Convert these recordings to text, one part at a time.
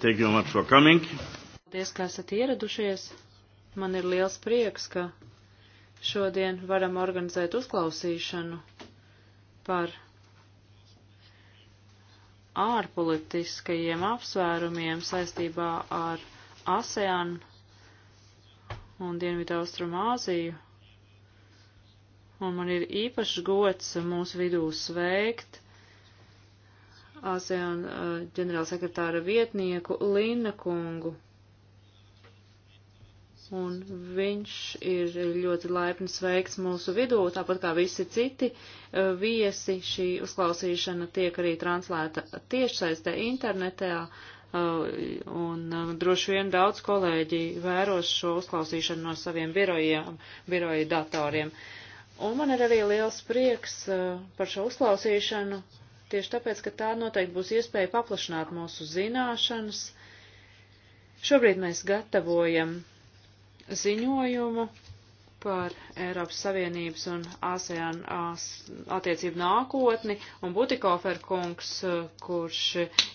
Thank you much for coming. Paldies, ka esat ieradušies. Man ir liels prieks, ka šodien varam organizēt uzklausīšanu par ārpolitiskajiem apsvērumiem saistībā ar ASEAN un Dienvidu Austrum Āziju. Un man ir īpašs gods mūsu vidū sveikt ASEAN eh, ģenerālsekretāra vietnieku Linna kungu. Un viņš ir ļoti laipni sveikts mūsu vidū, tāpat kā visi citi eh, viesi. Šī uzklausīšana tiek arī translēta tiešsaistē internetā, eh, un droši vien daudz kolēģi vēros šo uzklausīšanu no saviem birojiem, biroja datoriem. Un man ir arī liels prieks par šo uzklausīšanu tieši tāpēc, ka tā noteikti būs iespēja paplašināt mūsu zināšanas. Šobrīd mēs gatavojam ziņojumu par Eiropas Savienības un ASEAN attiecību nākotni, un Butikofer kungs, kurš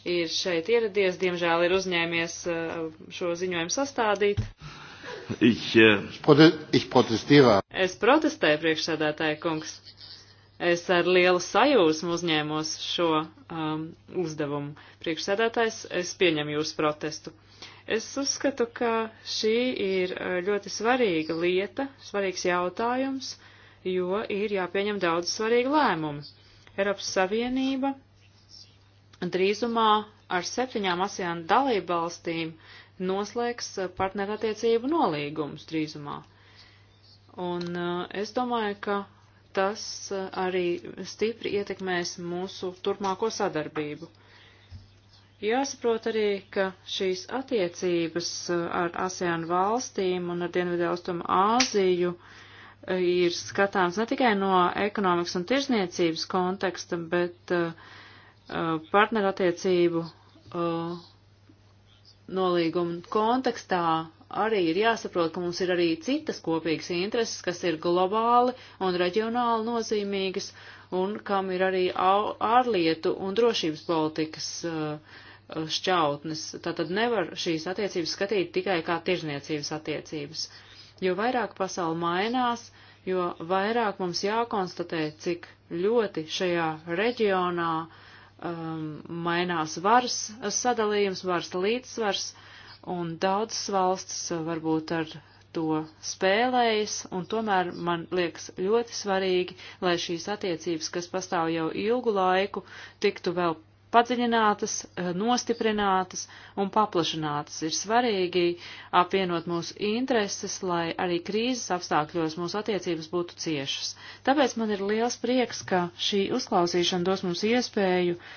ir šeit ieradies, diemžēl ir uzņēmies eh, šo ziņojumu sastādīt. Ich, äh, ich protestēju priekšsēdētāja kungs es ar lielu sajūsmu uzņēmos šo um, uzdevumu. Priekšsēdētājs, es pieņemu jūsu protestu. Es uzskatu, ka šī ir uh, ļoti svarīga lieta, svarīgs jautājums, jo ir jāpieņem daudz svarīgi lēmumi. Eiropas Savienība drīzumā ar septiņām ASEAN dalību valstīm noslēgs uh, partnerattiecību nolīgumus drīzumā. Un uh, es domāju, ka tas eh, arī stipri ietekmēs mūsu turpmāko sadarbību. Jāsaprot arī, ka šīs attiecības eh, ar ASEAN valstīm un ar Dienvidaustumu Āziju eh, ir skatāms ne tikai no ekonomikas un tirzniecības konteksta, bet uh, partnerattiecību uh, nolīguma kontekstā arī ir jāsaprot, ka mums ir arī citas kopīgas intereses, kas ir globāli un reģionāli nozīmīgas, un kam ir arī ārlietu un drošības politikas uh, šķautnes. Tātad nevar šīs attiecības skatīt tikai kā tirzniecības attiecības. Jo vairāk pasauli mainās, jo vairāk mums jākonstatē, cik ļoti šajā reģionā um, mainās varas sadalījums, varas līdzsvars, uh, un daudzas valstis varbūt ar to spēlējas, un tomēr man liekas ļoti svarīgi, lai šīs attiecības, kas pastāv jau ilgu laiku, tiktu vēl padziļinātas, eh, nostiprinātas un paplašinātas. Ir svarīgi apvienot mūsu intereses, lai arī krīzes apstākļos mūsu attiecības būtu ciešas. Tāpēc man ir liels prieks, ka šī uzklausīšana dos mums iespēju uh,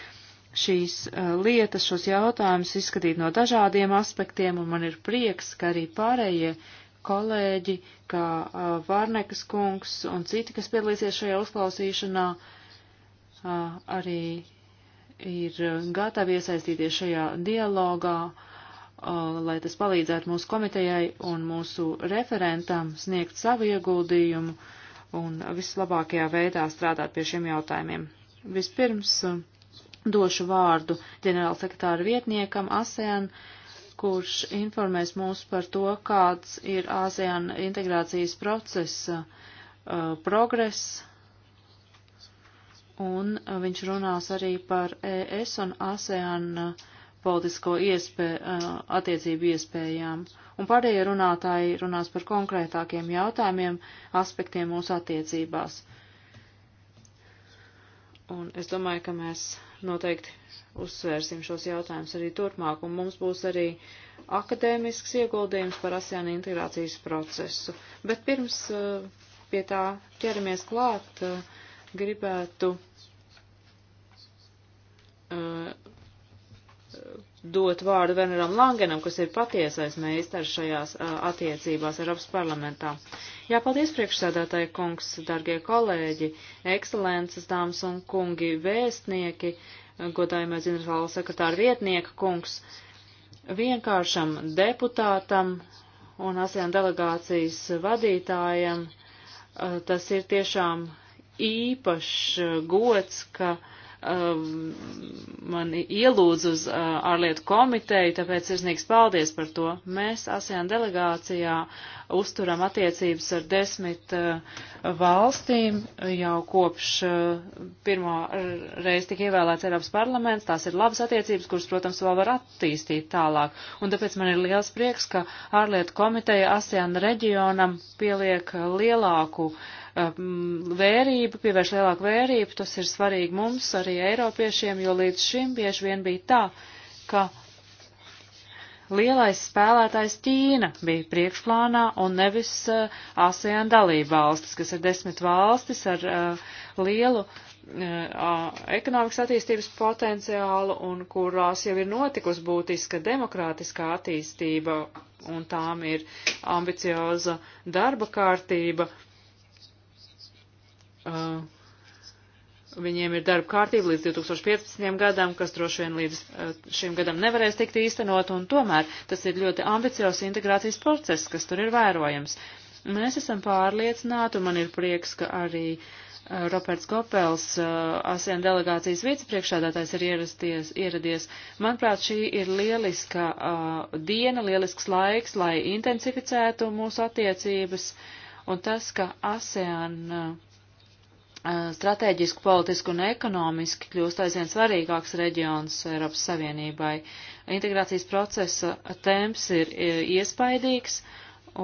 šīs eh, lietas, šos jautājumus izskatīt no dažādiem aspektiem, un man ir prieks, ka arī pārējie kolēģi, kā eh, Vārnekas kungs un citi, kas piedalīsies šajā uzklausīšanā, eh, arī ir gatavi iesaistīties šajā dialogā, lai tas palīdzētu mūsu komitejai un mūsu referentam sniegt savu ieguldījumu un vislabākajā veidā strādāt pie šiem jautājumiem. Vispirms, uh, došu vārdu ģenerālsekretāra vietniekam ASEAN, kurš informēs mūs par to, kāds ir ASEAN integrācijas procesa uh, progress, un viņš runās arī par ES un ASEAN uh, politisko iespē, uh, attiecību iespējām, un pārējie runātāji runās par konkrētākiem jautājumiem, aspektiem mūsu attiecībās. Uh, Un es domāju, ka mēs noteikti uzsvērsim šos jautājumus arī turpmāk, un mums būs arī akadēmisks ieguldījums par ASEAN integrācijas procesu. Bet pirms eh, pie tā ķeramies klāt, eh, gribētu dot vārdu Veneram Langenam, kas ir patiesais meistars šajās attiecībās Eiropas parlamentā. Jā, paldies priekšsēdētāji kungs, dargie kolēģi, ekscelences dāmas un kungi, vēstnieki, godājumais ģenerāla sekretāra vietnieka kungs, vienkāršam deputātam un ASEAN delegācijas vadītājam. Tas ir tiešām īpašs gods, ka uh, Um, mani ielūdza uz uh, ārlietu komiteju, tāpēc ir sniegs paldies par to. Mēs ASEAN delegācijā uzturam attiecības ar desmit uh, valstīm jau kopš uh, pirmā reize tika ievēlēts Eiropas parlaments. Tās ir labas attiecības, kuras, protams, vēl var attīstīt tālāk. Un tāpēc man ir liels prieks, ka ārlietu komiteja ASEAN reģionam pieliek lielāku uh, Um, vērību, pievērš lielāku vērību, tas ir svarīgi mums, arī eiropiešiem, jo līdz šim bieži vien bija tā, ka lielais spēlētājs Ķīna bija priekšplānā un nevis uh, ASEAN dalība valstis, kas ir desmit valstis ar uh, lielu uh, ekonomikas attīstības potenciālu un kurās jau ir notikusi būtiska demokrātiskā attīstība un tām ir ambicioza darba kārtība. Uh, uh, Viņiem ir darba kārtība līdz 2015. gadam, kas droši vien līdz uh, šim gadam nevarēs tikt īstenot, un tomēr tas ir ļoti ambiciozs integrācijas process, kas tur ir vērojams. Mēs esam pārliecināti, un man ir prieks, ka arī uh, Roberts Kopels, uh, ASEAN delegācijas vicepriekšādātājs, ir ierasties, ieradies. Manuprāt, šī ir lieliska uh, diena, lielisks laiks, lai intensificētu mūsu attiecības, un tas, ka ASEAN. Uh, Eh, stratēģiski, politiski un ekonomiski kļūst aizvien svarīgāks reģions Eiropas Savienībai. Integrācijas procesa temps ir eh, iespaidīgs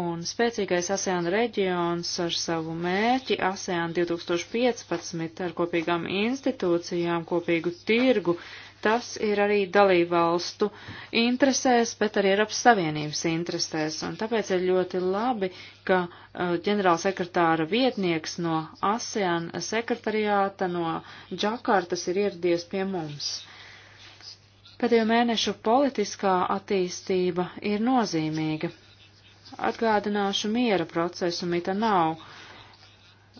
un spēcīgais ASEAN reģions ar savu mērķi ASEAN 2015 ar kopīgām institūcijām, kopīgu tirgu, Tas ir arī dalībvalstu interesēs, bet arī Eiropas Savienības interesēs. Un tāpēc ir ļoti labi, ka uh, ģenerālsekretāra vietnieks no ASEAN sekretariāta no Džakartas ir ieradies pie mums. Pēdējo mēnešu politiskā attīstība ir nozīmīga. Atgādināšu miera procesu, mita nav.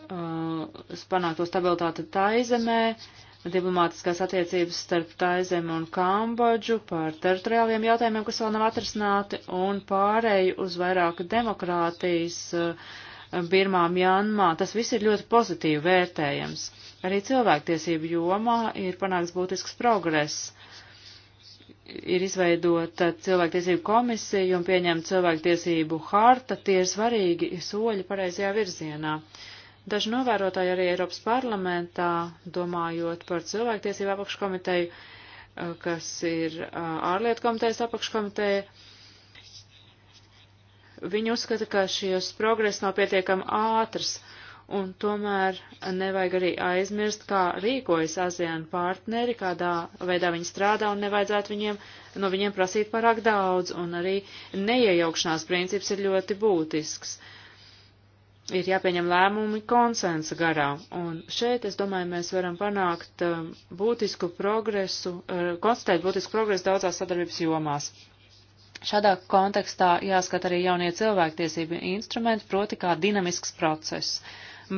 Uh, panākto stabilitāti tā izemē, uh, diplomātiskās attiecības starp Taizemi un Kambodžu, par teritoriāliem jautājumiem, kas vēl nav atrisināti, un pārēju uz vairāk demokrātijas eh, Birmā, Mjanmā. Tas viss ir ļoti pozitīvi vērtējams. Arī cilvēktiesību jomā ir panāks būtisks progress. Ir izveidota cilvēktiesību komisija un pieņemta cilvēktiesību harta. Tie ir svarīgi soļi pareizajā virzienā. Uh, Daži novērotāji arī Eiropas parlamentā, domājot par cilvēktiesību apakškomiteju, eh, kas ir eh, ārlietu komitejas apakškomiteja, viņi uzskata, ka šīs progress nav pietiekami ātrs, un tomēr nevajag arī aizmirst, kā rīkojas ASEAN partneri, kādā veidā viņi strādā, un nevajadzētu viņiem, no viņiem prasīt pārāk daudz, un arī neiejaukšanās princips ir ļoti būtisks. Uh, ir jāpieņem lēmumi konsensa garā. Un šeit, es domāju, mēs varam panākt um, būtisku progresu, uh, konstatēt būtisku progresu daudzās sadarbības jomās. Šādā kontekstā jāskat arī jaunie cilvēktiesību instrumenti, proti kā dinamisks process.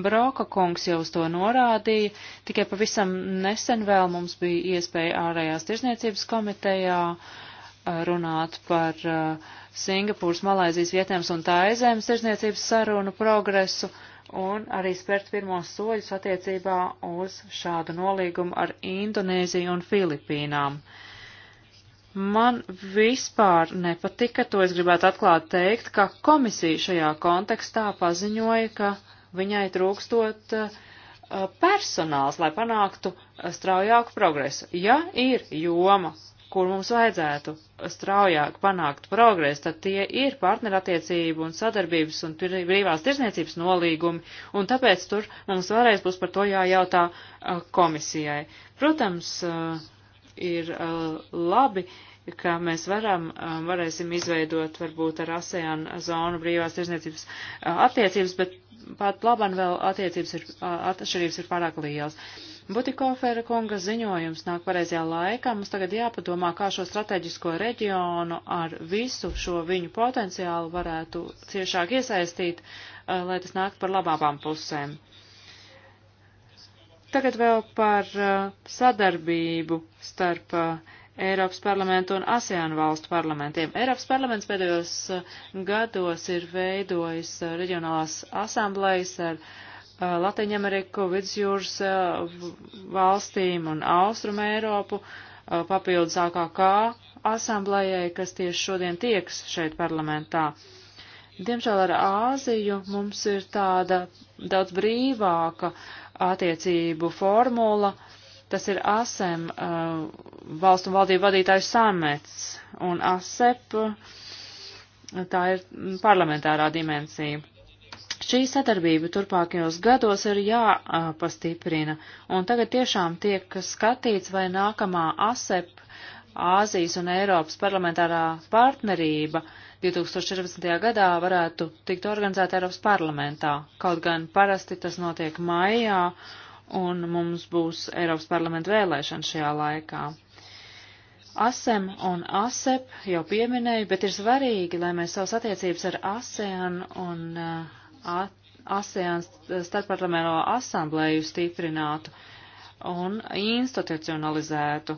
Broka kungs jau uz to norādīja, tikai pavisam nesen vēl mums bija iespēja ārējās tirzniecības komitejā uh, runāt par uh, Singapūras, Malaizijas vietnēms un Taizēmas tirzniecības sarunu progresu un arī spērt pirmos soļus attiecībā uz šādu nolīgumu ar Indonēziju un Filipīnām. Man vispār nepatika, to es gribētu atklāt teikt, ka komisija šajā kontekstā paziņoja, ka viņai trūkstot uh, personāls, lai panāktu uh, straujāku progresu. Ja ir joma, kur mums vajadzētu straujāk panākt progresu, tad tie ir partnerattiecību un sadarbības un brīvās tirzniecības nolīgumi, un tāpēc tur mums vēlreiz būs par to jājautā uh, komisijai. Protams, uh, ir uh, labi, ka mēs varam, varēsim izveidot varbūt ar ASEAN zonu brīvās tirzniecības attiecības, bet pat labam vēl attiecības ir, atšķirības ir pārāk lielas. Butikofera kunga ziņojums nāk pareizajā laikā. Mums tagad jāpadomā, kā šo strateģisko reģionu ar visu šo viņu potenciālu varētu ciešāk iesaistīt, eh, lai tas nāk par labām pusēm. Tagad vēl par eh, sadarbību starp eh, Eiropas parlamentu un ASEAN valstu parlamentiem. Eiropas parlaments pēdējos gados ir veidojis reģionālās asamblējas ar uh, Uh, Latviju-Ameriku, Vidusjūras uh, valstīm un Austrum Eiropu, uh, papildus AKK asamblējai, kas tieši šodien tieks šeit parlamentā. Diemžēl ar Āziju mums ir tāda daudz brīvāka attiecību formula. Tas ir ASEM valstu un valdību vadītāju samets un ASEP tā ir parlamentārā dimensija. Šī sadarbība turpākajos gados ir jāpastiprina, un tagad tiešām tiek skatīts, vai nākamā ASEP, Āzijas un Eiropas parlamentārā partnerība 2014. gadā varētu tikt organizēta Eiropas parlamentā. Kaut gan parasti tas notiek maijā, un mums būs Eiropas parlamenta vēlēšana šajā laikā. ASEM un ASEP jau pieminēju, bet ir svarīgi, lai mēs savus attiecības ar ASEAN un uh, ASEAN starpparlamēro asamblēju stiprinātu un institucionalizētu.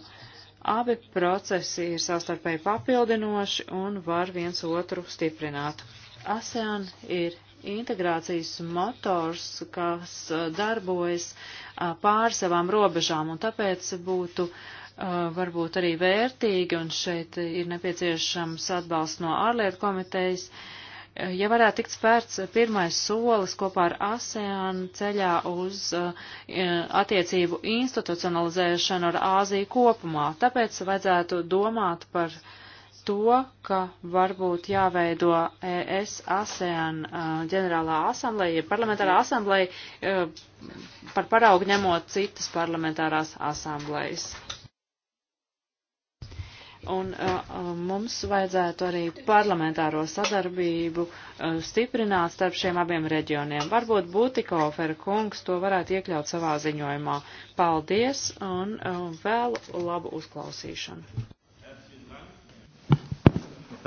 Abi procesi ir savstarpēji papildinoši un var viens otru stiprināt. ASEAN ir integrācijas motors, kas uh, darbojas uh, pār savām robežām, un tāpēc būtu uh, varbūt arī vērtīgi, un šeit ir nepieciešams atbalsts no ārlietu komitejas, uh, ja varētu tikt spērts pirmais solis kopā ar ASEAN ceļā uz uh, attiecību institucionalizēšanu ar Āziju kopumā. Tāpēc vajadzētu domāt par to, ka varbūt jāveido ES ASEAN uh, ģenerālā asambleja, parlamentārā asambleja uh, eh, par paraugu ņemot citas parlamentārās asamblejas. Un uh, uh, mums vajadzētu arī parlamentāro sadarbību uh, stiprināt starp šiem abiem reģioniem. Varbūt Būtikofera kungs to varētu iekļaut savā ziņojumā. Paldies un uh, vēl labu uzklausīšanu.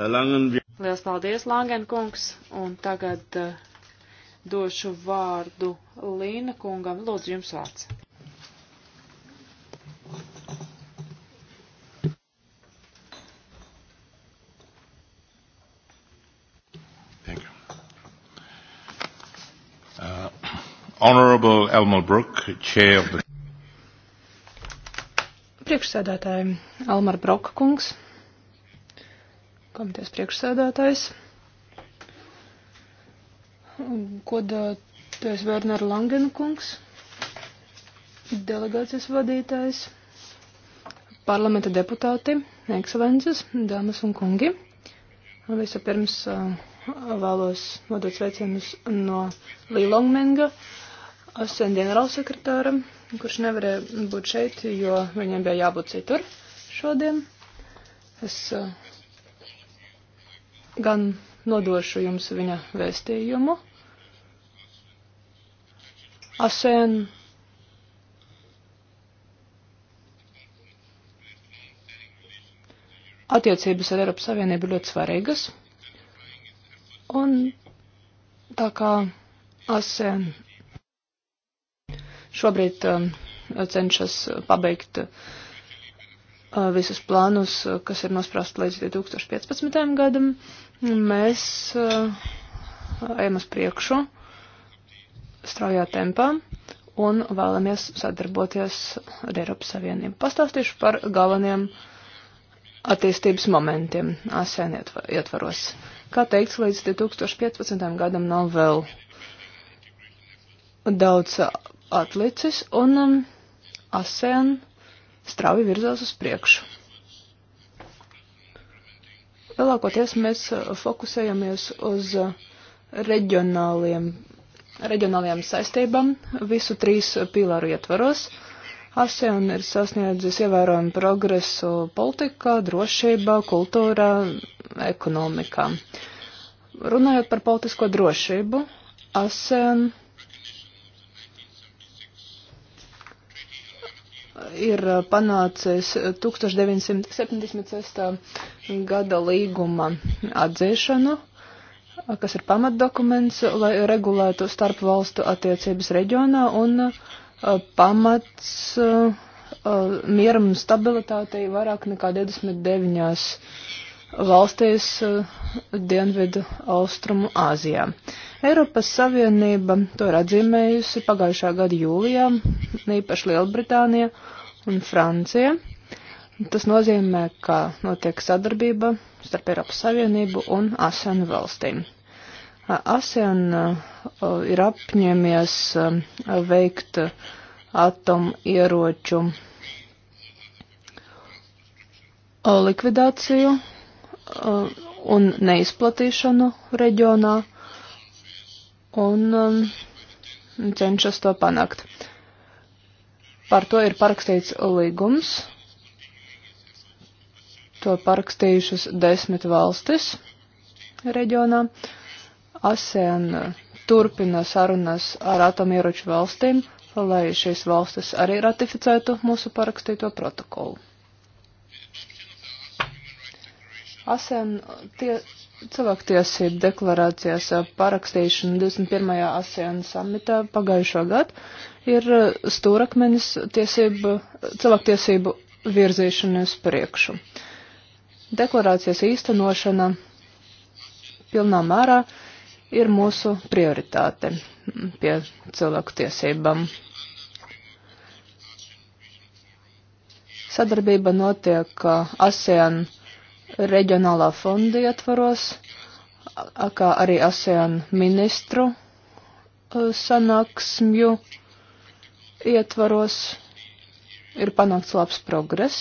Lielas paldies, Langen kungs. Un tagad uh, došu vārdu Līna kungam. Lūdzu, jums vārds. Honorable Elmar Brook, Chair of the priekšsēdētāji Elmar Broka kungs, komitejas priekšsēdētājs, godātais Vērnera Langena kungs, delegācijas vadītājs, parlamenta deputāti, ekscelences, dāmas un kungi. Vispirms uh, vēlos nodot sveicienus no Līlongmenga. Uh, ASN ģenerālsekretāram, kurš nevarēja būt šeit, jo viņam bija jābūt citur šodien. Es eh, gan nodošu jums viņa vēstījumu. ASN attiecības ar Eiropas Savienību ir ļoti svarīgas. Un tā kā ASEAN Šobrīd um, cenšas pabeigt uh, visus plānus, uh, kas ir nosprāst līdz 2015. gadam. Mēs uh, ejam uz priekšu straujā tempā un vēlamies sadarboties ar Eiropas Savienību. Pastāstīšu par galveniem attīstības momentiem ASEAN ietvaros. Kā teikts, līdz 2015. gadam nav vēl daudz atlicis, un um, ASEAN strauji virzās uz priekšu. Lielākoties mēs uh, fokusējamies uz uh, reģionāliem, reģionālajām saistībām visu trīs pīlāru ietvaros. ASEAN ir sasniedzis ievērojumu progresu politikā, drošībā, kultūrā, ekonomikā. Runājot par politisko drošību, ASEAN ir panācis 1976. gada līguma atzīšanu, kas ir pamatdokuments, lai regulētu starp valstu attiecības reģionā un uh, pamats uh, mieram un stabilitātei vairāk nekā 29 valstīs eh, Dienvidu Austrumu Āzijā. Eiropas Savienība to ir atzīmējusi pagājušā gada jūlijā, īpaši Lielbritānija un Francija. Tas nozīmē, ka notiek sadarbība starp Eiropas Savienību un ASEAN valstīm. ASEAN ir apņēmies veikt atomu ieroču likvidāciju Uh, un neizplatīšanu reģionā un um, cenšas to panākt. Par to ir parakstīts līgums. To parakstījušas desmit valstis reģionā. ASEAN uh, turpina sarunas ar atomieroču valstīm, lai šīs valstis arī ratificētu mūsu parakstīto protokolu. ASEAN tie, cilvēktiesību deklarācijas parakstīšana 21. ASEAN samitā pagājušo gadu ir eh, stūrakmenis tiesību, cilvēktiesību virzīšana uz priekšu. Deklarācijas īstenošana pilnā mērā ir mūsu prioritāte pie cilvēktiesībām. Sadarbība notiek eh, ASEAN uh, reģionālā fonda ietvaros, kā arī ASEAN ministru sanāksmju ietvaros ir panākts labs progress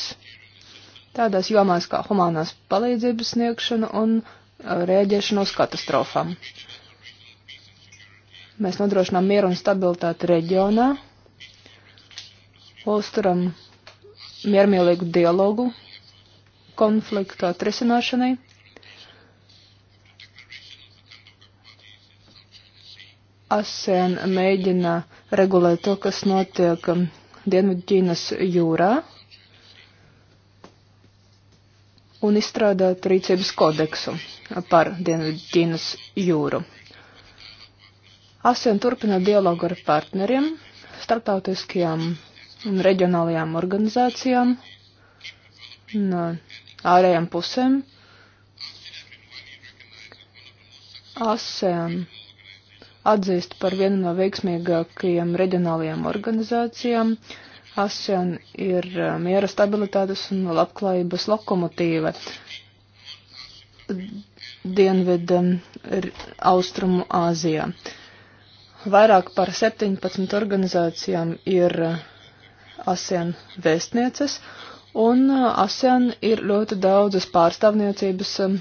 tādās jomās kā humanās palīdzības sniegšana un rēģēšana uz katastrofām. Mēs nodrošinām mieru un stabilitāti reģionā, uzturam miermīlīgu dialogu konfliktu atrisināšanai. ASEAN mēģina regulēt to, kas notiek um, Dienvidķīnas jūrā un izstrādāt rīcības kodeksu par Dienvidķīnas jūru. ASEAN turpina dialogu ar partneriem, starptautiskajām un reģionālajām organizācijām un uh, ārējām pusēm. ASEAN atzīst par vienu no veiksmīgākajiem reģionālajiem organizācijām. ASEAN ir uh, miera stabilitātes un labklājības lokomotīve. Dienvidu um, austrumu Āzijā. Vairāk par 17 organizācijām ir uh, ASEAN vēstnieces, uh, un uh, ASEAN ir ļoti daudzas pārstāvniecības um,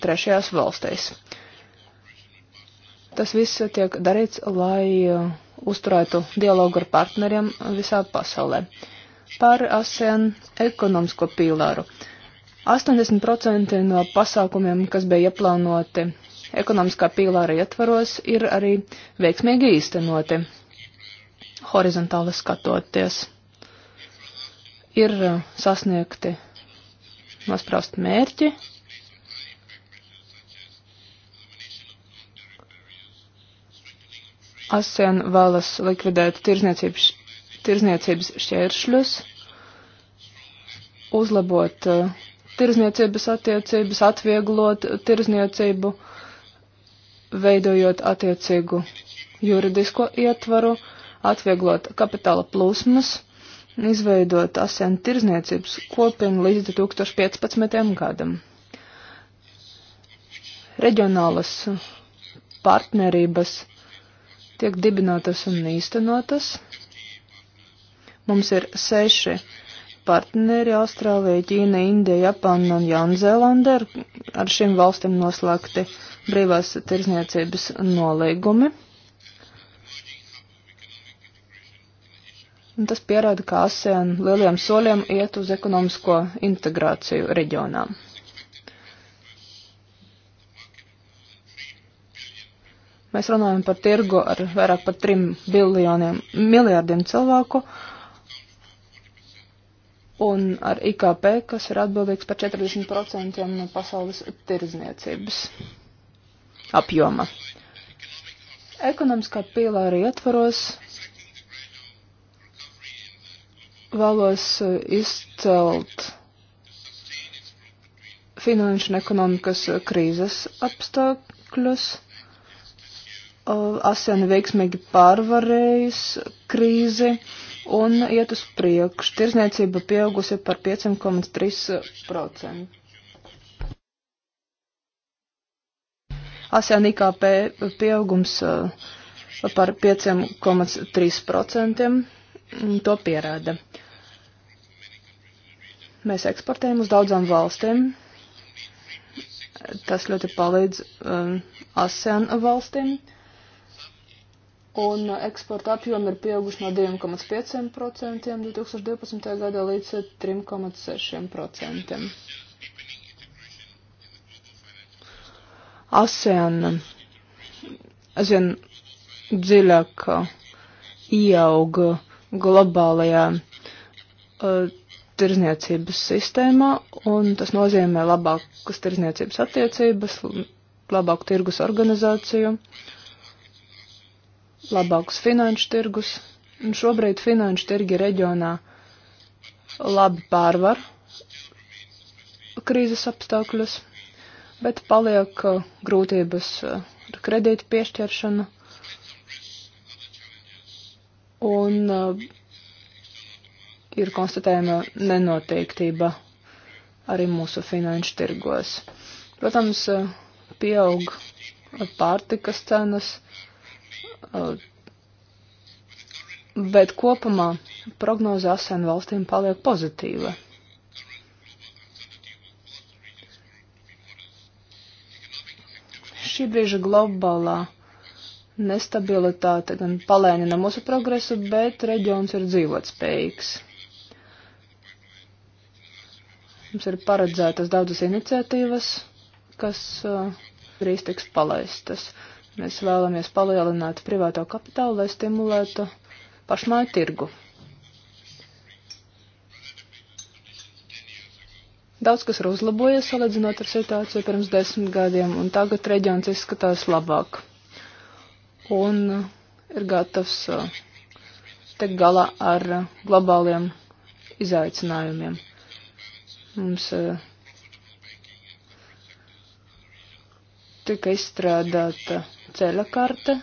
trešajās valstīs. Tas viss tiek darīts, lai uh, uzturētu dialogu ar partneriem visā pasaulē. Par ASEAN ekonomisko pīlāru. 80% no pasākumiem, kas bija ieplānoti ekonomiskā pīlāra ietvaros, ir arī veiksmīgi īstenoti, horizontāli skatoties ir sasniegti nospraust mērķi. ASEAN vēlas likvidēt tirzniecības, tirzniecības šķēršļus, uzlabot tirzniecības attiecības, atvieglot tirzniecību, veidojot attiecīgu juridisko ietvaru, atvieglot kapitāla plūsmas izveidot ASEAN tirzniecības kopienu līdz 2015. gadam. Reģionālas partnerības tiek dibinātas un īstenotas. Mums ir seši partneri - Austrālija, Ķīna, Indija, Japāna un Jaunzēlanda. Ar šīm valstīm noslēgti brīvās tirzniecības nolīgumi. Un tas pierāda, ka ASEAN lieliem soļiem iet uz ekonomisko integrāciju reģionā. Mēs runājam par tirgu ar vairāk par 3 biljoniem, miljārdiem cilvēku un ar IKP, kas ir atbildīgs par 40% no pasaules tirzniecības apjoma. Ekonomiskā pīlāra ietvaros vēlos uh, izcelt finanšu un ekonomikas uh, krīzes apstākļus. Uh, ASEAN veiksmīgi pārvarējis krīzi un iet uz priekšu. Tirzniecība pieaugusi par 5,3%. ASEAN IKP pieaugums par 5,3% mm, to pierāda. Uh, Mēs eksportējam uz daudzām valstīm. Tas ļoti palīdz um, ASEAN valstīm. Un eksporta apjomi ir pieauguši no 2,5% 2012. gadā līdz 3,6%. ASEAN aizvien dziļāk uh, ieauga globālajā uh, tirzniecības sistēmā, un tas nozīmē labākas tirzniecības attiecības, labāku tirgus organizāciju, labākus finanšu tirgus. Un šobrīd finanšu tirgi reģionā labi pārvar krīzes apstākļus, bet paliek uh, grūtības ar uh, kredītu piešķiršanu. Un uh, ir konstatējama nenoteiktība arī mūsu finanšu tirgos. Protams, pieaug pārtikas cenas, bet kopumā prognoze ASEAN valstīm paliek pozitīva. Šī brīža globālā nestabilitāte gan palēnina mūsu progresu, bet reģions ir dzīvotspējīgs. Mums ir paredzētas daudzas iniciatīvas, kas uh, drīz tiks palaistas. Mēs vēlamies palielināt privāto kapitālu, lai stimulētu pašmāju tirgu. Daudz kas ir uzlabojies salīdzinot ar situāciju pirms desmit gadiem, un tagad reģions izskatās labāk. Un uh, ir gatavs uh, tikt galā ar uh, globāliem izaicinājumiem. Mums eh, tika izstrādāta ceļa karte,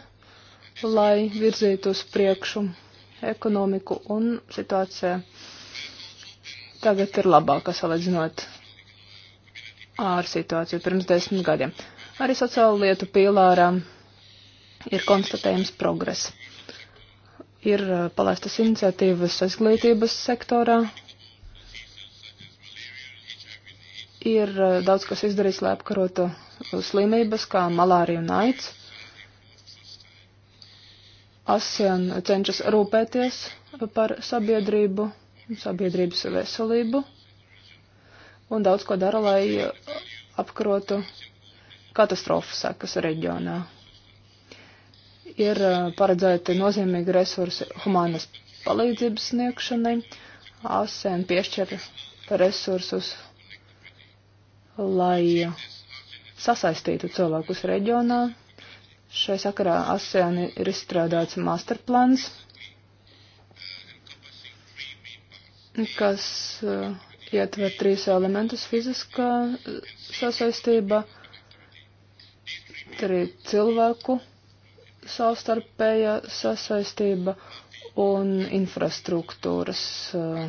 lai virzītu uz priekšu ekonomiku, un situācija tagad ir labāka salīdzinot ar situāciju pirms desmit gadiem. Arī sociālo lietu pīlārā ir konstatējams progress. Ir eh, palaistas iniciatīvas izglītības sektorā, ir e, daudz kas izdarīts, lai apkarotu slimības, kā malārija un aids. ASEAN cenšas rūpēties par sabiedrību, sabiedrības veselību un daudz ko dara, lai apkarotu katastrofu sekas reģionā. Ir e, paredzēti nozīmīgi resursi humānas palīdzības sniegšanai. ASEAN piešķir resursus lai sasaistītu cilvēkus reģionā. Šai sakarā ASEAN ir izstrādāts masterplāns, kas uh, ietver trīs elementus - fiziskā uh, sasaistība, arī cilvēku savstarpējā sasaistība un infrastruktūras uh,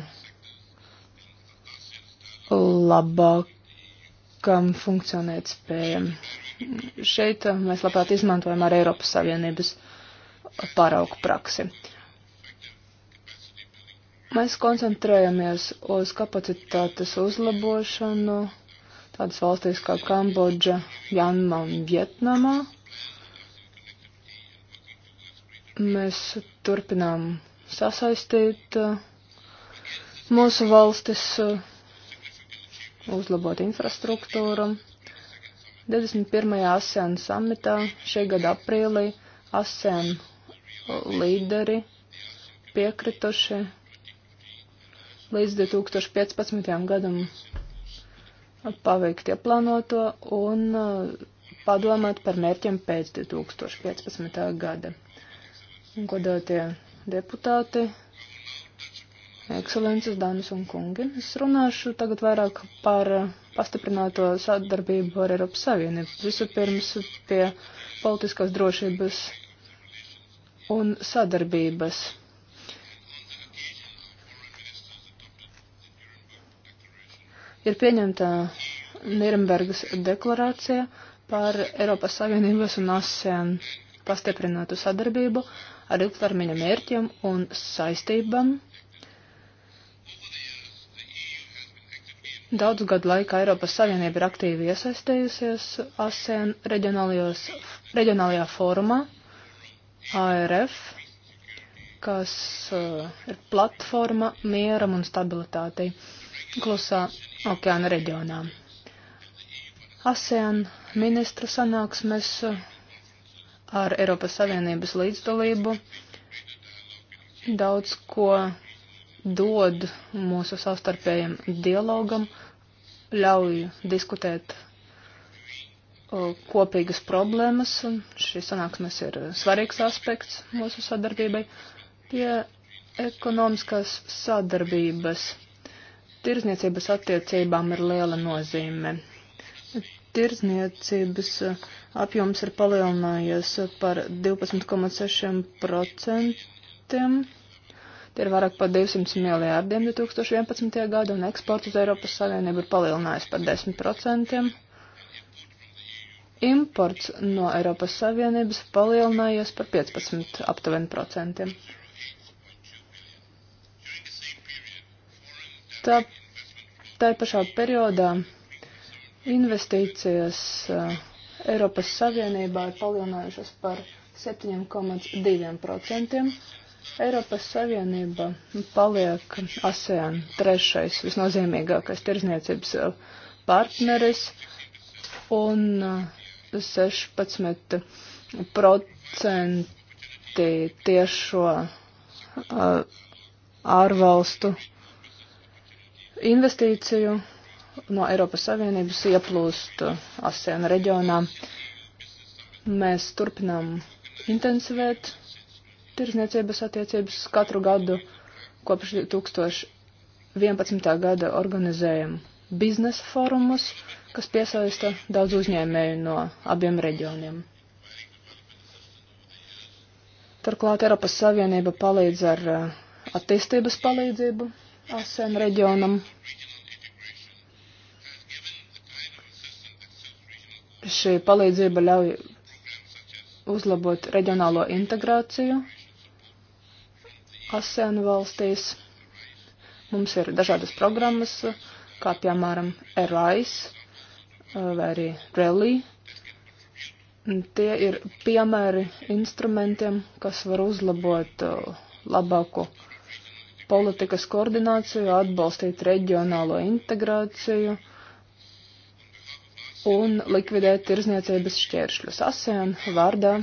labāk kam funkcionēt spējam. Šeit eh, mēs labprāt izmantojam ar Eiropas Savienības paraugu praksi. Mēs koncentrējamies uz kapacitātes uzlabošanu tādas valstīs kā Kambodža, Janma un Vietnamā. Mēs turpinām sasaistīt eh, mūsu valstis eh, uzlabot infrastruktūru. 21. ASEAN samitā šī gada aprīlī ASEAN līderi piekrituši līdz 2015. gadam paveikt ieplānoto un uh, padomāt par mērķiem pēc 2015. gada. Godātie deputāti, Ekscelences, dāmas un kungi, es runāšu tagad vairāk par pastiprināto sadarbību ar Eiropas Savienību. Vispirms pie politiskās drošības un sadarbības. Ir pieņemta Nirembergas deklarācija par Eiropas Savienības un ASEAN pastiprinātu sadarbību ar ilgtermiņa mērķiem un saistībām Daudzu gadu laikā Eiropas Savienība ir aktīvi iesaistējusies ASEAN reģionālajā fórumā ARF, kas uh, ir platforma mieram un stabilitātei klusā okeāna reģionā. ASEAN ministru sanāksmes uh, ar Eiropas Savienības līdzdalību daudz ko dod mūsu savstarpējiem dialogam ļauj diskutēt kopīgas problēmas, un šīs sanāksmes ir svarīgs aspekts mūsu sadarbībai, pie ekonomiskās sadarbības. Tirzniecības attiecībām ir liela nozīme. Tirzniecības apjoms ir palielinājies par 12,6%. Tie ir vairāk par 200 miljārdiem 2011. gadu, un eksports uz Eiropas Savienību ir palielinājis par 10%. Imports no Eiropas Savienības palielinājies par 15 aptuveni procentiem. Tā, tā pašā periodā investīcijas uh, Eiropas Savienībā ir palielinājušas par 7,2%. Eiropas Savienība paliek ASEAN trešais visnozīmīgākais tirzniecības eh, partneris un 16% eh, tiešo eh, ārvalstu investīciju no Eiropas Savienības ieplūst ASEAN reģionā. Mēs turpinām intensivēt tirsniecības attiecības katru gadu kopš 2011. gada organizējam biznesa forumus, kas piesaista daudz uzņēmēju no abiem reģioniem. Turklāt Eiropas Savienība palīdz ar uh, attīstības palīdzību ASEM reģionam. Šī palīdzība ļauj uzlabot reģionālo integrāciju ASEAN valstīs. Mums ir dažādas programmas, kā piemēram RISE eh, vai arī RELI. Tie ir piemēri instrumentiem, kas var uzlabot eh, labāku politikas koordināciju, atbalstīt reģionālo integrāciju un likvidēt tirzniecības šķēršļus. ASEAN vārdā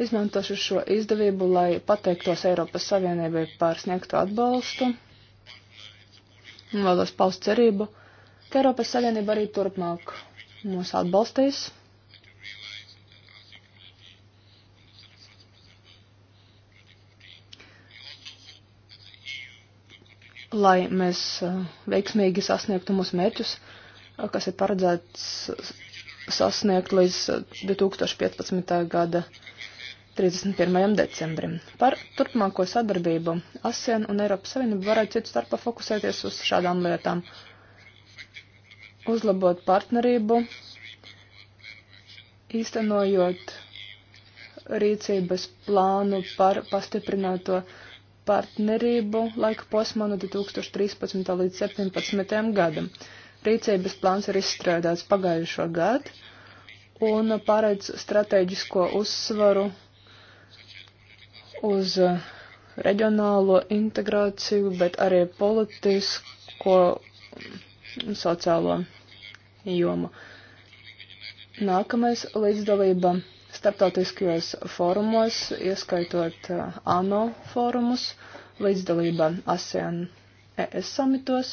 Izmantošu šo izdevību, lai pateiktos Eiropas Savienībai par sniegto atbalstu un vēlos paust cerību, ka Eiropas Savienība arī turpmāk mūs atbalstīs. lai mēs uh, veiksmīgi sasniegtu mūsu mērķus, uh, kas ir paredzēts sasniegt līdz 2015. Uh, gada 31. decembrim. Par turpmāko sadarbību ASEAN un Eiropas Savienība varētu citu starpā fokusēties uz šādām lietām. Uzlabot partnerību, īstenojot rīcības plānu par pastiprināto partnerību laika posmā no 2013. līdz 2017. gadam. Rīcības plāns ir izstrādāts pagājušo gadu un paredz strateģisko uzsvaru uz eh, reģionālo integrāciju, bet arī politisko un mm, sociālo jomu. Nākamais līdzdalība starptautiskajos fórumos, ieskaitot eh, ANO fórumus, līdzdalība ASEAN ES samitos.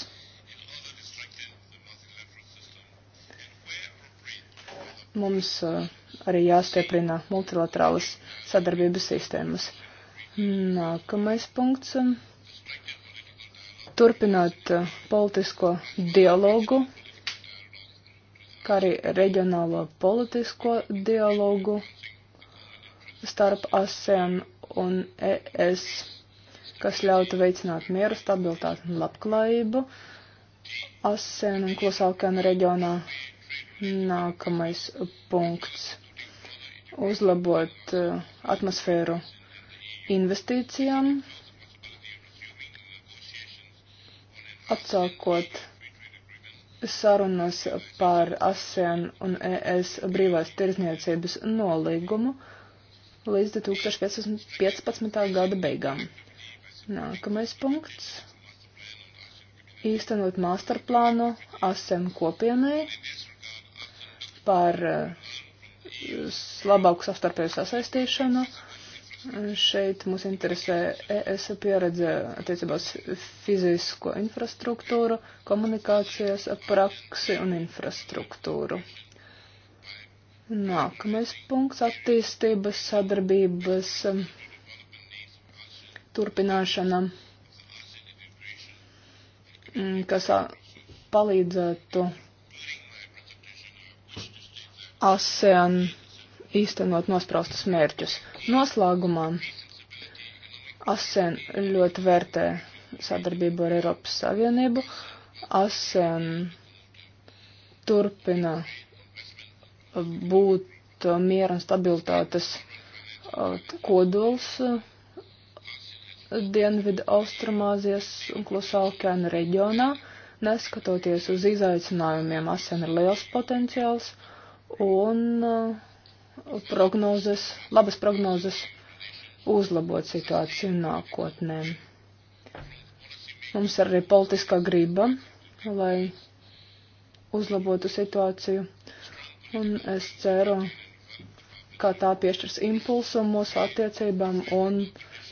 Mums eh, arī jāstieprina multilaterālas sadarbības sistēmas. Nākamais punkts. Turpināt eh, politisko dialogu, kā arī reģionālo politisko dialogu starp ASEAN un ES, kas ļautu veicināt mieru, stabilitāti un labklājību ASEAN un Klusākajā reģionā. Nākamais punkts. Uzlabot eh, atmosfēru investīcijām, atsākot sarunas par ASEAN un ES brīvās tirzniecības nolīgumu līdz 2015. gada beigām. Nākamais punkts - īstenot masterplānu ASEAN kopienai par eh, labāku savstarpēju sasaistīšanu Šeit mūs interesē ES pieredze attiecībās fizisko infrastruktūru, komunikācijas praksi un infrastruktūru. Nākamais punkts - attīstības, sadarbības um, turpināšana, mm, kas palīdzētu ASEAN īstenot nospraustus mērķus. Noslēgumā ASEN ļoti vērtē sadarbību ar Eiropas Savienību. ASEN turpina būt miera un stabilitātes kodols Dienvidu Austrumāzijas un Klusā okeāna reģionā. Neskatoties uz izaicinājumiem, ASEN ir liels potenciāls un uh, prognozes, labas prognozes uzlabot situāciju nākotnē. Mums arī politiskā grība, lai uzlabotu situāciju, un es ceru, ka tā piešķirs impulsu mūsu attiecībām un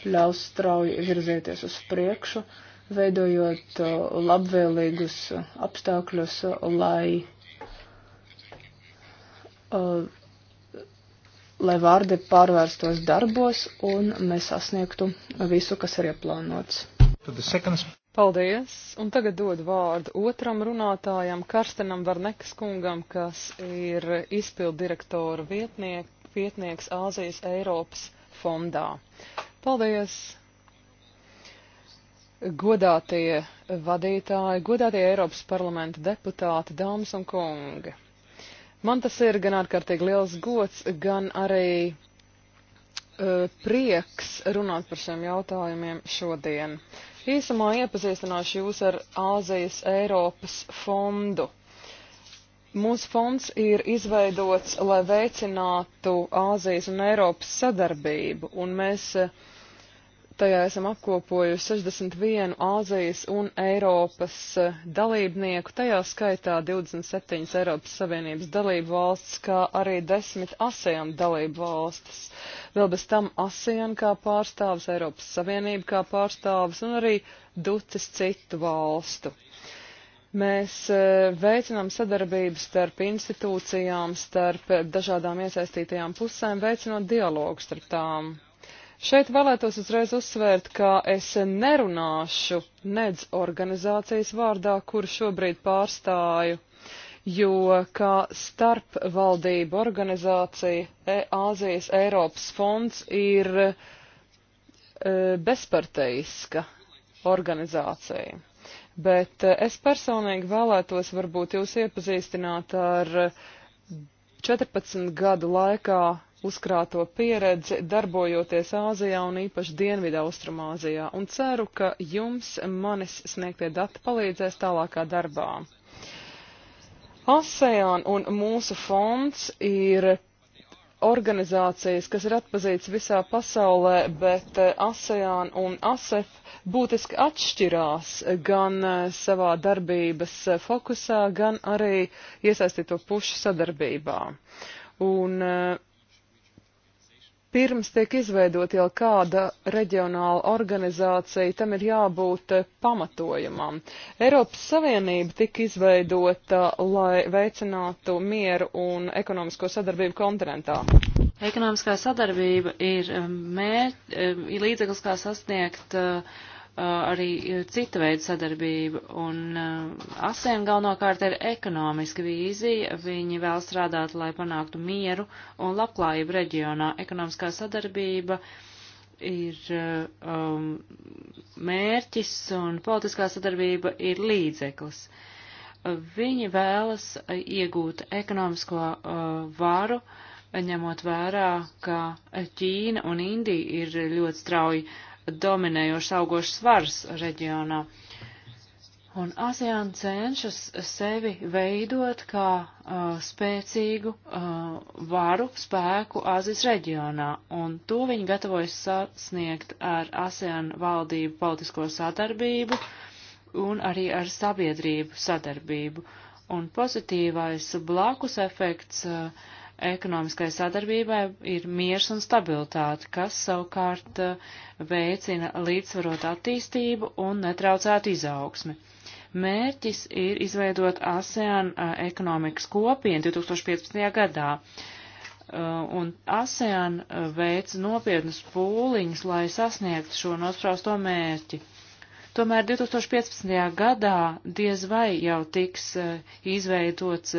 ļaus strauji virzieties uz priekšu, veidojot uh, labvēlīgus uh, apstākļus, lai uh, lai vārdi pārvērstos darbos un mēs sasniegtu visu, kas ir ieplānots. Paldies! Un tagad dodu vārdu otram runātājam, Karstenam Varnekas kungam, kas ir izpildirektora vietniek, vietnieks Āzijas Eiropas fondā. Paldies! Godātie vadītāji, godātie Eiropas parlamenta deputāti, dāmas un kungi! Man tas ir gan ārkārtīgi liels gods, gan arī uh, prieks runāt par šiem jautājumiem šodien. Īsumā iepazīstināšu jūs ar Āzijas Eiropas fondu. Mūsu fonds ir izveidots, lai veicinātu Āzijas un Eiropas sadarbību, un mēs uh, Tajā esam apkopojuši 61 Āzijas un Eiropas e, dalībnieku, tajā skaitā 27 Eiropas Savienības dalību valsts, kā arī 10 ASEAN dalību valstis. Vēl bez tam ASEAN kā pārstāvis, Eiropas Savienība kā pārstāvis un arī ducis citu valstu. Mēs e, veicinām sadarbību starp institūcijām, starp dažādām iesaistītajām pusēm, veicinot dialogu starp tām. Šeit vēlētos uzreiz uzsvērt, ka es nerunāšu nedz organizācijas vārdā, kur šobrīd pārstāju, jo kā starpvaldību organizācija e Āzijas Eiropas fonds ir e, bezparteiska organizācija. Bet e, es personīgi vēlētos varbūt jūs iepazīstināt ar 14 e, gadu laikā uzkrāto pieredzi, darbojoties Āzijā un īpaši Dienvidu Austrumāzijā, un ceru, ka jums manis sniegtie dati palīdzēs tālākā darbā. ASEAN un mūsu fonds ir organizācijas, kas ir atpazīts visā pasaulē, bet eh, ASEAN un ASEF būtiski atšķirās gan eh, savā darbības eh, fokusā, gan arī iesaistīto pušu sadarbībā. Un pirms tiek izveidot jau kāda reģionāla organizācija, tam ir jābūt eh, pamatojumam. Eiropas Savienība tika izveidota, lai veicinātu mieru un ekonomisko sadarbību kontinentā. Ekonomiskā sadarbība ir, eh, mēr, eh, ir līdzeklis, kā sasniegt uh, Uh, arī uh, cita veida sadarbība, un uh, ASEM galvenokārt ir ekonomiska vīzija. Viņi vēl strādāt, lai panāktu mieru un labklājību reģionā. Ekonomiskā sadarbība ir um, mērķis, un politiskā sadarbība ir līdzeklis. Viņi vēlas iegūt ekonomisko uh, varu, ņemot vērā, ka Ķīna un Indija ir ļoti strauji uh, dominējošs augošs svars reģionā. Un ASEAN cenšas sevi veidot kā uh, spēcīgu uh, varu spēku Azijas reģionā, un to viņi gatavojas sasniegt ar ASEAN valdību politisko sadarbību un arī ar sabiedrību sadarbību. Un pozitīvais blakus efekts uh, ekonomiskai sadarbībai ir miers un stabilitāte, kas savukārt eh, veicina līdzsvarot attīstību un netraucētu izaugsmi. Mērķis ir izveidot ASEAN eh, ekonomikas kopienu 2015. gadā, eh, un ASEAN veic nopietnus pūliņus, lai sasniegtu šo nospraustu mērķi. Tomēr 2015. gadā diez vai jau tiks izveidots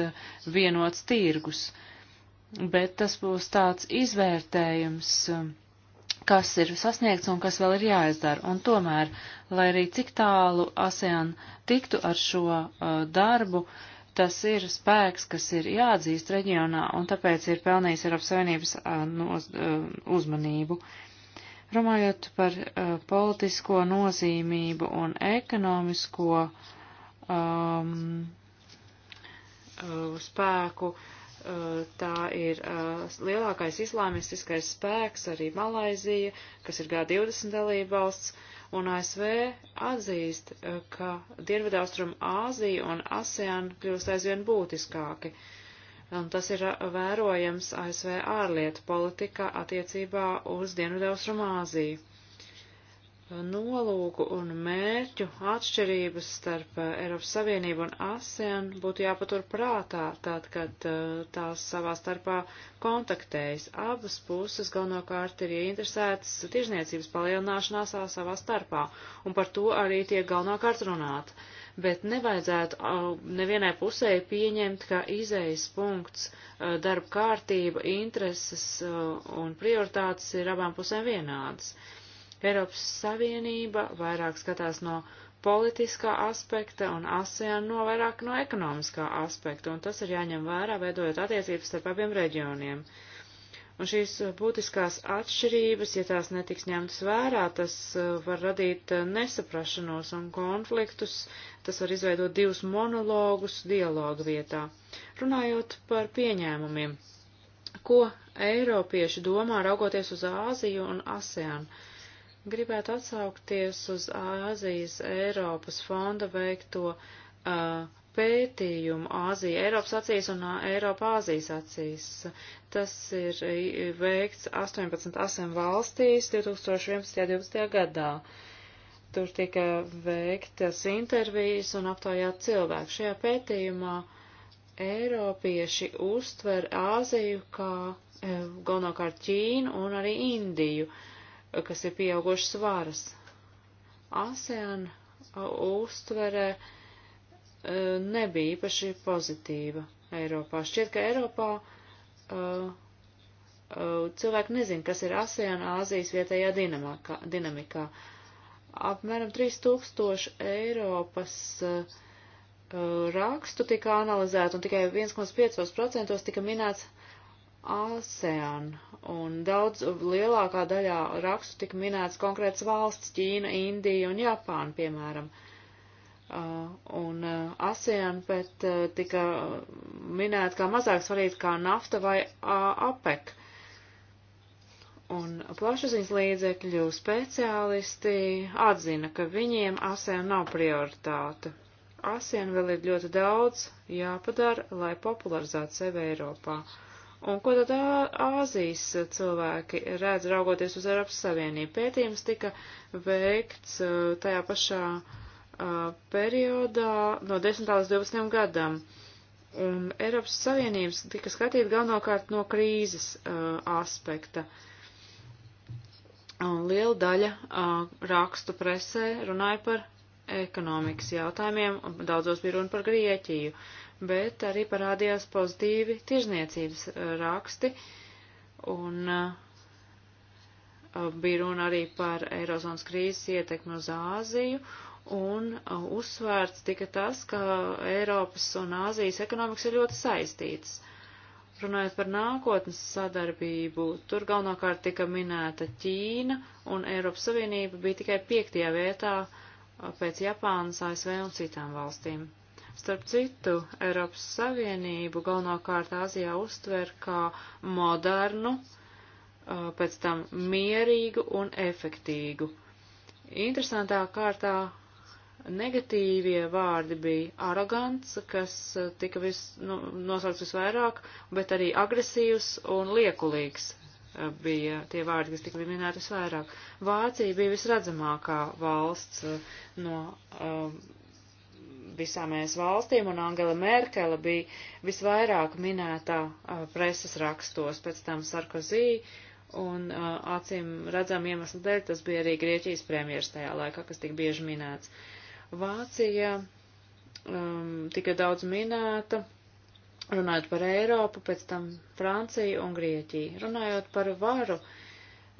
vienots tirgus. Uh, bet tas būs tāds izvērtējums, kas ir sasniegts un kas vēl ir jāizdara. Un tomēr, lai arī cik tālu ASEAN tiktu ar šo uh, darbu, tas ir spēks, kas ir jāatzīst reģionā, un tāpēc ir pelnījis Eiropas Savienības uh, noz, uh, uzmanību. Runājot par uh, politisko nozīmību un ekonomisko um, uh, spēku, uh, Eh, tā ir eh, lielākais islāmistiskais spēks, arī Malaizija, kas ir G20 dalība valsts, un ASV atzīst, eh, ka Dienvidaustrum Āzija un ASEAN kļūst aizvien būtiskāki. Un tas ir vērojams ASV ārlietu politikā attiecībā uz Dienvidaustrum Āziju nolūku un mērķu atšķirības starp eh, Eiropas Savienību un ASEAN būtu jāpatur prātā, tad, kad eh, tās savā starpā kontaktējas. Abas puses galvenokārt ir ieinteresētas tirzniecības palielināšanās savā starpā, un par to arī tiek galvenokārt runāt. Bet nevajadzētu nevienai pusē pieņemt, ka izējas punkts, darba kārtība, intereses un prioritātes ir abām pusēm vienādas. Eiropas Savienība vairāk skatās no politiskā aspekta un ASEAN no vairāk no ekonomiskā aspekta, un tas ir jāņem vērā, veidojot attiecības starp abiem reģioniem. Un šīs būtiskās atšķirības, ja tās netiks ņemtas vērā, tas uh, var radīt uh, nesaprašanos un konfliktus, tas var izveidot divus monologus dialogu vietā. Runājot par pieņēmumiem, ko eiropieši domā raugoties uz Āziju un ASEAN? Uh, Gribētu atsaukties uz Āzijas Eiropas fonda veikto uh, pētījumu Āzija Eiropas acīs un Eiropa Āzijas acīs. Tas ir veikts 18 asem valstīs 2011. gadā. Tur tika veiktas intervijas un aptaujāt cilvēku. Šajā pētījumā Eiropieši uztver Āziju kā galvenokārt Ķīnu un arī Indiju. Uh, kas ir pieaugušas varas. ASEAN uh, uztvere uh, nebija īpaši pozitīva Eiropā. Šķiet, ka Eiropā uh, uh cilvēki nezin, kas ir ASEAN Āzijas vietējā dinamikā. dinamikā. Apmēram 3000 Eiropas uh, rakstu tika analizēta un tikai 1,5% tika minēts ASEAN, un daudz lielākā daļā rakstu tika minēts konkrēts valsts - Ķīna, Indija un Japāna, piemēram. Uh, un uh, ASEAN pēc uh, tika minēta kā mazāk svarīga kā nafta vai uh, APEC. Un plašsaziņas līdzekļu speciālisti atzina, ka viņiem ASEAN nav prioritāte. ASEAN vēl ir ļoti daudz jāpadara, lai popularizētu sevi Eiropā. Uh, Un ko tad Āzijas cilvēki redz raugoties uz Eiropas Savienību? Pētījums tika veikts tajā pašā periodā no 10. līdz 12. gadam. Un Eiropas Savienības tika skatīta galvenokārt no krīzes uh, aspekta. Un liela daļa uh, rakstu presē runāja par ekonomikas jautājumiem, un daudzos bija runa par Grieķiju bet arī parādījās pozitīvi tirzniecības eh, raksti, un eh, bija runa arī par Eirozonas krīzes ietekmi uz Āziju, un eh, uzsvērts tika tas, ka Eiropas un Āzijas ekonomikas ir ļoti saistītas. Runājot par nākotnes sadarbību, tur galvenokārt tika minēta Ķīna, un Eiropas Savienība bija tikai piektajā vietā pēc Japānas, ASV un citām valstīm. Starp citu, Eiropas Savienību galvenokārt Āzijā uztver kā modernu, pēc tam mierīgu un efektīgu. Interesantā kārtā negatīvie vārdi bija arogants, kas tika vis, nu, nosaukts visvairāk, bet arī agresīvs un liekulīgs bija tie vārdi, kas tika minēti visvairāk. Vācija bija visredzamākā valsts no um, visām ES valstīm, un Angela Merkele bija visvairāk minētā uh, preses rakstos, pēc tam Sarkozī, un uh, acīm redzam iemeslu dēļ tas bija arī Grieķijas premjeras tajā laikā, kas tik bieži minēts. Vācija um, tika daudz minēta, runājot par Eiropu, pēc tam Franciju un Grieķiju. Runājot par varu,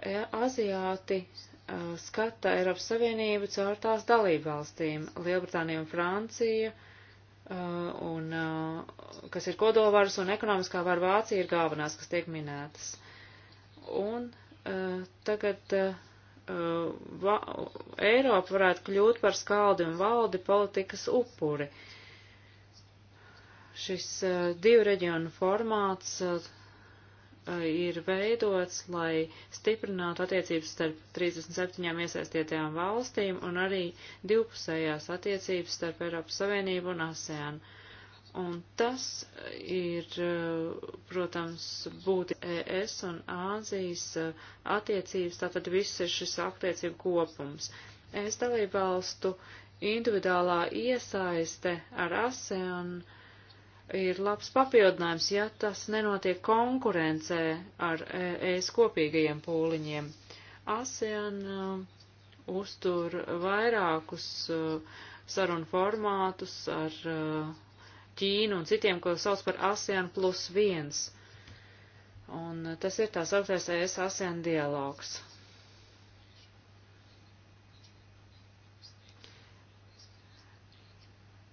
e, aziāti Uh, skata Eiropas Savienību caur tās dalībvalstīm - Lielbritānija un Francija, uh, un, uh, kas ir kodolvaras un ekonomiskā var Vācija ir galvenās, kas tiek minētas. Un tagad va, Eiropa varētu kļūt par skaldi un valdi politikas upuri. Šis divu reģionu formāts ir veidots, lai stiprinātu attiecības starp 37 iesaistītajām valstīm un arī divpusējās attiecības starp Eiropas Savienību un ASEAN. Un tas ir, protams, būti ES un Āzijas attiecības, tātad viss ir šis attiecību kopums. Es dalību valstu individuālā iesaiste ar ASEAN. Un ir labs papildinājums, ja tas nenotiek konkurencē ar ES kopīgajiem pūliņiem. ASEAN uh, uztur vairākus uh, sarunu formātus ar uh, Ķīnu un citiem, ko sauc par ASEAN plus viens. Un uh, tas ir tās augtais ES ASEAN dialogs.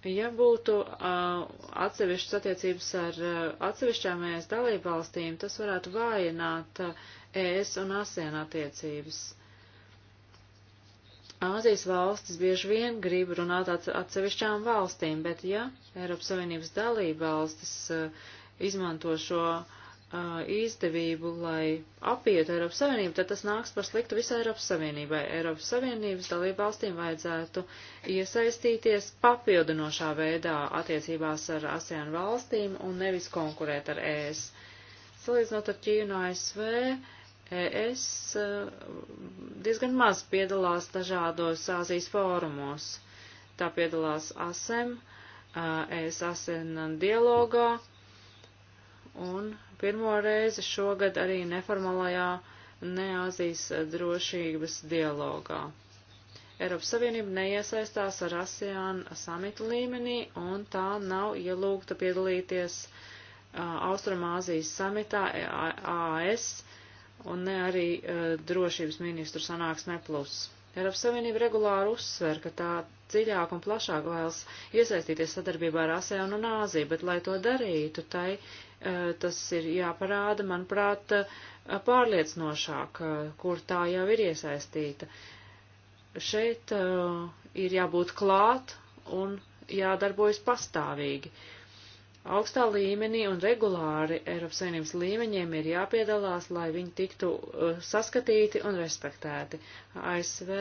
Ja būtu uh, atsevišķas attiecības ar uh, atsevišķām ES dalībvalstīm, tas varētu vājināt uh, ES un ASEAN attiecības. Āzijas valstis bieži vien grib runāt atsevišķām valstīm, bet ja Eiropas Savienības dalībvalstis uh, izmanto šo uh, izdevību, lai apietu Eiropas Savienību, tad tas nāks par sliktu visai Eiropas Savienībai. Eiropas Savienības dalību valstīm vajadzētu iesaistīties papildinošā veidā attiecībās ar ASEAN valstīm un nevis konkurēt ar ES. Salīdzinot ar Ķīnu un ASV, ES diezgan maz piedalās dažādos Āzijas fórumos. Tā piedalās ASEM, ES ASEAN dialogā Un pirmo reizi šogad arī neformalajā Neāzijas drošības dialogā. Eiropas Savienība neiesaistās ar ASEAN samitu līmenī, un tā nav ielūgta piedalīties uh, Austrumāzijas samitā AAS un ne arī uh, drošības ministru sanāksmē plus. Eiropas Savienība regulāri uzsver, ka tā dziļāk un plašāk vēlas iesaistīties sadarbībā ar ASEAN un Āziju, bet, lai to darītu, tai eh, tas ir jāparāda, manuprāt, eh, pārliecinošāk, eh, kur tā jau ir iesaistīta. Šeit ir jābūt klāt un jādarbojas pastāvīgi. Uh, augstā līmenī un regulāri Eiropas Savienības līmeņiem ir jāpiedalās, lai viņi tiktu uh, saskatīti un respektēti. ASV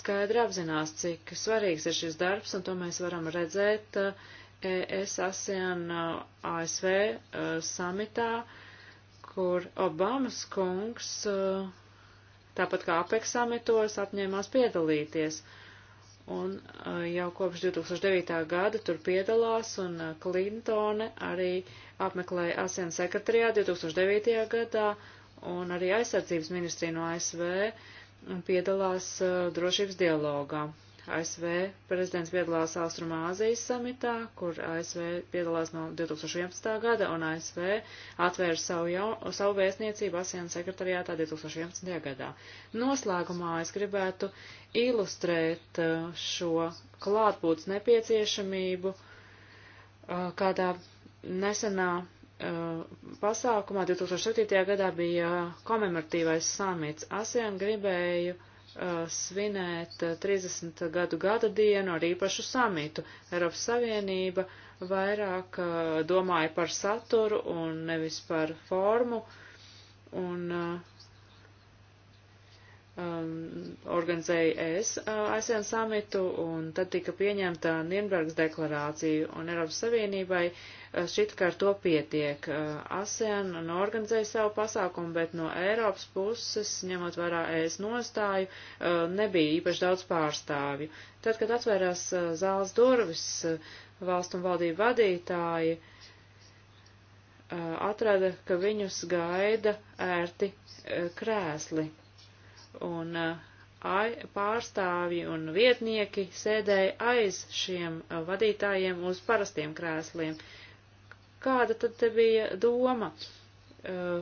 skaidri apzinās, cik svarīgs ir šis darbs, un to mēs varam redzēt uh, ES ASEAN uh, ASV uh, samitā, kur Obamas kungs, uh, tāpat kā APEC samitos, apņēmās piedalīties. Uh, un jau kopš 2009. gada tur piedalās, un Klintone arī apmeklēja ASEAN sekretariā 2009. gadā, un arī aizsardzības ministrija no ASV piedalās drošības dialogā. ASV prezidents piedalās Austrumāzijas samitā, kur ASV piedalās no 2011. gada, un ASV atvēra savu, jau, savu vēstniecību ASEAN sekretariātā 2011. gadā. Noslēgumā es gribētu ilustrēt uh, šo klātbūtnes nepieciešamību uh, kādā nesenā uh, pasākumā 2007. gadā bija komemoratīvais samits. ASEAN gribēju Uh, svinēt 30 uh, gadu gada dienu ar īpašu samitu. Eiropas Savienība vairāk uh, domāja par saturu un nevis par formu, un uh, um, organizēja es uh, ASEAN samitu, un tad tika pieņemta Nienbergas deklarācija, un Eiropas Savienībai šķiet, ka ar to pietiek. Uh, ASEAN nu, organizēja savu pasākumu, bet no Eiropas puses, ņemot vērā es nostāju, uh, nebija īpaši daudz pārstāvju. Tad, kad atvērās zāles durvis, valstu un valdību vadītāji atrada, ka viņus gaida ērti krēsli un eh, pārstāvji un vietnieki sēdēja aiz šiem eh, vadītājiem uz parastiem krēsliem. Kāda tad te bija doma? Uh,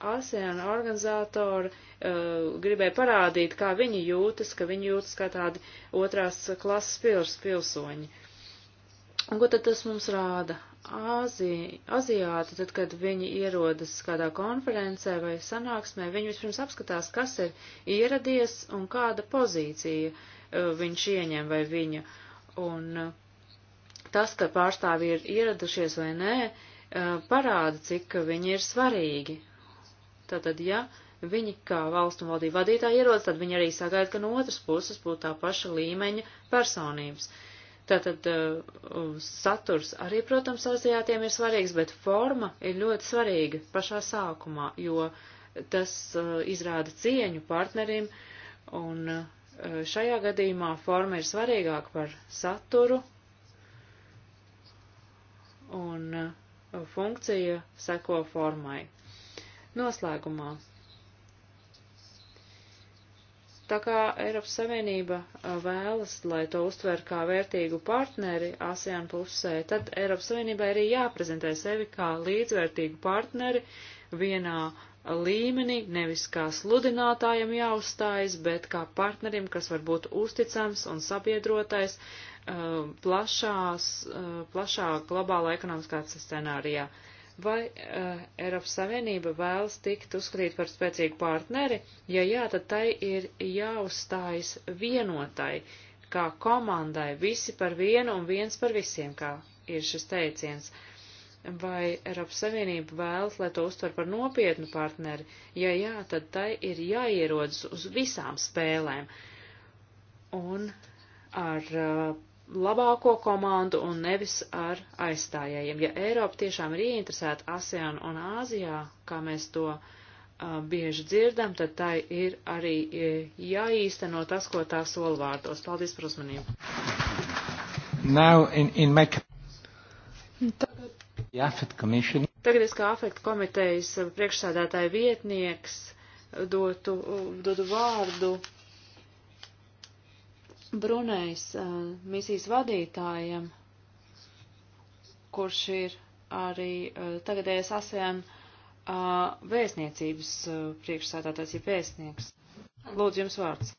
ASEAN organizatori uh, gribēja parādīt, kā viņi jūtas, ka viņi jūtas kā tādi otrās klases pils, pilsoņi. Un ko tad tas mums rāda? Azi, aziāti, tad, kad viņi ierodas kādā konferencē vai sanāksmē, viņi vispirms apskatās, kas ir ieradies un kāda pozīcija uh, viņš ieņem vai viņa. Un uh, tas, ka pārstāvi ir ieradušies vai nē, uh, parāda, cik viņi ir svarīgi. Tātad, ja viņi kā valstu un valdību vadītāji ierodas, tad viņi arī sagaida, ka no otras puses būtu tā paša līmeņa personības. Uh, Tātad uh, saturs arī, protams, aziātiem ir svarīgs, bet forma ir ļoti svarīga pašā sākumā, jo tas uh, izrāda cieņu partnerim, un uh, šajā gadījumā forma ir svarīgāka par saturu, un funkcija seko formai. Noslēgumā Tā kā Eiropas Savienība vēlas, lai to uztver kā vērtīgu partneri ASEAN pusē, tad Eiropas Savienībai arī jāprezentē sevi kā līdzvērtīgu partneri vienā līmenī, nevis kā sludinātājam jāuzstājas, bet kā partnerim, kas var būt uzticams un sabiedrotais plašās, plašā globālā ekonomiskā scenārijā. Vai uh, Eiropas Savienība vēlas tikt uzskatīt par spēcīgu partneri? Ja jā, tad tai ir jāuzstājas vienotai, kā komandai, visi par vienu un viens par visiem, kā ir šis teiciens. Vai Eiropas Savienība vēlas, lai to uztver par nopietnu partneri? Ja jā, tad tai ir jāierodas uz visām spēlēm. Un ar uh, labāko komandu un nevis ar aizstājējiem. Ja Eiropa tiešām ir ieinteresēta ASEAN un Āzijā, kā mēs to uh, bieži dzirdam, tad tai ir arī jāīsteno tas, ko tā sola vārdos. Paldies par uzmanību. Now in, in my... Tagad, tagad es kā afekta komitejas priekšsādātāja vietnieks dotu, dotu vārdu Brunējs uh, eh, misijas vadītājam, kurš ir arī uh, tagadējais ASEAN uh, vēstniecības uh, priekšsētātājs ir vēstnieks. Lūdzu, jums vārds.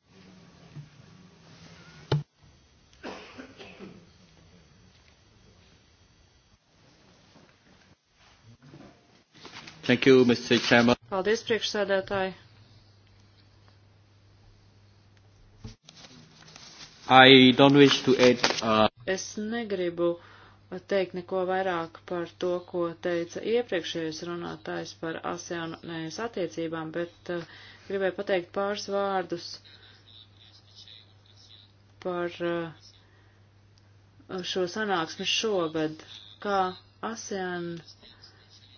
Thank you, Mr. Chairman. Paldies, priekšsēdētāji. I don't wish to add. Uh... Es negribu teikt neko vairāk par to, ko teica iepriekšējais runātājs par ASEAN nevis attiecībām, bet uh, gribēju pateikt pāris vārdus par uh, šo sanāksmi šogad, kā ASEAN uh,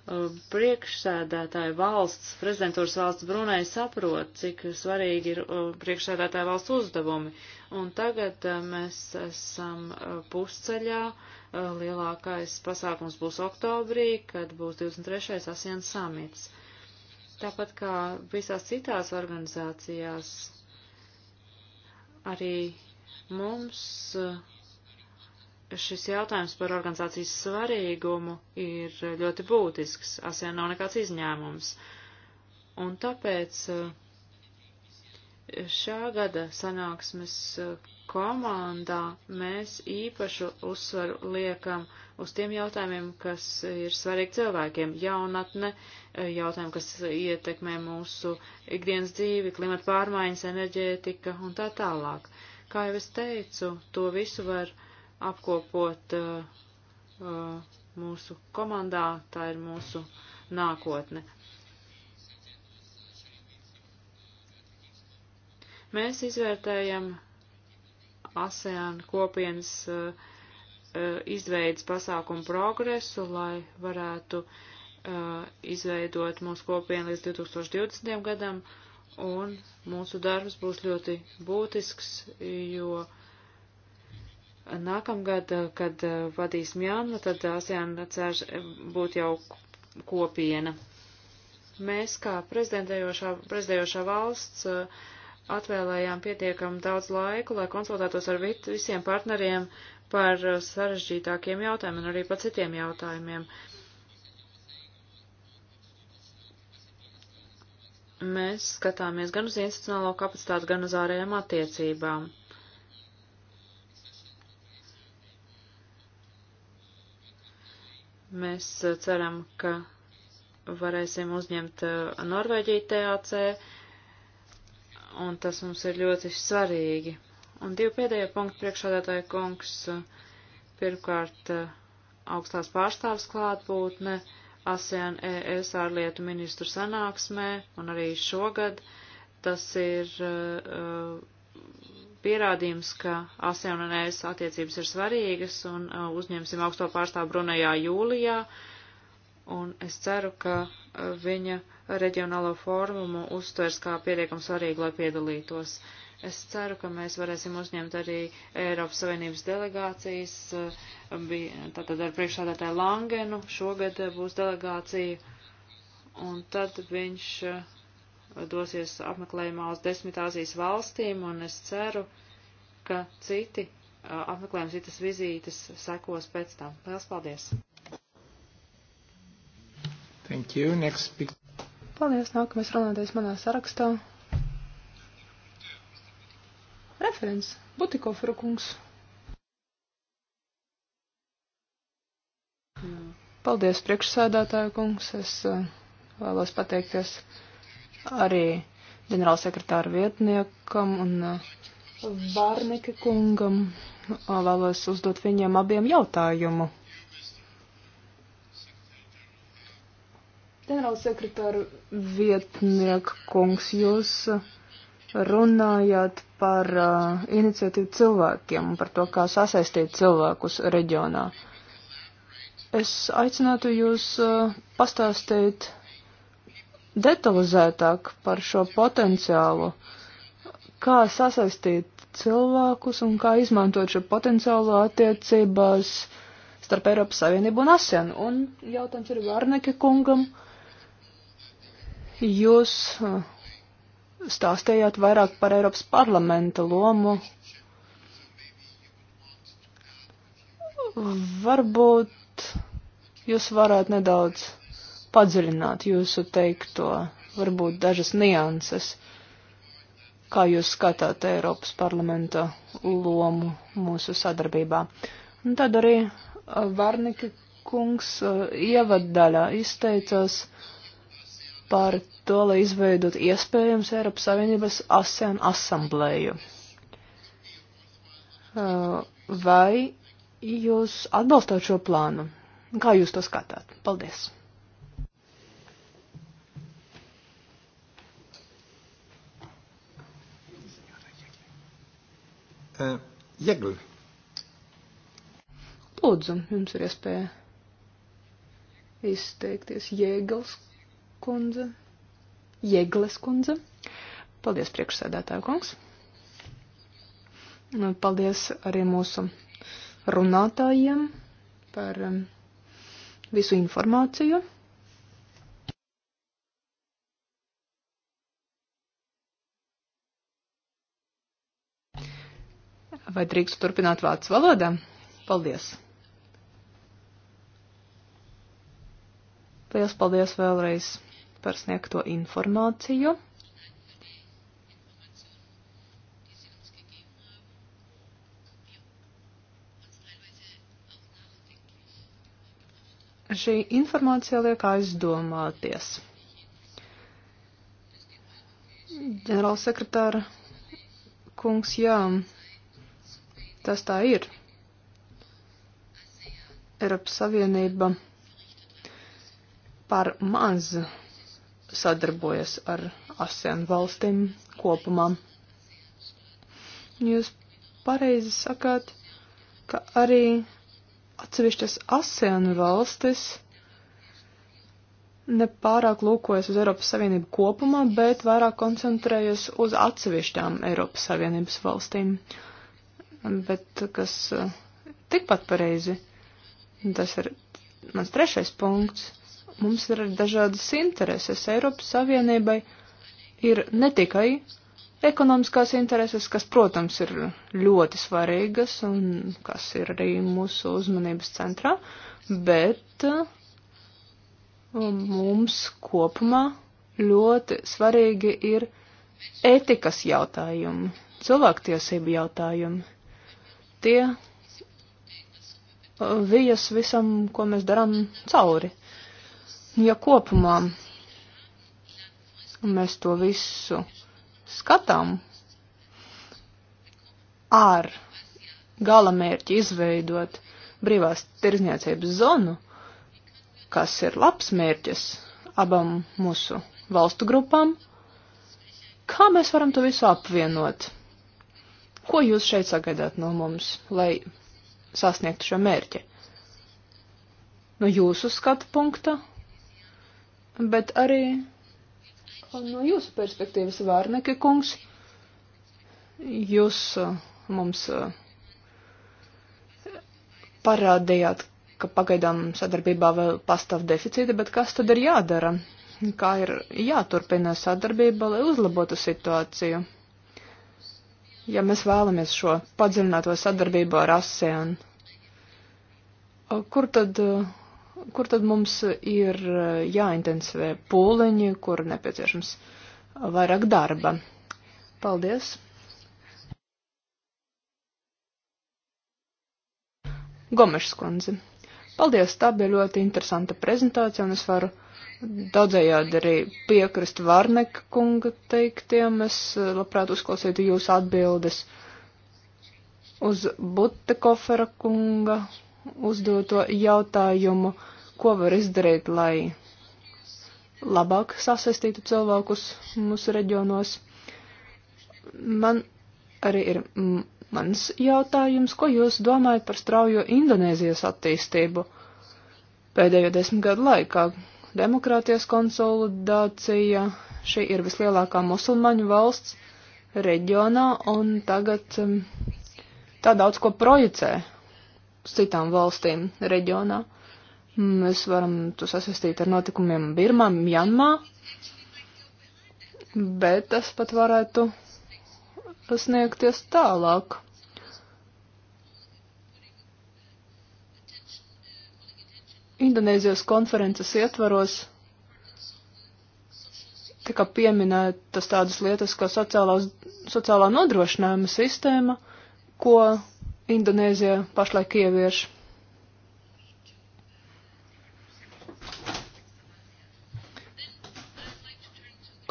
Uh, priekšsēdētāja valsts, prezidentūras valsts Brunei saprot, cik svarīgi ir uh, priekšsēdētāja valsts uzdevumi. Un tagad uh, mēs esam pusceļā. Lielākais pasākums būs oktobrī, kad būs 23. asien samits. Tāpat kā visās citās organizācijās, arī mums uh, šis jautājums par organizācijas svarīgumu ir ļoti būtisks. ASEAN nav nekāds izņēmums. Un tāpēc eh, šā gada sanāksmes eh, komandā mēs īpašu uzsvaru liekam uz tiem jautājumiem, kas ir svarīgi cilvēkiem. Jaunatne, eh, jautājumi, kas ietekmē mūsu ikdienas dzīvi, klimata pārmaiņas, enerģētika un tā tālāk. Kā jau es teicu, to visu var uh, apkopot uh, uh, mūsu komandā, tā ir mūsu nākotne. Mēs izvērtējam ASEAN kopienas uh, uh izveidas pasākumu progresu, lai varētu uh, izveidot mūsu kopienu līdz 2020. gadam, un mūsu darbs būs ļoti būtisks, jo nākamgad, eh, kad eh, vadīs Mjānu, tad ASEAN cer eh, būt jau kopiena. Mēs kā prezidentējošā, prezidentējošā valsts atvēlējām pietiekam daudz laiku, lai konsultētos ar visiem partneriem par sarežģītākiem jautājumiem un arī par citiem jautājumiem. Mēs skatāmies gan uz institucionālo kapacitāti, gan uz ārējām attiecībām. Mēs eh, ceram, ka varēsim uzņemt eh, Norvēģiju TAC, un tas mums ir ļoti svarīgi. Un divi pēdējie punkti priekšādātāja kungs. Pirmkārt, eh, augstās pārstāvs klātbūtne ASEAN ES ārlietu ministru sanāksmē un arī šogad. Tas ir uh, pierādījums, ka ASEAN un ES attiecības ir svarīgas un uh, uzņemsim augsto pārstāvu Brunejā jūlijā. Un es ceru, ka uh, viņa reģionālo fórumu uztvers kā pietiekam svarīgu, lai piedalītos. Es ceru, ka mēs varēsim uzņemt arī Eiropas Savienības delegācijas. Uh, tātad ar priekšsādātāju Langenu šogad būs delegācija. Un tad viņš uh, dosies apmeklējumā uz desmit Āzijas valstīm, un es ceru, ka citi apmeklējums, citas vizītes sekos pēc tam. Lielas paldies! Thank you. Next speak. Paldies. Nākamais runātais manā sarakstā. Referents Butikofra kungs. Mm. Paldies, priekšsēdētāju kungs. Es uh, vēlos pateikties. Uh, arī ģenerālsekretāra vietniekam un uh, Vārneka kungam. Uh, vēlos uzdot viņiem abiem jautājumu. Ģenerālsekretāra vietnieka kungs, jūs uh, runājāt par uh, iniciatīvu cilvēkiem, par to, kā sasaistīt cilvēkus reģionā. Es aicinātu jūs uh, pastāstīt detalizētāk par šo potenciālu, kā sasaistīt cilvēkus un kā izmantot šo potenciālu attiecībās starp Eiropas Savienību un ASEAN. Un jautājums ir Vārneke kungam. Jūs uh, stāstījāt vairāk par Eiropas parlamenta lomu. Varbūt jūs varētu nedaudz padziļināt jūsu teikto, varbūt dažas nianses, kā jūs skatāt Eiropas parlamenta lomu mūsu sadarbībā. Un tad arī uh, Varnika kungs uh, ievaddaļā izteicās par to, lai izveidot iespējams Eiropas Savienības ASEAN asamblēju. Uh, vai jūs atbalstāt šo plānu? Kā jūs to skatāt? Paldies! E, Jegli. Lūdzu, jums ir iespēja izteikties Jēgals kundze. Jēgles kundze. Paldies, priekšsēdētāju kungs. Nu, paldies arī mūsu runātājiem par um, visu informāciju. Vai drīkstu turpināt vācu valodā? Paldies! Liels paldies vēlreiz par sniegto informāciju. Šī informācija liek aizdomāties. Ģenerālsekretāra kungs, jā. Tas tā ir. Eiropas Savienība par maz sadarbojas ar ASEAN valstīm kopumā. Jūs pareizi sakāt, ka arī atsevišķas ASEAN valstis nepārāk lūkojas uz Eiropas Savienību kopumā, bet vairāk koncentrējas uz atsevišķām Eiropas Savienības valstīm. Uh, bet kas eh, tikpat pareizi, tas ir mans trešais punkts, mums ir dažādas intereses. Eiropas Savienībai ir ne tikai ekonomiskās intereses, kas, protams, ir ļoti svarīgas un kas ir arī mūsu uzmanības centrā, bet eh, mums kopumā ļoti svarīgi ir ētikas jautājumi, cilvēktiesību jautājumi tie uh, vijas visam, ko mēs darām cauri. Nu, ja kopumā mēs to visu skatām ar galamērķi izveidot brīvās tirzniecības zonu, kas ir labs mērķis abam mūsu valstu grupām, kā mēs varam to visu apvienot? Ko jūs šeit sagaidāt no mums, lai sasniegtu šo mērķi? No jūsu skatu punkta, bet arī no jūsu perspektīvas vārneki kungs. Jūs uh, mums uh, parādījāt, ka pagaidām sadarbībā vēl pastāv deficīti, bet kas tad ir jādara? Kā ir jāturpina sadarbība, lai uzlabotu situāciju? ja mēs vēlamies šo padziļināto sadarbību ar ASEAN. Kur tad, kur tad mums ir jāintensivē pūliņi, kur nepieciešams vairāk darba? Paldies! Gomešs kundze. Paldies, tā bija ļoti interesanta prezentācija, un es varu daudzējādi arī piekrist Varneka kunga teiktiem. Es eh, labprāt uzklausītu jūsu atbildes uz Butekofera kunga uzdoto jautājumu, ko var izdarīt, lai labāk sasaistītu cilvēkus mūsu reģionos. Man arī ir mans jautājums, ko jūs domājat par straujo Indonēzijas attīstību pēdējo desmit gadu laikā? demokrātijas konsolidācija. Šī ir vislielākā musulmaņu valsts reģionā un tagad um, tā daudz ko projicē uz citām valstīm reģionā. Mēs varam to sasistīt ar notikumiem Birmā, Mjanmā, bet tas pat varētu sniegties tālāk. Indonēzijas konferences ietvaros tika pieminētas tādas lietas, kā sociālās, sociālā nodrošinājuma sistēma, ko Indonēzija pašlaik ievieš.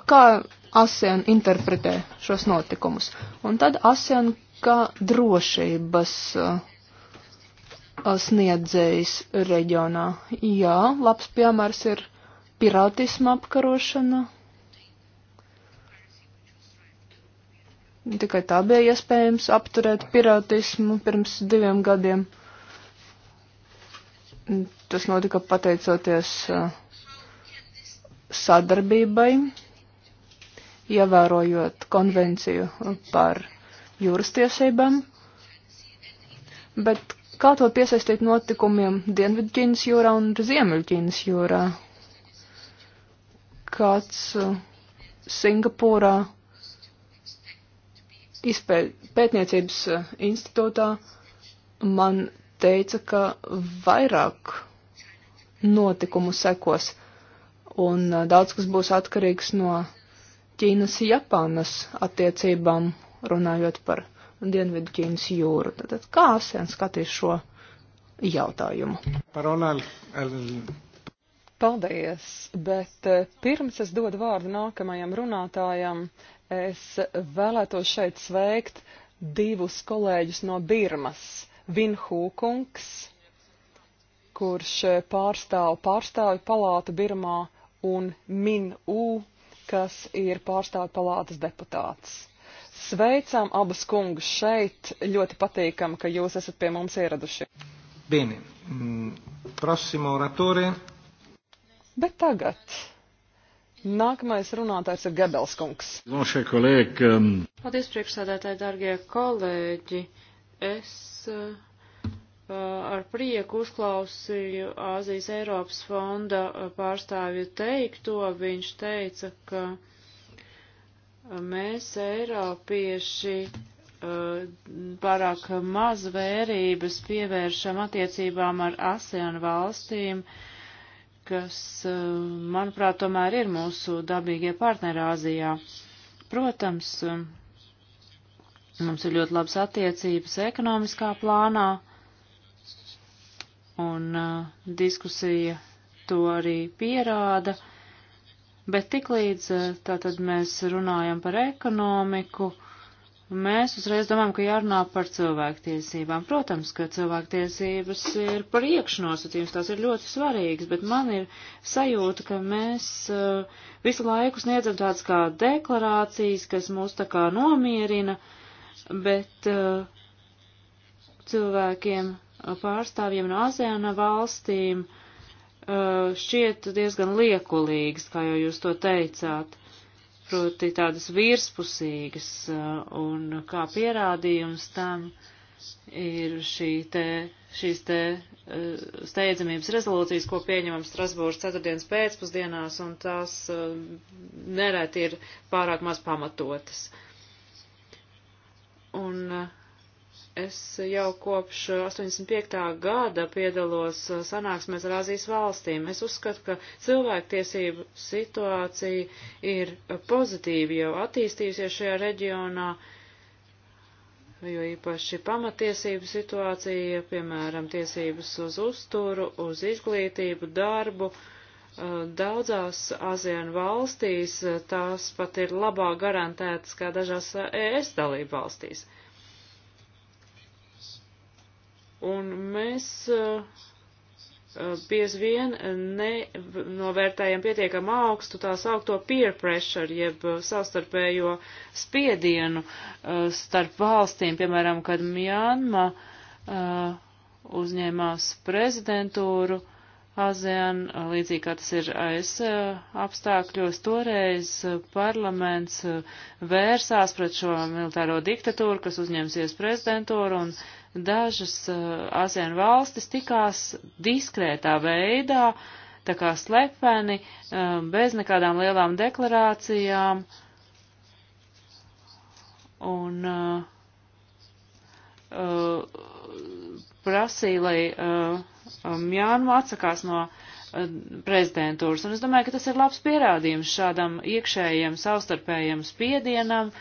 Kā ASEAN interpretē šos notikumus? Un tad ASEAN kā drošības uh, sniedzējs reģionā. Jā, labs piemērs ir pirātisma apkarošana. Tikai tā bija iespējams apturēt pirātismu pirms diviem gadiem. Tas notika pateicoties sadarbībai, ievērojot konvenciju par jūras tiesībām, bet Kā to piesaistīt notikumiem Dienvidķīnas jūrā un Ziemeļķīnas jūrā? Kāds uh, Singapūrā izpētniecības uh, institūtā man teica, ka vairāk notikumu sekos un uh, daudz kas būs atkarīgs no Ķīnas-Japānas attiecībām, runājot par Dienvidu Ķīnas jūru. Tātad kā ASEAN skatīs šo jautājumu? Parola, el... Paldies, bet eh, pirms es dodu vārdu nākamajam runātājam, es vēlētos šeit sveikt divus kolēģus no Birmas. Vinhū kungs, kurš eh, pārstāv pārstāvju palātu Birmā, un Min U, kas ir pārstāvju palātas deputāts. Sveicam abus kungus šeit. Ļoti patīkam, ka jūs esat pie mums ieraduši. Bene. Mm, prossimo oratore. Bet tagad. Nākamais runātājs ir Gebels kungs. No šie kolēģi. Um... Paldies, priekšsādātāji, dargie kolēģi. Es uh, ar prieku uzklausīju Āzijas Eiropas fonda uh, pārstāvju teikto. Viņš teica, ka mēs Eiropieši eh, pārāk maz vērības pievēršam attiecībām ar ASEAN valstīm, kas, eh, manuprāt, tomēr ir mūsu dabīgie partneri Āzijā. Protams, eh, mums ir ļoti labas attiecības ekonomiskā plānā, un diskusija to arī pierāda. Uh, bet tiklīdz eh, tātad mēs runājam par ekonomiku, mēs uzreiz domājam, ka jārunā par cilvēktiesībām. Protams, ka cilvēktiesības ir par iekšnosacījums, tās ir ļoti svarīgas, bet man ir sajūta, ka mēs eh, visu laiku sniedzam tādas kā deklarācijas, kas mūs tā kā nomierina, bet eh, cilvēkiem, pārstāvjiem no ASEANA valstīm, Eh, šķiet diezgan liekulīgas, kā jau jūs to teicāt, proti tādas virspusīgas, eh, un kā pierādījums tam ir šī te, šīs te eh, steidzamības rezolūcijas, ko pieņemam Strasbūras ceturtdienas pēcpusdienās, un tās nereti ir pārāk maz pamatotas. Un uh, Es jau kopš 85. Eh, gada piedalos eh, sanāksmēs ar Azijas valstīm. Es uzskatu, ka cilvēktiesību situācija ir eh, pozitīvi jau attīstījusies šajā reģionā jo īpaši pamatiesību situācija, piemēram, tiesības uz uzturu, uz izglītību, darbu, daudzās ASEAN valstīs tās pat ir labāk garantētas kā dažās ES e dalību valstīs. Un mēs bieži eh, eh, vien nenovērtējam pietiekam augstu tā saukto peer pressure, jeb eh, savstarpējo spiedienu starp valstīm, piemēram, kad Mjanma uzņēmās prezidentūru ASEAN, līdzīgi kā tas ir AS apstākļos, toreiz parlaments vērsās pret šo militāro diktatūru, kas uzņemsies prezidentūru un dažas eh, ASEAN valstis tikās diskrētā veidā, tā kā slepeni, eh, bez nekādām lielām deklarācijām. Un uh, prasīja, lai uh, Mjānmu atsakās no uh, prezidentūras. Un es domāju, ka tas ir labs pierādījums šādam iekšējiem savstarpējiem spiedienam, uh,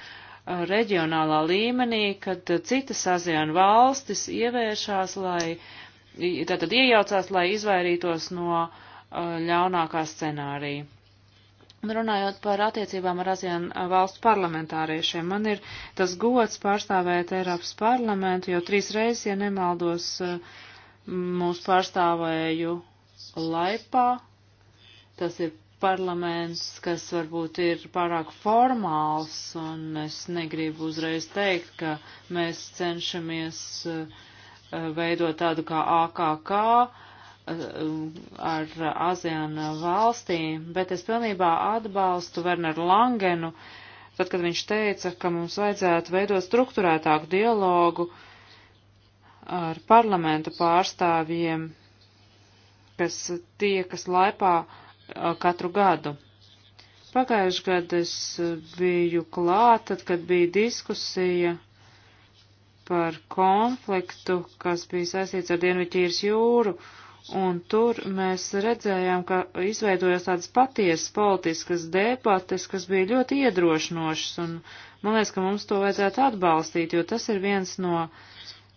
reģionālā līmenī, kad citas ASEAN valstis ievēršās, lai, tātad iejaucās, lai izvairītos no ļaunākā scenārija. Runājot par attiecībām ar ASEAN valstu parlamentāriešiem, man ir tas gods pārstāvēt Eiropas parlamentu, jo trīs reizes, ja nemaldos, mūs pārstāvēju Laipā, tas ir parlaments, kas varbūt ir pārāk formāls, un es negribu uzreiz teikt, ka mēs cenšamies eh, veidot tādu kā AKK eh, ar ASEAN valstīm, bet es pilnībā atbalstu Werneru Langenu, tad, kad viņš teica, ka mums vajadzētu veidot struktūrētāku dialogu ar parlamentu pārstāvjiem, kas tie, kas laipā uh, katru gadu. Pagājuši gadu es biju klāt, tad, kad bija diskusija par konfliktu, kas bija saistīts ar Dienvidķīras jūru, un tur mēs redzējām, ka izveidojas tādas patiesas politiskas debates, kas bija ļoti iedrošinošas, un man liekas, ka mums to vajadzētu atbalstīt, jo tas ir viens no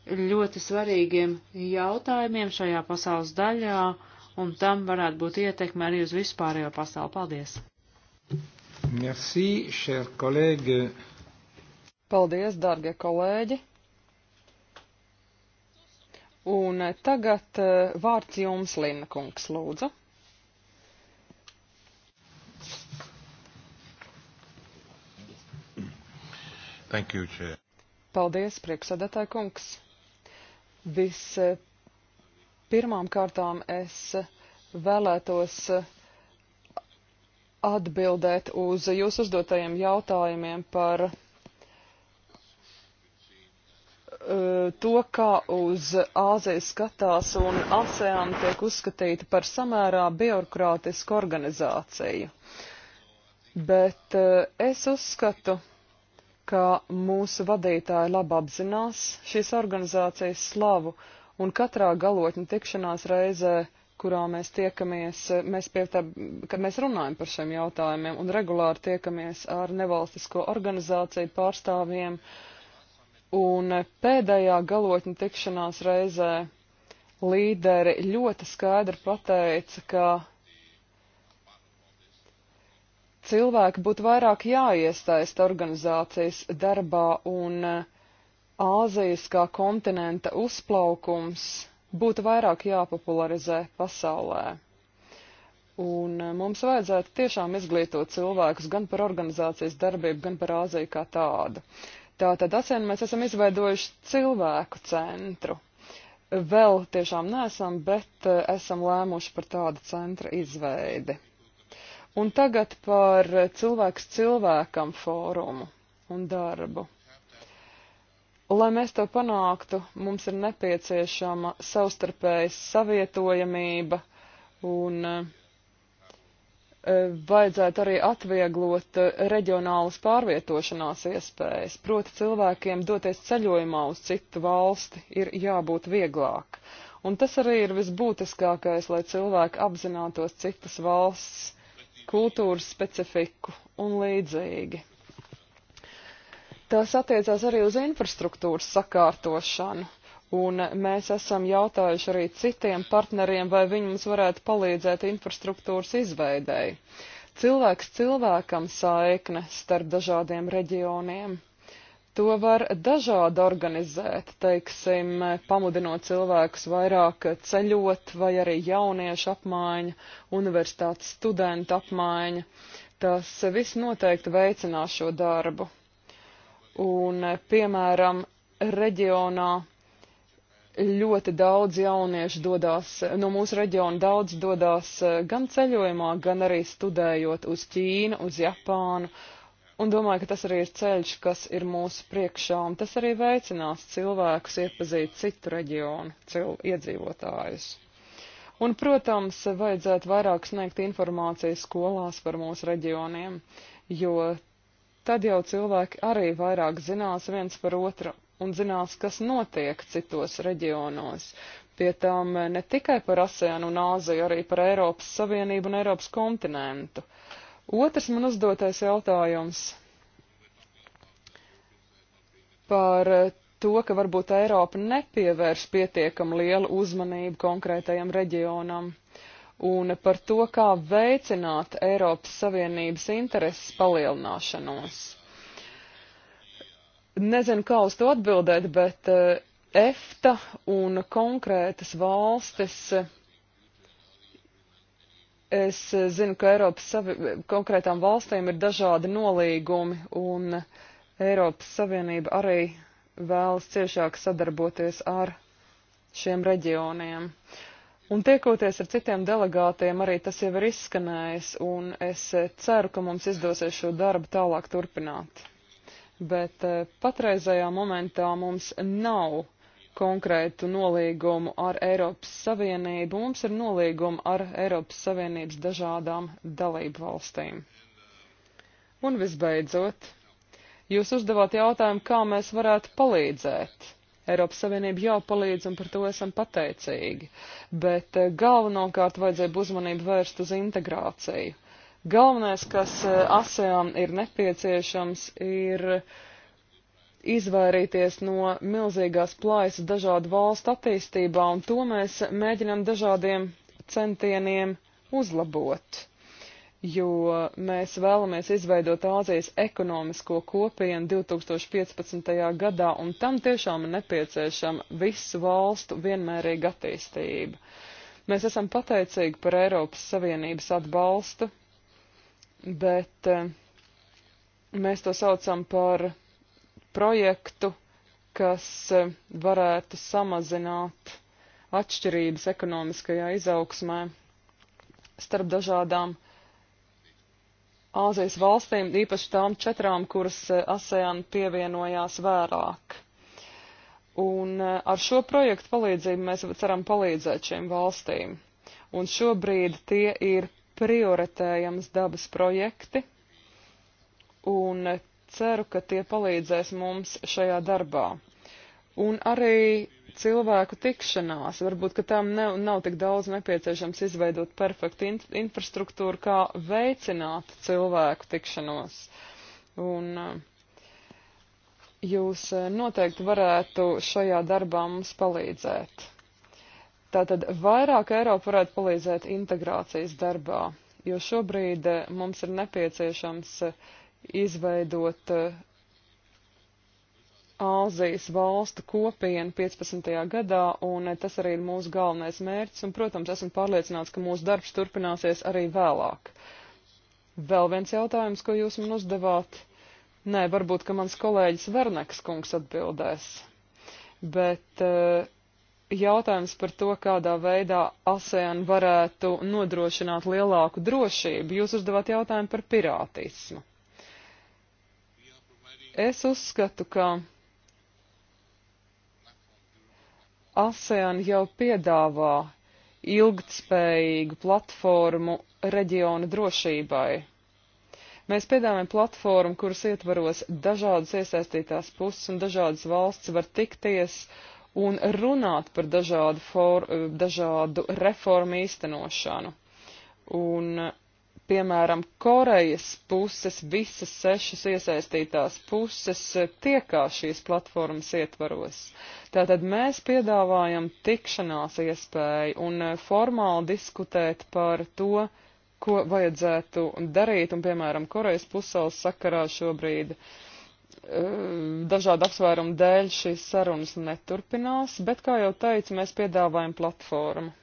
ļoti svarīgiem jautājumiem šajā pasaules daļā, uh, un tam varētu būt ietekme arī uz vispārējo pasauli. Paldies! Merci, cher collègue. Paldies, dargie kolēģi! Un tagad eh, vārds jums, Lina kungs, lūdzu. Thank you, Chair. Paldies, priekšsēdētāji kungs. Vispirms Pirmām kārtām es vēlētos atbildēt uz jūsu uzdotajiem jautājumiem par e, to, kā uz Āziju skatās un ASEAN tiek uzskatīta par samērā birokrātisku organizāciju. Bet e, es uzskatu, ka mūsu vadītāji labi apzinās šīs organizācijas slavu un katrā galotņa tikšanās reizē, kurā mēs tiekamies, mēs pie tā, kad mēs runājam par šiem jautājumiem un regulāri tiekamies ar nevalstisko organizāciju pārstāvjiem, un pēdējā galotņa tikšanās reizē līderi ļoti skaidri pateica, ka cilvēki būtu vairāk jāiesaista organizācijas darbā un uh, Āzijas kā kontinenta uzplaukums būtu vairāk jāpopularizē pasaulē. Un eh, mums vajadzētu tiešām izglītot cilvēkus gan par organizācijas darbību, gan par Āziju kā tādu. Tātad ASEAN mēs esam izveidojuši cilvēku centru. Vēl tiešām nesam, bet eh, esam lēmuši par tādu centra izveidi. Un tagad par cilvēks cilvēkam fórumu un darbu. Lai mēs to panāktu, mums ir nepieciešama savstarpējas savietojamība un e, vajadzētu arī atvieglot e, reģionālas pārvietošanās iespējas. Proti cilvēkiem doties ceļojumā uz citu valsti ir jābūt vieglāk. Un tas arī ir visbūtiskākais, lai cilvēki apzinātos citas valsts kultūras specifiku un līdzīgi. Tas attiecās arī uz infrastruktūras sakārtošanu. Un mēs esam jautājuši arī citiem partneriem, vai viņi mums varētu palīdzēt infrastruktūras izveidēji. Cilvēks cilvēkam saikne starp dažādiem reģioniem. To var dažādi organizēt, teiksim, pamudinot cilvēkus vairāk ceļot, vai arī jauniešu apmaiņa, universitātes studentu apmaiņa. Tas viss noteikti veicinās šo darbu. Un, eh, piemēram, reģionā ļoti daudz jauniešu dodās, no mūsu reģiona daudz dodās eh, gan ceļojumā, gan arī studējot uz Ķīnu, uz Japānu. Un domāju, ka tas arī ir ceļš, kas ir mūsu priekšā, un tas arī veicinās cilvēkus iepazīt citu reģionu cil iedzīvotājus. Un, protams, vajadzētu vairāk sniegt informāciju skolās par mūsu reģioniem, jo tad jau cilvēki arī vairāk zinās viens par otru un zinās, kas notiek citos reģionos. Pie tām eh, ne tikai par ASEAN un Āziju, arī par Eiropas Savienību un Eiropas kontinentu. Otrs man uzdotais jautājums par eh, to, ka varbūt Eiropa nepievērš pietiekam lielu uzmanību konkrētajam reģionam. Uh, un par to, kā veicināt Eiropas Savienības intereses palielināšanos. Nezinu, kā uz to atbildēt, bet eh, EFTA un konkrētas valstis. Es zinu, ka Eiropas savi, konkrētām valstīm ir dažādi nolīgumi, un Eiropas Savienība arī vēlas ciešāk sadarboties ar šiem reģioniem. Uh, Un tiekoties ar citiem delegātiem, arī tas jau ir izskanējis, un es eh, ceru, ka mums izdosies šo darbu tālāk turpināt. Bet eh, patreizajā momentā mums nav konkrētu nolīgumu ar Eiropas Savienību, mums ir nolīgumi ar Eiropas Savienības dažādām dalību valstīm. Un visbeidzot, jūs uzdevāt jautājumu, kā mēs varētu palīdzēt Eiropas Savienība jau palīdz un par to esam pateicīgi. Bet eh, galvenokārt vajadzēja uzmanību vērst uz integrāciju. Galvenais, kas eh, ASEAN ir nepieciešams, ir izvairīties no milzīgās plaisas dažādu valstu attīstībā, un to mēs mēģinām dažādiem centieniem uzlabot jo mēs vēlamies izveidot Āzijas ekonomisko kopienu 2015. gadā, un tam tiešām ir nepieciešama visu valstu vienmērīga attīstība. Mēs esam pateicīgi par Eiropas Savienības atbalstu, bet eh, mēs to saucam par projektu, kas eh, varētu samazināt atšķirības ekonomiskajā izaugsmē starp dažādām uh, Āzijas valstīm, īpaši tām četrām, kuras e, ASEAN pievienojās vērāk. Un e, ar šo projektu palīdzību mēs ceram palīdzēt šīm valstīm. Un šobrīd tie ir prioritējams dabas projekti, un e, ceru, ka tie palīdzēs mums šajā darbā un arī cilvēku tikšanās. Varbūt, ka tam nav, nav tik daudz nepieciešams izveidot perfektu in infrastruktūru, kā veicināt cilvēku tikšanos. Un eh, jūs eh, noteikti varētu šajā darbā mums palīdzēt. Tātad vairāk Eiropa varētu palīdzēt integrācijas darbā, jo šobrīd eh, mums ir nepieciešams izveidot Āzijas valstu kopienu 15. gadā, un tas arī ir mūsu galvenais mērķis, un, protams, esmu pārliecināts, ka mūsu darbs turpināsies arī vēlāk. Vēl viens jautājums, ko jūs man uzdevāt. Nē, varbūt, ka mans kolēģis Verneks kungs atbildēs, bet eh, jautājums par to, kādā veidā ASEAN varētu nodrošināt lielāku drošību, jūs uzdevāt jautājumu par pirātismu. Es uzskatu, ka ASEAN jau piedāvā ilgtspējīgu platformu reģiona drošībai. Mēs piedāvājam platformu, kuras ietvaros dažādas iesaistītās puses un dažādas valsts var tikties un runāt par dažādu, for, dažādu reformu īstenošanu. Un piemēram, Korejas puses visas sešas iesaistītās puses eh, tiekās šīs platformas ietvaros. Tātad mēs piedāvājam tikšanās iespēju un eh, formāli diskutēt par to, ko vajadzētu darīt, un, piemēram, Korejas pusēlas sakarā šobrīd eh, dažādu apsvērumu dēļ šīs sarunas neturpinās, bet, kā jau teicu, mēs piedāvājam platformu.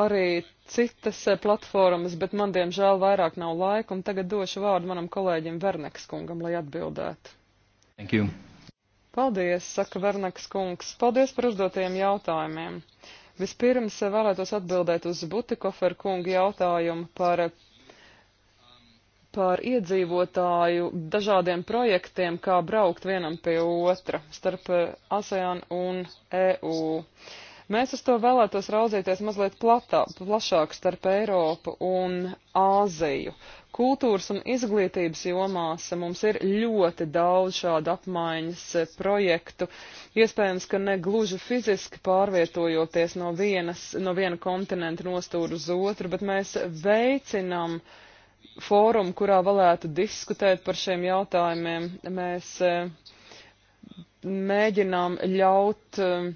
arī citas eh, platformas, bet man diemžēl vairāk nav laika, un tagad došu vārdu manam kolēģim Verneks kungam, lai atbildētu. Thank you. Paldies, saka Verneks kungs. Paldies par uzdotajiem jautājumiem. Vispirms eh, vēlētos atbildēt uz Butikofer kunga jautājumu par, par iedzīvotāju dažādiem projektiem, kā braukt vienam pie otra starp eh, ASEAN un EU. Uh, Mēs uz to vēlētos raudzīties mazliet platā, plašāk starp Eiropu un Āziju. Kultūras un izglītības jomās mums ir ļoti daudz šādu apmaiņas eh, projektu. Iespējams, ka ne gluži fiziski pārvietojoties no, vienas, no viena kontinenta nostūru uz otru, bet mēs veicinam fórumu, kurā varētu diskutēt par šiem jautājumiem. Mēs eh, mēģinām ļaut eh,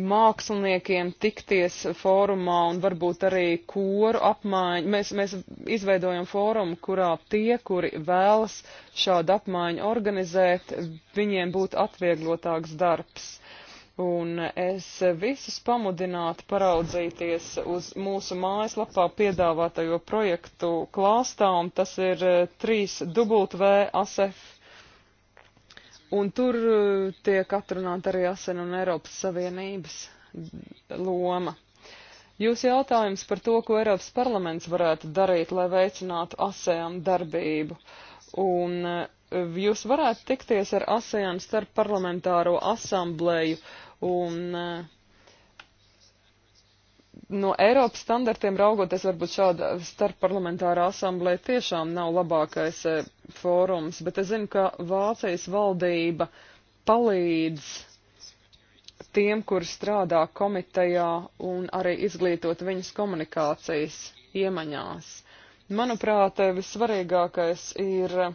māksliniekiem tikties fórumā un varbūt arī koru apmaiņu. Mēs, mēs izveidojam fórumu, kurā tie, kuri vēlas šādu apmaiņu organizēt, viņiem būtu atvieglotāks darbs. Un es visus pamudinātu paraudzīties uz mūsu mājaslapā piedāvātajo projektu klāstā, un tas ir 3W ASEF Un tur eh, tiek atrunāta arī ASEN un Eiropas Savienības loma. Jūs jautājums par to, ko Eiropas parlaments varētu darīt, lai veicinātu ASEAN darbību. Un eh, jūs varētu tikties ar ASEAN starp parlamentāro asamblēju un uh, no Eiropas standartiem raugoties, varbūt šāda starpparlamentārā asamblē tiešām nav labākais e, fórums, bet es zinu, ka Vācijas valdība palīdz tiem, kur strādā komitejā un arī izglītot viņas komunikācijas iemaņās. Manuprāt, eh, vissvarīgākais ir e,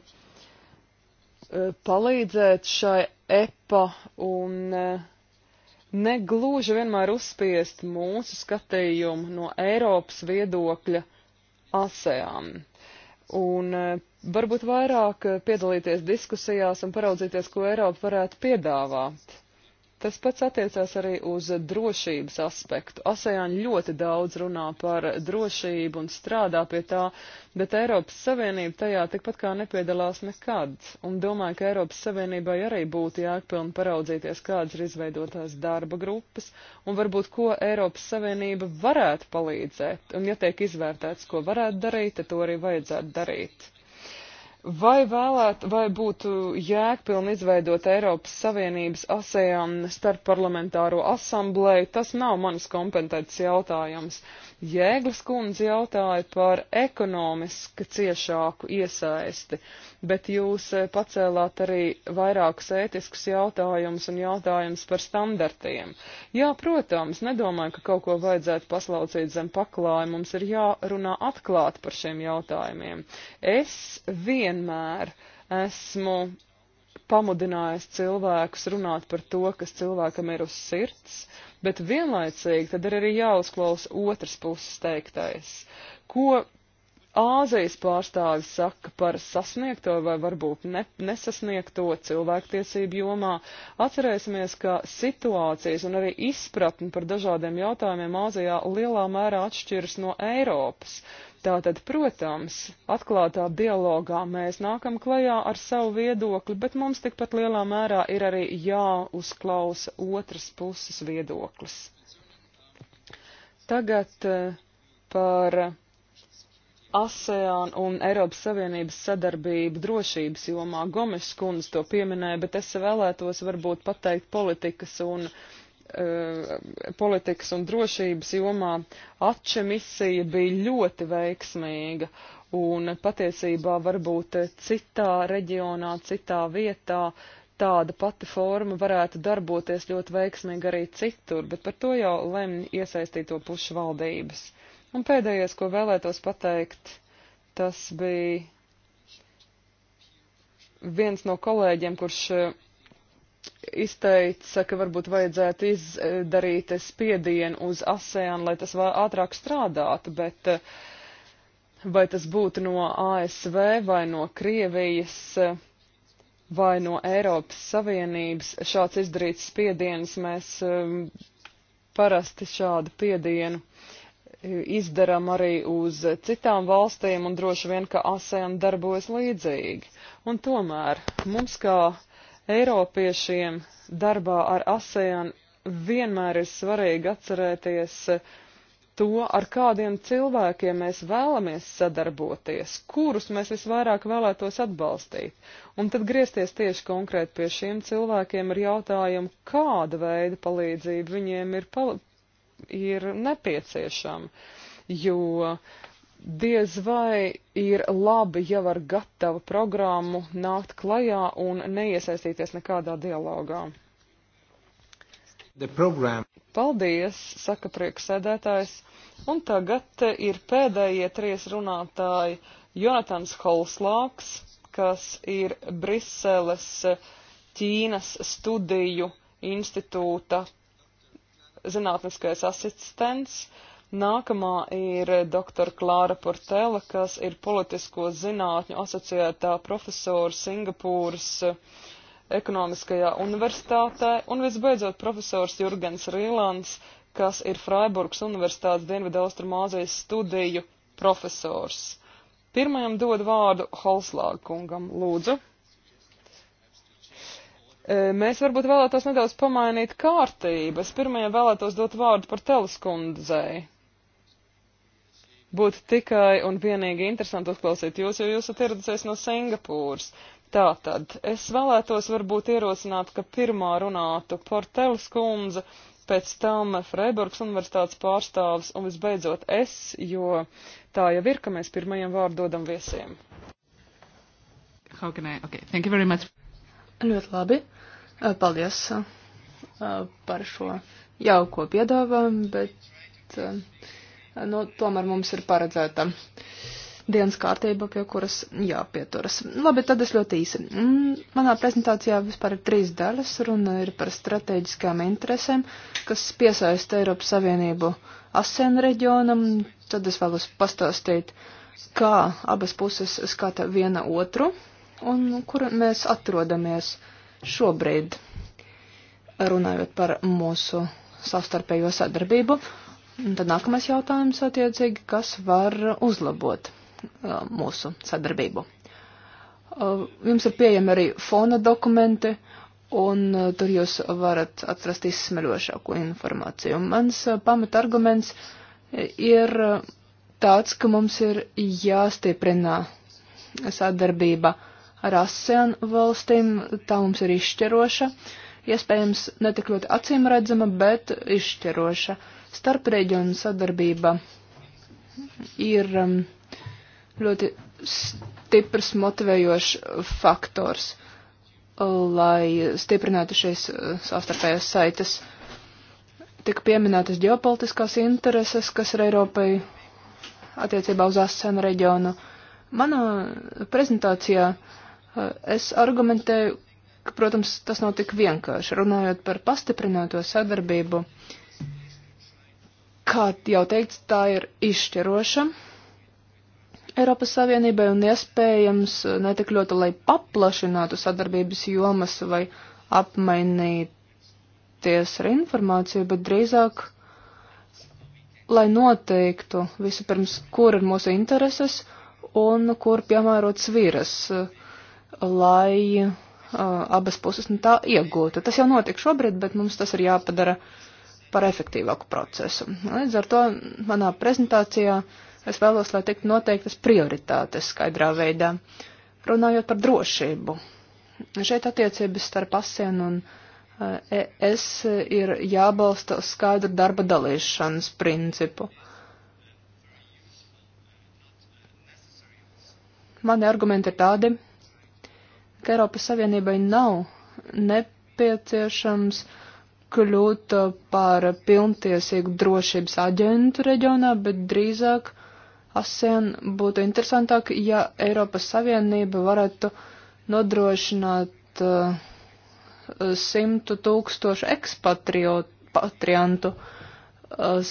palīdzēt šai EPA un e, negluži vienmēr uzspiest mūsu skatījumu no Eiropas viedokļa ASEAN. Un eh, varbūt vairāk eh, piedalīties diskusijās un paraudzīties, ko Eiropa varētu piedāvāt. Tas pats attiecās arī uz drošības aspektu. ASEAN ļoti daudz runā par drošību un strādā pie tā, bet Eiropas Savienība tajā tikpat kā nepiedalās nekad. Un domāju, ka Eiropas Savienībai arī būtu jākpilni paraudzīties, kādas ir izveidotās darba grupas un varbūt, ko Eiropas Savienība varētu palīdzēt. Un ja tiek izvērtēts, ko varētu darīt, tad to arī vajadzētu darīt. Vai vēlēt, vai būtu jēgpilni izveidot Eiropas Savienības ASEAN starpparlamentāro asambleju, tas nav manas kompetences jautājums. Uh, Jēglas kundze jautāja par ekonomiski ciešāku iesaisti, bet jūs eh, pacēlāt arī vairākus ētiskus jautājumus un jautājumus par standartiem. Jā, protams, nedomāju, ka kaut ko vajadzētu paslaucīt zem paklāja, mums ir jārunā atklāt par šiem jautājumiem. Es vienmēr esmu pamudinājis cilvēkus runāt par to, kas cilvēkam ir uz sirds, uh, bet vienlaicīgi tad ir arī jāuzklausa otras puses teiktais. Ko Āzijas pārstāvis saka par sasniegto vai varbūt ne, nesasniegto cilvēktiesību jomā. Atcerēsimies, ka situācijas un arī izpratni par dažādiem jautājumiem Āzijā lielā mērā atšķiras no Eiropas. Tātad, protams, atklātā dialogā mēs nākam klajā ar savu viedokli, bet mums tikpat lielā mērā ir arī jāuzklausa otras puses viedoklis. Tagad eh, par ASEAN un Eiropas Savienības sadarbību drošības jomā. Gomes kundze to pieminēja, bet es vēlētos varbūt pateikt politikas un uh, Eh, politikas un drošības jomā atče misija bija ļoti veiksmīga un patiesībā varbūt citā reģionā, citā vietā tāda pati forma varētu darboties ļoti veiksmīgi arī citur, bet par to jau lemj iesaistīto pušu valdības. Un pēdējais, ko vēlētos pateikt, tas bija viens no kolēģiem, kurš izteica, ka varbūt vajadzētu izdarīt spiedienu uz ASEAN, lai tas ātrāk strādātu, bet eh, vai tas būtu no ASV vai no Krievijas eh, vai no Eiropas Savienības šāds izdarīts spiediens, mēs eh, parasti šādu piedienu izdaram arī uz citām valstīm un droši vien, ka ASEAN darbojas līdzīgi. Un tomēr mums kā Eiropiešiem darbā ar ASEAN vienmēr ir svarīgi atcerēties eh, to, ar kādiem cilvēkiem mēs vēlamies sadarboties, kurus mēs visvairāk vēlētos atbalstīt. Un tad griezties tieši konkrēti pie šiem cilvēkiem ar jautājumu, kāda veida palīdzība viņiem ir, pal ir nepieciešama. Jo uh, diez vai ir labi jau ar gatavu programmu nākt klajā un neiesaistīties nekādā dialogā. Paldies, saka prieksēdētājs. Un tagad ir pēdējie trīs runātāji Jonatans Holslāks, kas ir Briseles Ķīnas studiju institūta zinātniskais asistents. Uh, Nākamā ir dr. Klāra Portela, kas ir politisko zinātņu asociētā profesora Singapūras eh, ekonomiskajā universitātē, un visbeidzot profesors Jurgens Rīlans, kas ir Freiburgas universitātes Dienvidaustrumāzijas studiju profesors. Pirmajam dod vārdu Holslāga kungam, lūdzu. Eh, mēs varbūt vēlētos nedaudz pamainīt kārtību. Es pirmajam vēlētos dot vārdu par teleskundzei būtu tikai un vienīgi interesanti uzklausīt jūs, jo jūs esat ieradusies no Singapūras. Tātad, es vēlētos varbūt ierosināt, ka pirmā runātu Portelis kundze, pēc tam Freiburgs universitātes pārstāvis un visbeidzot es, jo tā jau ir, ka mēs pirmajam vārdu dodam viesiem. How can I? Okay, thank you very much. Ļoti labi. Paldies par šo jauko piedāvājumu, bet nu, tomēr mums ir paredzēta dienas kārtība, pie kuras jāpieturas. Labi, tad es ļoti īsi. Mm, manā prezentācijā vispār ir trīs daļas. Runa ir par strateģiskām interesēm, kas piesaista Eiropas Savienību ASEAN reģionam. Tad es vēlos pastāstīt, kā abas puses skata viena otru un kur mēs atrodamies šobrīd, runājot par mūsu savstarpējo sadarbību. Un tad nākamais jautājums attiecīgi, kas var uzlabot uh, mūsu sadarbību. Uh, jums ir pieejami arī fona dokumenti, un uh, tur jūs varat atrast izsmeļošāko informāciju. Mans pamatarguments ir tāds, ka mums ir jāstieprina sadarbība ar ASEAN valstīm, tā mums ir izšķiroša, iespējams ne tik ļoti acīm redzama, bet izšķiroša. Uh, starpreģionu sadarbība ir um, ļoti stiprs motivējošs faktors, lai stiprinātu šīs uh, savstarpējās saites. Tika pieminētas ģeopolitiskās intereses, kas ir Eiropai attiecībā uz ASEAN reģionu. Manā prezentācijā uh, es argumentēju, ka, protams, tas nav tik vienkārši. Runājot par pastiprināto sadarbību, uh, kā jau teikts, tā ir izšķiroša Eiropas Savienībai un iespējams eh, netik ļoti, lai paplašinātu sadarbības jomas vai apmainīties ar informāciju, bet drīzāk, lai noteiktu vispirms, kur ir mūsu intereses un kur piemērot sviras, eh, lai uh, abas puses no nu tā iegūtu. Tas jau notiek šobrīd, bet mums tas ir jāpadara uh, par efektīvāku procesu. Līdz ar to manā prezentācijā es vēlos, lai tiktu noteiktas prioritātes skaidrā veidā, runājot par drošību. Šeit attiecības starp ASEAN un ES eh, e ir jābalsta uz skaidru darba dalīšanas principu. Mani argumenti ir tādi, ka Eiropas Savienībai nav nepieciešams uh, kļūt uh, par pilntiesīgu drošības aģentu reģionā, bet drīzāk ASEAN būtu interesantāk, ja Eiropas Savienība varētu nodrošināt uh, simtu tūkstošu ekspatriantu uh,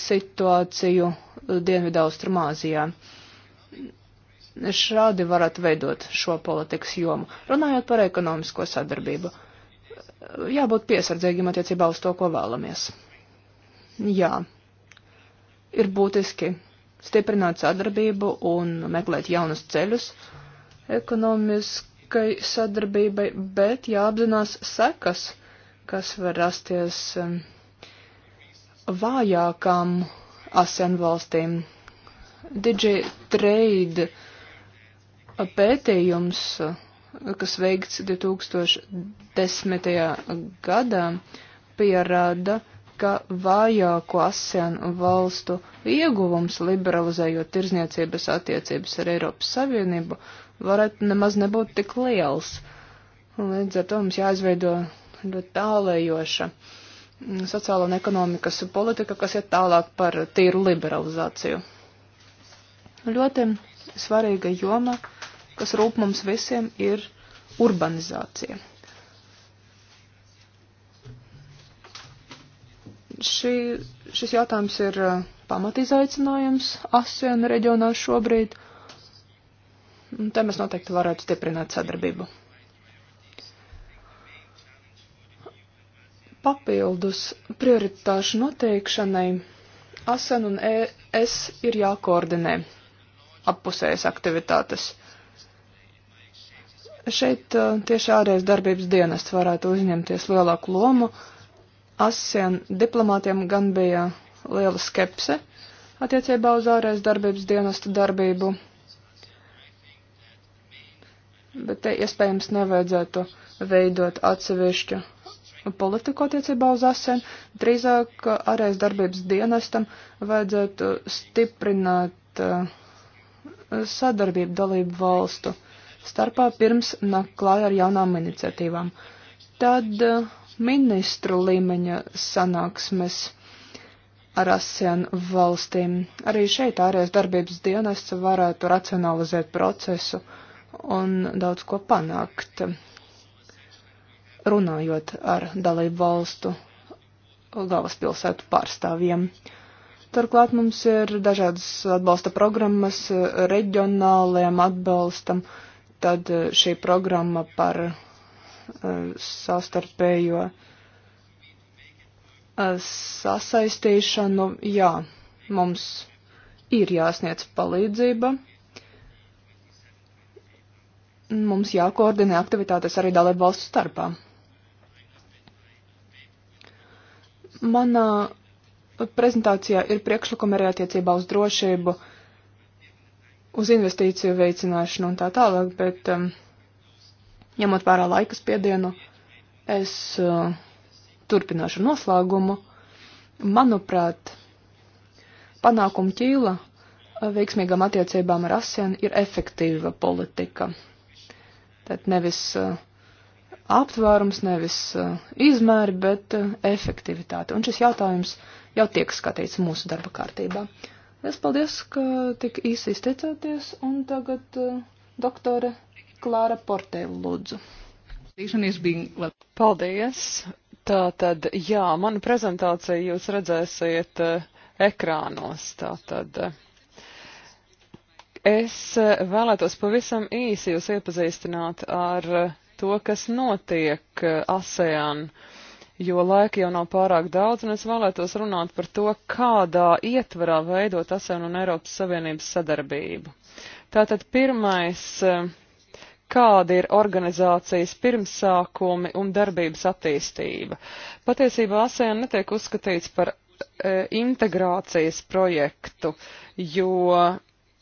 situāciju uh, Dienvidaustrumāzijā. Šādi varat veidot šo politikas jomu. Runājot par ekonomisko sadarbību. Uh, jābūt piesardzīgiem attiecībā uz to, ko vēlamies. Jā, ir būtiski stiprināt sadarbību un meklēt jaunus ceļus ekonomiskai sadarbībai, bet jāapzinās sekas, kas var rasties um, vājākām ASEAN valstīm. Digi Trade uh, pētījums uh, kas veikts 2010. gadā, pierāda, ka vājāko ASEAN valstu ieguvums liberalizējot tirzniecības attiecības ar Eiropas Savienību varētu nemaz nebūt tik liels. Līdz ar to mums jāizveido ļoti tālējoša sociāla un ekonomikas politika, kas iet tālāk par tīru liberalizāciju. Ļoti svarīga joma kas rūp mums visiem, ir urbanizācija. Šī, šis jautājums ir uh, pamatizaicinājums ASEAN reģionā šobrīd. Un te mēs noteikti varētu stiprināt sadarbību. Papildus prioritāšu noteikšanai ASEAN un ES ir jākoordinē appusējas aktivitātes. Uh, Šeit uh, tieši ārējais darbības dienests varētu uzņemties lielāku lomu. ASEAN diplomātiem gan bija liela skepse attiecībā uz ārējais darbības dienesta darbību, bet te iespējams nevajadzētu veidot atsevišķu politiku attiecībā uz ASEAN, drīzāk ārējas darbības dienestam vajadzētu stiprināt uh, sadarbību dalību valstu starpā pirms nāk klāja ar jaunām iniciatīvām. Tad eh, ministru līmeņa sanāksmes ar ASEAN valstīm. Arī šeit ārējais darbības dienests varētu racionalizēt procesu un daudz ko panākt, runājot ar dalību valstu galvaspilsētu pārstāvjiem. Turklāt mums ir dažādas atbalsta programmas reģionālajam atbalstam, uh, Tad eh, šī programma par eh, savstarpējo eh, sasaistīšanu, jā, mums ir jāsniedz palīdzība. Mums jākoordinē aktivitātes arī dalību valstu starpā. Manā prezentācijā ir priekšlikumi arī attiecībā uz drošību. Uh, uz investīciju veicināšanu un tā tālāk, bet um, ņemot vērā laika spiedienu, es uh, turpināšu noslēgumu. Manuprāt, panākuma ķīla uh, veiksmīgām attiecībām ar ASEAN ir efektīva politika. Tad nevis uh, aptvērums, nevis uh, izmēri, bet uh, efektivitāte. Un šis jautājums jau tiek skatīts mūsu darba kārtībā. Es paldies, ka tik īsi izteicāties, un tagad uh, doktore Klāra Portēla lūdzu. Paldies! Tā tad, jā, manu prezentāciju jūs redzēsiet uh, ekrānos. Tā tad. Uh, eh, es vēlētos pavisam īsi jūs iepazīstināt ar to, kas notiek ASEAN jo laika jau nav pārāk daudz, un es vēlētos runāt par to, kādā ietvarā veidot ASEAN un Eiropas Savienības sadarbību. Tātad pirmais, eh, kāda ir organizācijas pirmsākumi un darbības attīstība. Patiesībā ASEAN netiek uzskatīts par e, integrācijas projektu, jo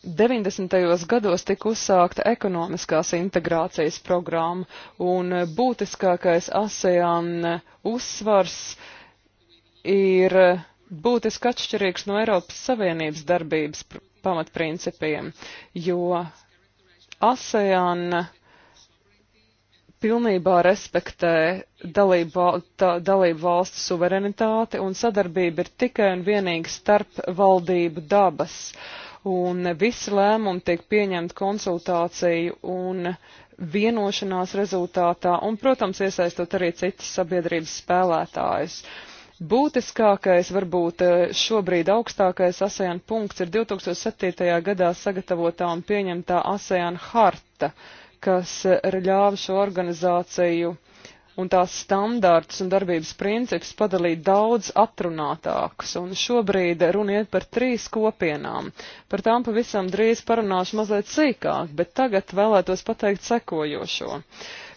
90. gados tika uzsākta ekonomiskās integrācijas programma, un būtiskākais ASEAN uzsvars ir būtiski atšķirīgs no Eiropas Savienības darbības pamatprincipiem, jo ASEAN pilnībā respektē dalību, tā, dalību valstu suverenitāti un sadarbība ir tikai un vienīgi starp valdību dabas. Uh, un visi lēmumi tiek pieņemti konsultāciju un vienošanās rezultātā, un, protams, iesaistot arī citas sabiedrības spēlētājus. Būtiskākais, varbūt šobrīd augstākais ASEAN punkts ir 2007. gadā sagatavotā un pieņemtā ASEAN harta, kas ļāva šo organizāciju uh, un tās standārts un darbības princips padalīt daudz atrunātākus. Un šobrīd runa iet par trīs kopienām. Par tām pavisam drīz parunāšu mazliet sīkāk, bet tagad vēlētos pateikt sekojošo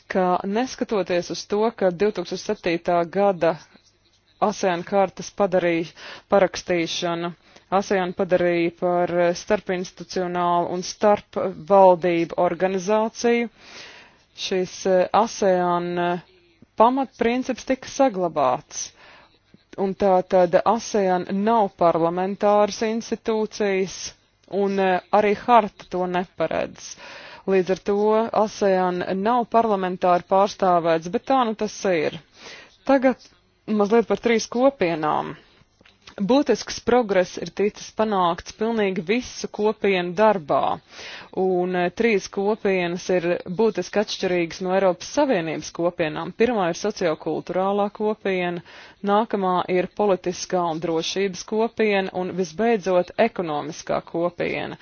ka neskatoties uz to, ka 2007. gada ASEAN kartas padarīja parakstīšanu, ASEAN padarīja par starpinstitucionālu un starpvaldību organizāciju, šis eh, ASEAN eh, pamatprincips tika saglabāts. Un tā tad ASEAN nav parlamentāras institūcijas, un e, arī harta to neparedz. Līdz ar to ASEAN nav parlamentāri pārstāvēts, bet tā nu tas ir. Tagad mazliet par trīs kopienām būtisks progress ir ticis panākts pilnīgi visu kopienu darbā, un eh, trīs kopienas ir būtiski atšķirīgas no Eiropas Savienības kopienām. Pirmā ir sociokulturālā kopiena, nākamā ir politiskā un drošības kopiena, un visbeidzot ekonomiskā kopiena.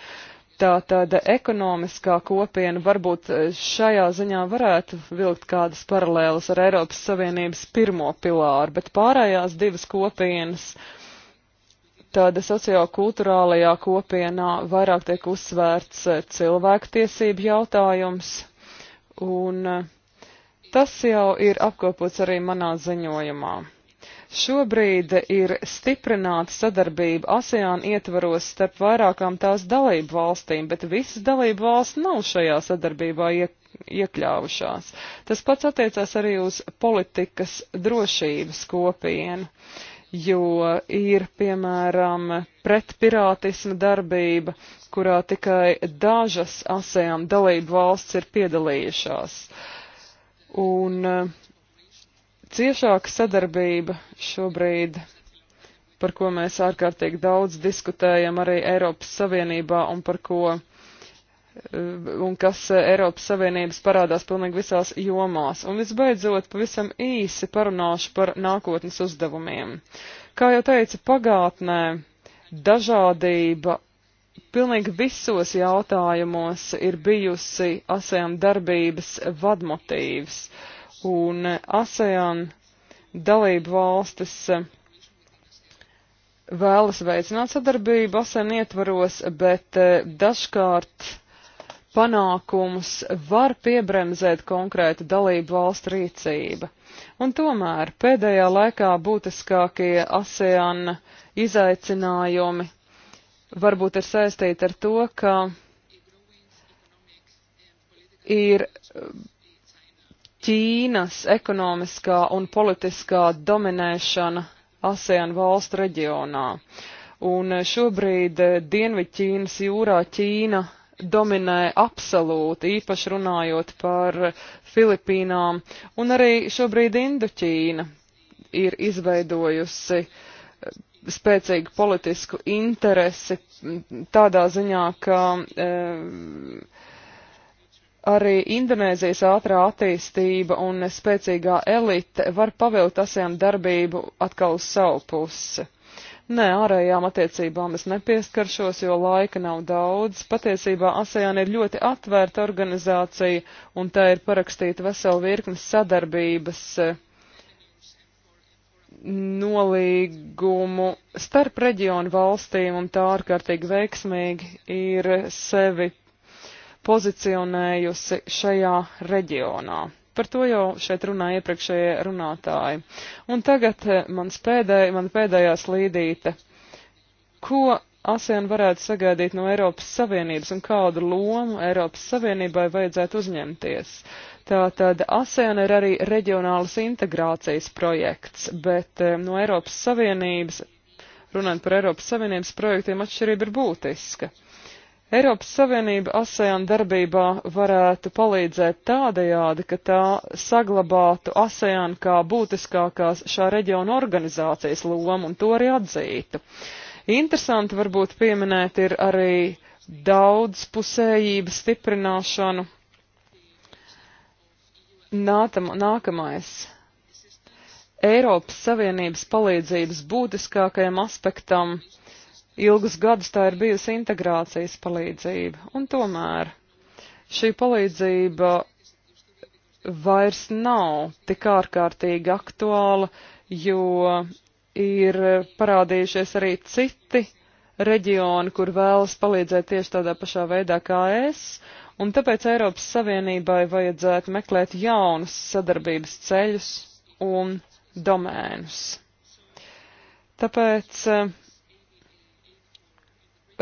Tātad ekonomiskā kopiena varbūt eh, šajā ziņā varētu vilkt kādas paralēlas ar Eiropas Savienības pirmo pilāru, bet pārējās divas kopienas uh, Tāda sociālo-kulturālajā kopienā vairāk tiek uzsvērts eh, cilvēktiesību jautājums, un eh, tas jau ir apkopots arī manā ziņojumā. Šobrīd ir stiprināta sadarbība ASEAN ietvaros starp vairākām tās dalību valstīm, bet visas dalību valsts nav šajā sadarbībā ie, iekļāvušās. Tas pats attiecās arī uz politikas drošības kopienu jo ir, piemēram, pretpirātisma darbība, kurā tikai dažas ASEAN dalību valsts ir piedalījušās. Un eh, ciešāka sadarbība šobrīd, par ko mēs ārkārtīgi daudz diskutējam arī Eiropas Savienībā un par ko uh, Eh, un kas eh, Eiropas Savienības parādās pilnīgi visās jomās. Un visbeidzot, pavisam īsi parunāšu par nākotnes uzdevumiem. Kā jau teicu, pagātnē dažādība pilnīgi visos jautājumos ir bijusi ASEAN darbības vadmotīvs, un eh, ASEAN dalību valstis vēlas veicināt sadarbību ASEAN ietvaros, bet dažkārt panākumus var piebremzēt konkrēta dalību valstu rīcība. Un tomēr pēdējā laikā būtiskākie ASEAN izaicinājumi varbūt ir saistīti ar to, ka ir Ķīnas ekonomiskā un politiskā dominēšana ASEAN valstu reģionā. Un šobrīd Dienvidķīnas jūrā Ķīna dominē absolūti, īpaši runājot par Filipīnām, un arī šobrīd Indoķīna ir izveidojusi eh, spēcīgu politisku interesi tādā ziņā, ka e, arī Indonēzijas ātrā attīstība un spēcīgā elite var pavilkt asiem darbību atkal uz savu pusi. Nē, ārējām attiecībām es nepieskaršos, jo laika nav daudz. Patiesībā ASEAN ir ļoti atvērta organizācija, un tā ir parakstīta vesela virknes sadarbības nolīgumu starp reģionu valstīm, un tā ārkārtīgi veiksmīgi ir sevi pozicionējusi šajā reģionā. Par to jau šeit runāja iepriekšējie runātāji. Un tagad eh, mans pēdēj, man pēdējā slīdīte. Ko ASEAN varētu sagaidīt no Eiropas Savienības un kādu lomu Eiropas Savienībai vajadzētu uzņemties? Tātad ASEAN ir arī reģionālas integrācijas projekts, bet eh, no Eiropas Savienības, runājot par Eiropas Savienības projektiem, atšķirība ir būtiska. Eiropas Savienība ASEAN darbībā varētu palīdzēt tādajādi, ka tā saglabātu ASEAN kā būtiskākās šā reģiona organizācijas lomu un to arī atzītu. Interesanti varbūt pieminēt ir arī daudzpusējības stiprināšanu. Nātam, nākamais. Eiropas Savienības palīdzības būtiskākajam aspektam ilgus gadus tā ir bijusi integrācijas palīdzība. Un tomēr šī palīdzība vairs nav tik ārkārtīgi aktuāla, jo ir parādījušies arī citi reģioni, kur vēlas palīdzēt tieši tādā pašā veidā kā es, un tāpēc Eiropas Savienībai vajadzētu meklēt jaunus sadarbības ceļus un domēnus. Tāpēc uh,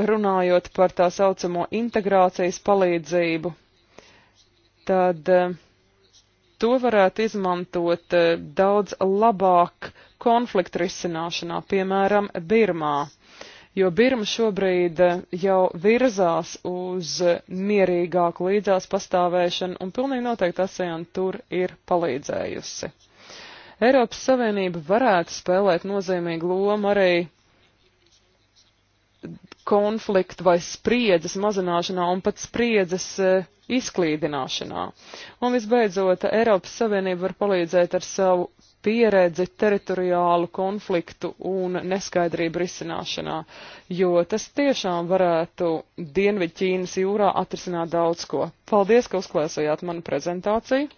runājot par tā saucamo integrācijas palīdzību, tad eh, to varētu izmantot eh, daudz labāk konfliktu risināšanā, piemēram, Birmā, jo Birma šobrīd eh, jau virzās uz mierīgāku līdzās pastāvēšanu, un pilnīgi noteikti ASEAN tur ir palīdzējusi. Eiropas Savienība varētu spēlēt nozīmīgu lomu arī konfliktu vai spriedzes mazināšanā un pat spriedzes e, izklīdināšanā. Un visbeidzot, Eiropas Savienība var palīdzēt ar savu pieredzi teritoriālu konfliktu un neskaidrību risināšanā, jo tas tiešām varētu Dienvidķīnas jūrā atrisināt daudz ko. Paldies, ka uzklāsojāt manu prezentāciju.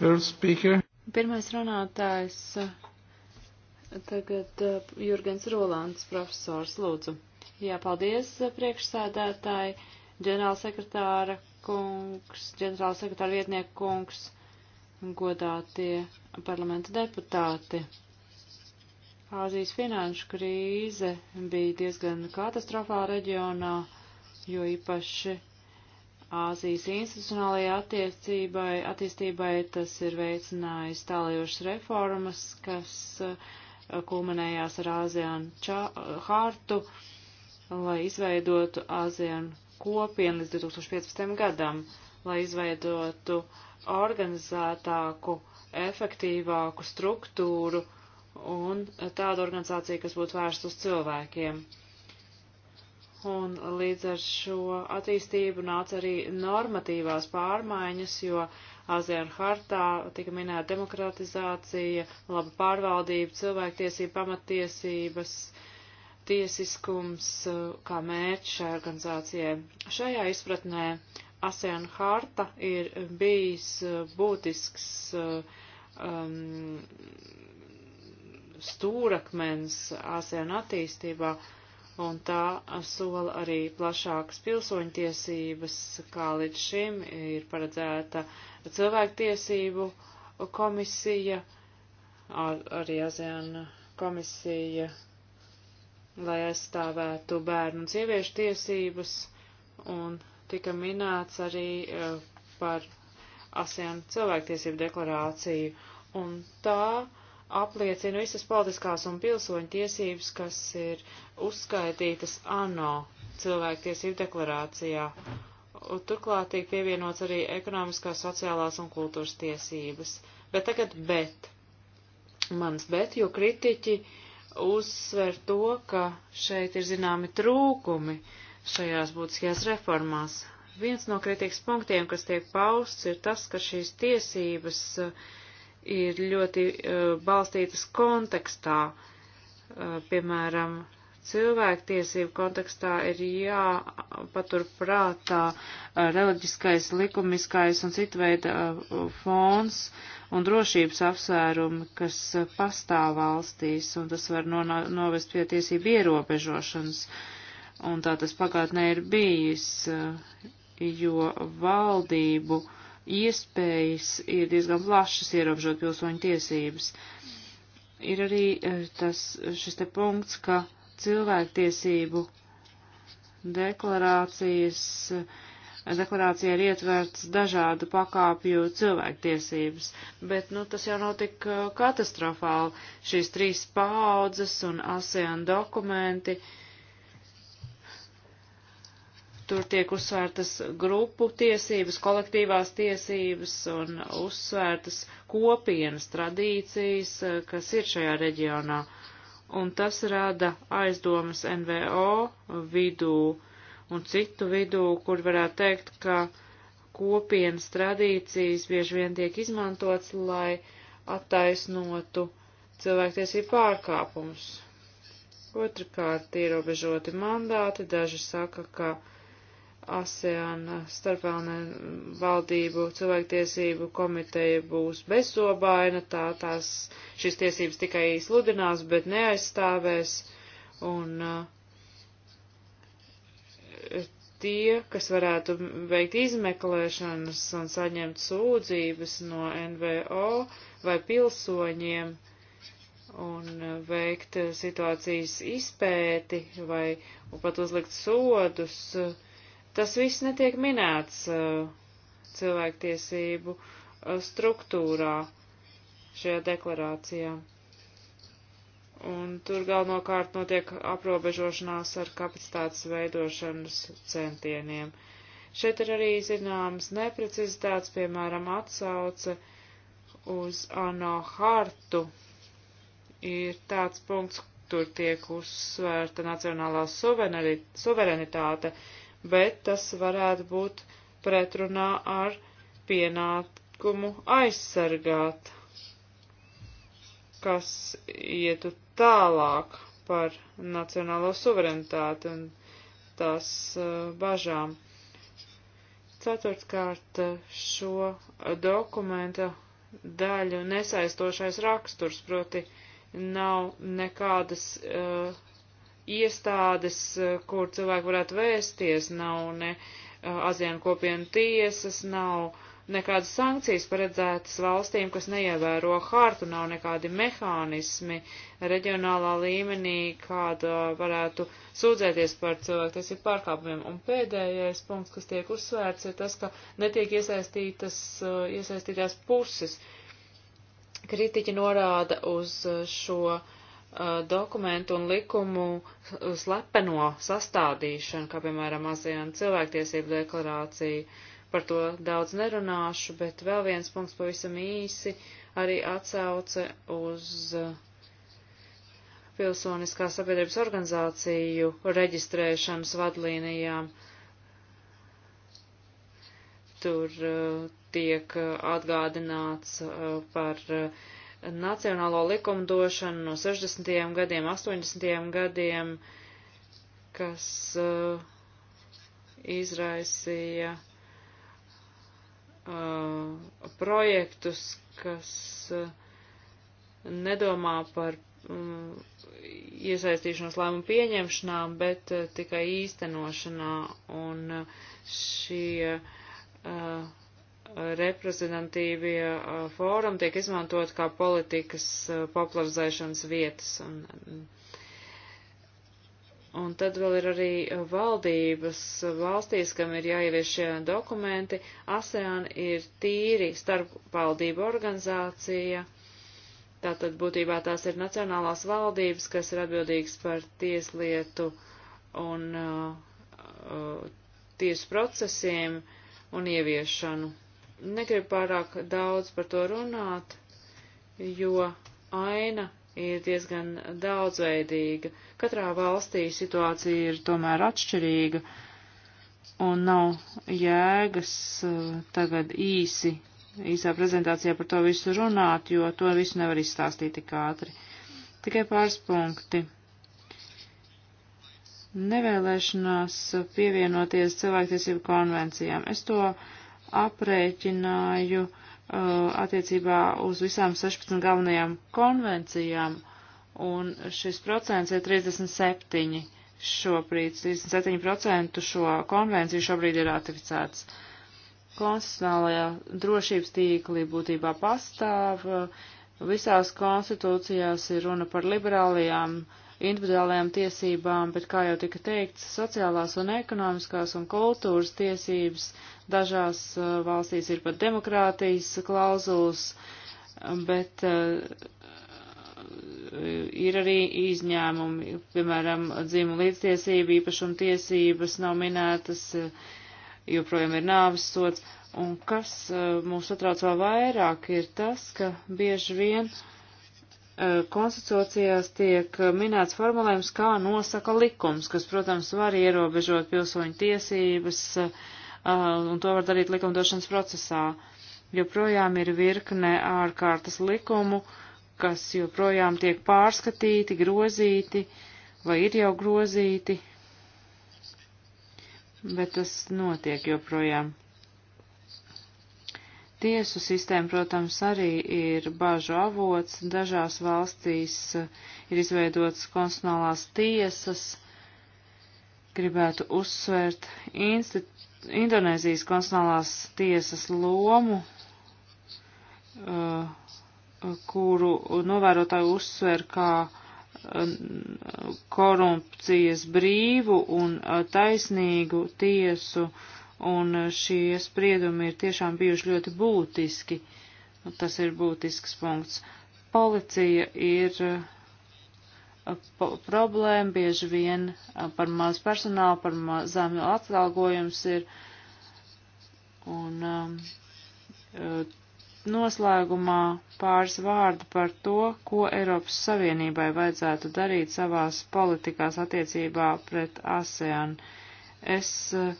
First speaker. Pirmais runātājs Tagad uh, Jurgens Rolands, profesors, lūdzu. Jā, paldies, uh, priekšsēdētāji, ģenerālsekretāra kungs, ģenerālsekretāra vietnieku kungs, godātie parlamenta deputāti. Āzijas finanšu krīze bija diezgan katastrofāla reģionā, jo īpaši Āzijas institucionālajai attiecībai, attīstībai tas ir veicinājis tālajošas reformas, kas uh, kulminējās ar ASEAN hartu, lai izveidotu ASEAN kopienu līdz 2015. gadam, lai izveidotu organizētāku, efektīvāku struktūru un tādu organizāciju, kas būtu vērsta uz cilvēkiem. Un līdz ar šo attīstību nāca arī normatīvās pārmaiņas, jo ASEAN hartā tika minēta demokratizācija, laba pārvaldība, cilvēktiesība, pamatiesības, tiesiskums eh, kā mērķis šai organizācijai. Šajā izpratnē ASEAN harta ir bijis eh, būtisks eh, um, stūrakmens ASEAN attīstībā. Uh, un tā sola arī plašākas pilsoņtiesības, kā līdz šim ir paredzēta cilvēktiesību komisija, ar, arī ASEAN komisija, lai aizstāvētu bērnu un sieviešu tiesības, un tika minēts arī eh, par ASEAN cilvēktiesību deklarāciju, un tā apliecina visas politiskās un pilsoņu tiesības, kas ir uzskaitītas ANO cilvēktiesību deklarācijā. Un turklāt tiek pievienots arī ekonomiskās, sociālās un kultūras tiesības. Bet tagad bet. Mans bet, jo kritiķi uzsver to, ka šeit ir zināmi trūkumi šajās būtiskajās reformās. Viens no kritikas punktiem, kas tiek pausts, ir tas, ka šīs tiesības uh, ir ļoti uh, balstītas kontekstā. Uh, piemēram, cilvēktiesību kontekstā ir jāpatur prātā uh, reliģiskais, likumiskais un citu veidu fons un drošības apsvērumi, kas pastāv valstīs, un tas var no, novest pie tiesību ierobežošanas. Un tā tas pagātnē ir bijis, jo valdību uh, iespējas ir diezgan plašas ierobežot pilsoņu tiesības. Ir arī e, tas, šis te punkts, ka cilvēktiesību deklarācijas, e, deklarācija ir ietverts dažādu pakāpju cilvēktiesības, bet, nu, tas jau nav tik e, katastrofāli. Šīs trīs paaudzes un ASEAN dokumenti uh, Tur tiek uzsvērtas grupu tiesības, kolektīvās tiesības un uzsvērtas kopienas tradīcijas, eh, kas ir šajā reģionā. Un tas rada aizdomas NVO vidū un citu vidū, kur varētu teikt, ka kopienas tradīcijas bieži vien tiek izmantots, lai attaisnotu cilvēktiesību pārkāpumus. Otrakārt, ierobežoti mandāti, daži saka, ka ASEAN starpvalnē valdību cilvēktiesību komiteja būs bezsobaina, tā tās šīs tiesības tikai sludinās, bet neaizstāvēs. Un eh, tie, kas varētu veikt izmeklēšanas un saņemt sūdzības no NVO vai pilsoņiem un veikt situācijas izpēti vai pat uzlikt sodus, uh, Tas viss netiek minēts eh, cilvēktiesību eh, struktūrā šajā deklarācijā. Un tur galvenokārt notiek aprobežošanās ar kapacitātes veidošanas centieniem. Šeit ir arī zināmas neprecizitātes, piemēram, atsauce uz ANO hartu. Ir tāds punkts, tur tiek uzsvērta nacionālā suverenitāte, bet tas varētu būt pretrunā ar pienākumu aizsargāt, kas ietu tālāk par nacionālo suverenitāti un tās uh, bažām. Ceturtkārt, eh, šo dokumenta daļu nesaistošais raksturs, proti nav nekādas uh, iestādes, eh, kur cilvēki varētu vēsties, nav ne eh, azienu kopienu tiesas, nav nekādas sankcijas paredzētas valstīm, kas neievēro hartu, nav nekādi mehānismi reģionālā līmenī, kāda varētu sūdzēties par cilvēktiesību pārkāpumiem. Un pēdējais punkts, kas tiek uzsvērts, ir tas, ka netiek iesaistītas, eh, iesaistītās puses. Kritiķi norāda uz šo uh, Uh, dokumentu un likumu slepeno sastādīšanu, kā piemēram ASEAN cilvēktiesību deklarāciju. Par to daudz nerunāšu, bet vēl viens punkts pavisam īsi arī atsauce uz uh, pilsoniskā sabiedrības organizāciju reģistrēšanas vadlīnijām. Tur uh, tiek atgādināts par uh, nacionālo likumdošanu no 60. gadiem, 80. gadiem, kas uh, izraisīja uh, projektus, kas uh, nedomā par um, iesaistīšanos lēmumu pieņemšanā, bet uh, tikai īstenošanā. Un uh, šie uh, reprezentatīvie fórumi tiek izmantot kā politikas popularizēšanas vietas. Un, un tad vēl ir arī valdības valstīs, kam ir jāievieš šie dokumenti. ASEAN ir tīri starpvaldību organizācija. Tātad būtībā tās ir nacionālās valdības, kas ir atbildīgas par tieslietu un uh, tiesu procesiem un ieviešanu negribu pārāk daudz par to runāt, jo aina ir diezgan daudzveidīga. Katrā valstī situācija ir tomēr atšķirīga un nav jēgas eh, tagad īsi, īsā prezentācijā par to visu runāt, jo to visu nevar izstāstīt tik ātri. Tikai pāris punkti. Nevēlēšanās pievienoties cilvēktiesību konvencijām. Es to uh, aprēķināju uh, attiecībā uz visām 16 galvenajām konvencijām, un šis procents ir 37 šobrīd, 37% šo konvenciju šobrīd ir ratificēts. Konstitucionālajā drošības tīklī būtībā pastāv, uh, visās konstitūcijās ir runa par liberālajām uh, individuālajām tiesībām, bet, kā jau tika teikts, sociālās un ekonomiskās un kultūras tiesības dažās uh, valstīs ir pat demokrātijas klauzulas, bet uh, ir arī izņēmumi, piemēram, dzimuma līdztiesība, īpašuma tiesības nav minētas, uh, joprojām ir nāves sots. Un kas mūs satrauc vēl vairāk, ir tas, ka bieži vien uh, Eh, konstitūcijās tiek eh, minēts formulējums, kā nosaka likums, kas, protams, var ierobežot pilsoņu tiesības, eh, un to var darīt likumdošanas procesā. Joprojām ir virkne ārkārtas likumu, kas joprojām tiek pārskatīti, grozīti, vai ir jau grozīti, bet tas notiek joprojām. Tiesu sistēma, protams, arī ir bažu avots. Dažās valstīs eh, ir izveidotas konstitucionālās tiesas. Gribētu uzsvērt Indonēzijas konstitucionālās tiesas lomu, eh, kuru novērotāju uzsver kā eh, korupcijas brīvu un taisnīgu tiesu uh, un šie spriedumi ir tiešām bijuši ļoti būtiski. Tas ir būtisks punkts. Policija ir uh, po problēma, bieži vien uh, par maz personāla, par maz zemu atalgojums ir. Un um, uh, noslēgumā pāris vārdi par to, ko Eiropas Savienībai vajadzētu darīt savās politikās attiecībā pret ASEAN. Es uh,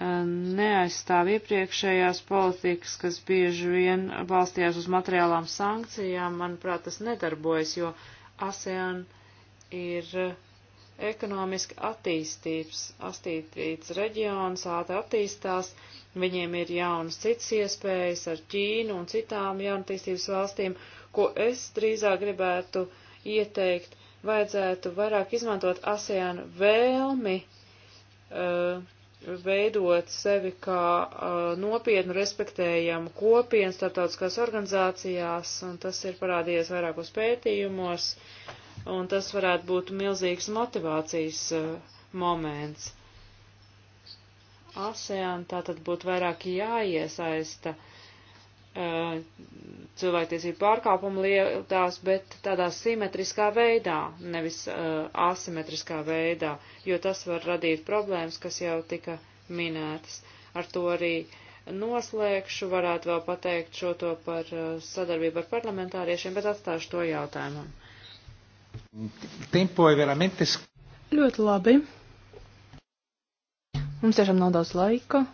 neaizstāv iepriekšējās politikas, kas bieži vien balstījās uz materiālām sankcijām, manuprāt, tas nedarbojas, jo ASEAN ir ekonomiski attīstīts, attīstīts reģions, ātri attīstās, viņiem ir jaunas citas iespējas ar Ķīnu un citām jaunatīstības valstīm, ko es drīzāk gribētu ieteikt, vajadzētu vairāk izmantot ASEAN vēlmi uh, veidot sevi kā uh, nopietnu respektējamu kopienu starptautiskās organizācijās, un tas ir parādījies vairākos pētījumos, un tas varētu būt milzīgs motivācijas uh, moments. ASEAN tātad būtu vairāk jāiesaista uh, Uh, cilvēktiesību pārkāpumu lietās, bet tādā simetriskā veidā, nevis uh, asimetriskā veidā, jo tas var radīt problēmas, kas jau tika minētas. Ar to arī noslēgšu, varētu vēl pateikt šo to par uh, sadarbību ar parlamentāriešiem, bet atstāšu to jautājumam. Tempo ir veramente. Ļoti labi. Mums tiešām nav daudz laika.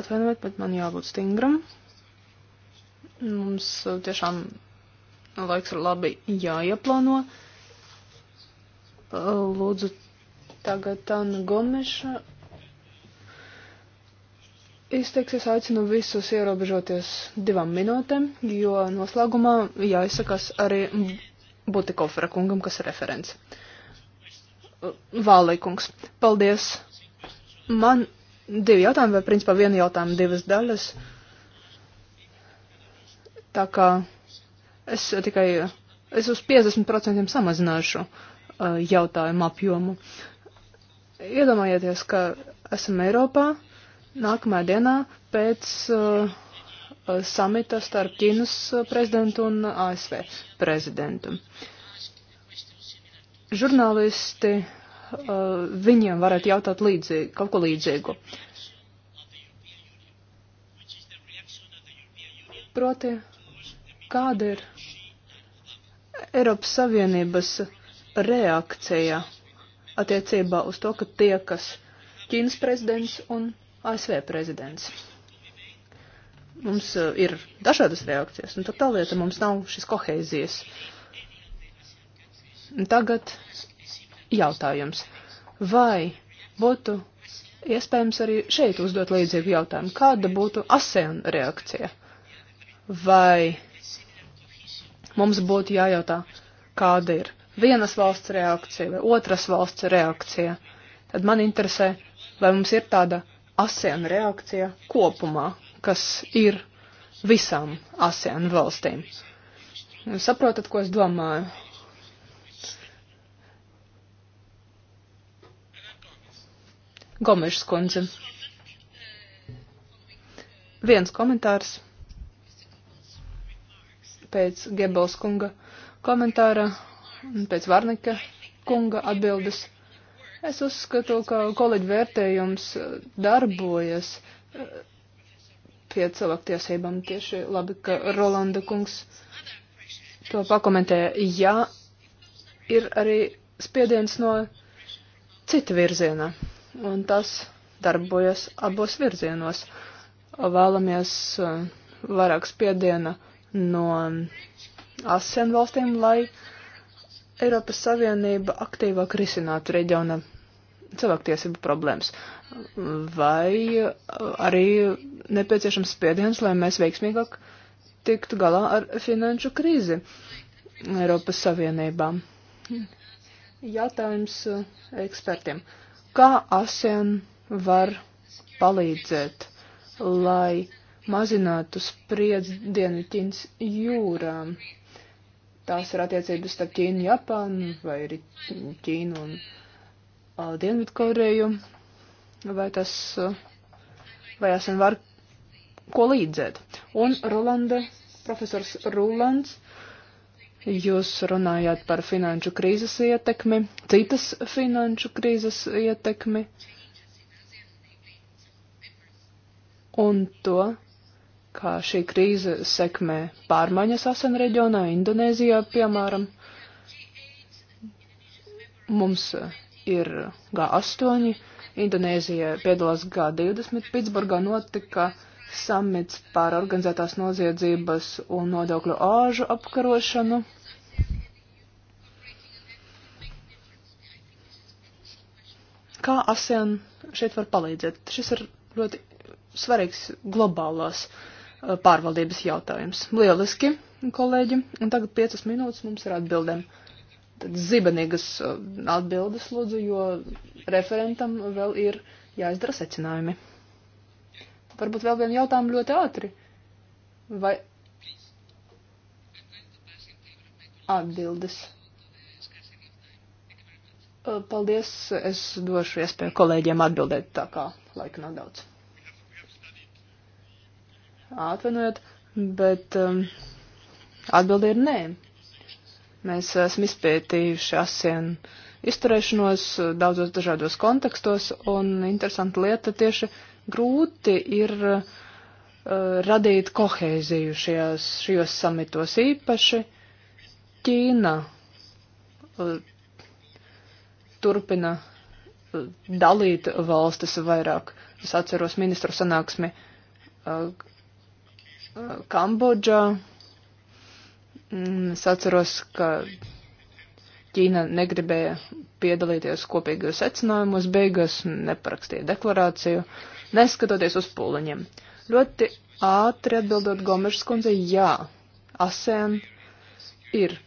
Atvainojiet, bet man jābūt stingram. Mums uh, tiešām laiks ir labi jāieplāno. Uh, lūdzu, tagad Anna Gomeša. Izteiksies aicinu visus ierobežoties divām minūtēm, jo noslēgumā jāizsakās arī Butikofra kungam, kas ir referents. Uh, Vālīkungs, paldies. Man divi jautājumi, vai principā viena jautājuma divas daļas. Uh, Tā kā es tikai es uz 50% samazināšu uh, jautājumu apjomu. Iedomājieties, ka esam Eiropā nākamajā dienā pēc uh, samita starp Ķīnas prezidentu un ASV prezidentu. Žurnālisti uh, viņiem varētu jautāt līdzīgi, kaut ko līdzīgu. Proti, Kāda ir Eiropas Savienības reakcija attiecībā uz to, ka tiekas Ķīnas prezidents un ASV prezidents? Mums eh, ir dažādas reakcijas, un tad tā lieta mums nav šis koheizijas. Tagad jautājums. Vai būtu iespējams arī šeit uzdot līdzīgu jautājumu? Kāda būtu ASEAN reakcija? Vai mums būtu jājautā, kāda ir vienas valsts reakcija vai otras valsts reakcija. Tad man interesē, vai mums ir tāda ASEAN reakcija kopumā, kas ir visām ASEAN valstīm. Jūs saprotat, ko es domāju? Gomešs kundze. Viens komentārs pēc Gebels kunga komentāra un pēc Varnika kunga atbildes. Es uzskatu, ka kolēģi vērtējums e, darbojas e, pie cilvēktiesībām tieši labi, ka Rolanda kungs to pakomentēja. Jā, ir arī spiediens no cita virziena, un tas darbojas abos virzienos. Vēlamies e, vairāk spiediena no ASEAN valstīm, lai Eiropas Savienība aktīvāk risinātu reģiona cilvēktiesību problēmas. Vai arī nepieciešams spiediens, lai mēs veiksmīgāk tiktu galā ar finanšu krīzi Eiropas Savienībā. Jātājums eh, ekspertiem. Kā ASEAN var palīdzēt, lai mazinātu spriedzi Dienvidķīnas jūrā. Tās ir attiecības starp Ķīnu, Japānu vai arī Ķīnu un uh, Dienvidkoreju. Vai tas, uh, vai esam var ko līdzēt? Un Rolanda, profesors Rulands, jūs runājāt par finanšu krīzes ietekmi, citas finanšu krīzes ietekmi. Un to kā šī krīze sekmē pārmaiņas ASEAN reģionā, Indonēzijā, piemēram. Mums ir G8, Indonēzija piedalās G20, Pitsburgā notika samits par organizētās noziedzības un nodokļu āžu apkarošanu. Kā ASEAN šeit var palīdzēt? Šis ir ļoti svarīgs globālās uh, Eh, pārvaldības jautājums. Lieliski, kolēģi, un tagad piecas minūtes mums ir atbildēm. Tad zibenīgas eh, atbildes lūdzu, jo referentam vēl ir jāizdara secinājumi. Varbūt vēl vienu jautājumu ļoti ātri. Vai atbildes? Eh, paldies, es došu iespēju kolēģiem atbildēt tā kā laika nav daudz atvainojiet, bet um, atbildi ir nē. Mēs esam izpētījuši asienu izturēšanos daudzos dažādos kontekstos, un interesanta lieta tieši grūti ir uh, radīt kohēziju šajās, šajos samitos īpaši Ķīna uh, turpina uh, dalīt valstis vairāk. Es atceros ministru sanāksmi uh, Kambodža. Mm, es atceros, ka Ķīna negribēja piedalīties kopīgajos secinājumos, beigās neparakstīja deklarāciju, neskatoties uz pūliņiem. Ļoti ātri atbildot Gomešas kundzei, jā, ASEAN ir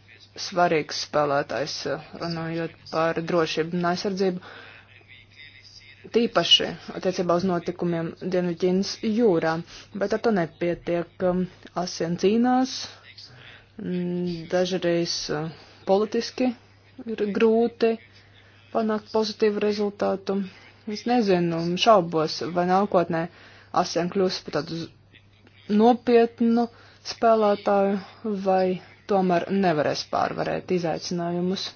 svarīgs spēlētājs, runājot par drošību un aizsardzību. Uh, tīpaši attiecībā uz notikumiem Dienvidķīnas jūrā, bet ar to nepietiek. Um, Asien cīnās, mm, dažreiz uh, politiski ir grūti panākt pozitīvu rezultātu. Es nezinu, šaubos, vai nākotnē Asien kļūs par tādu nopietnu spēlētāju, vai tomēr nevarēs pārvarēt izaicinājumus.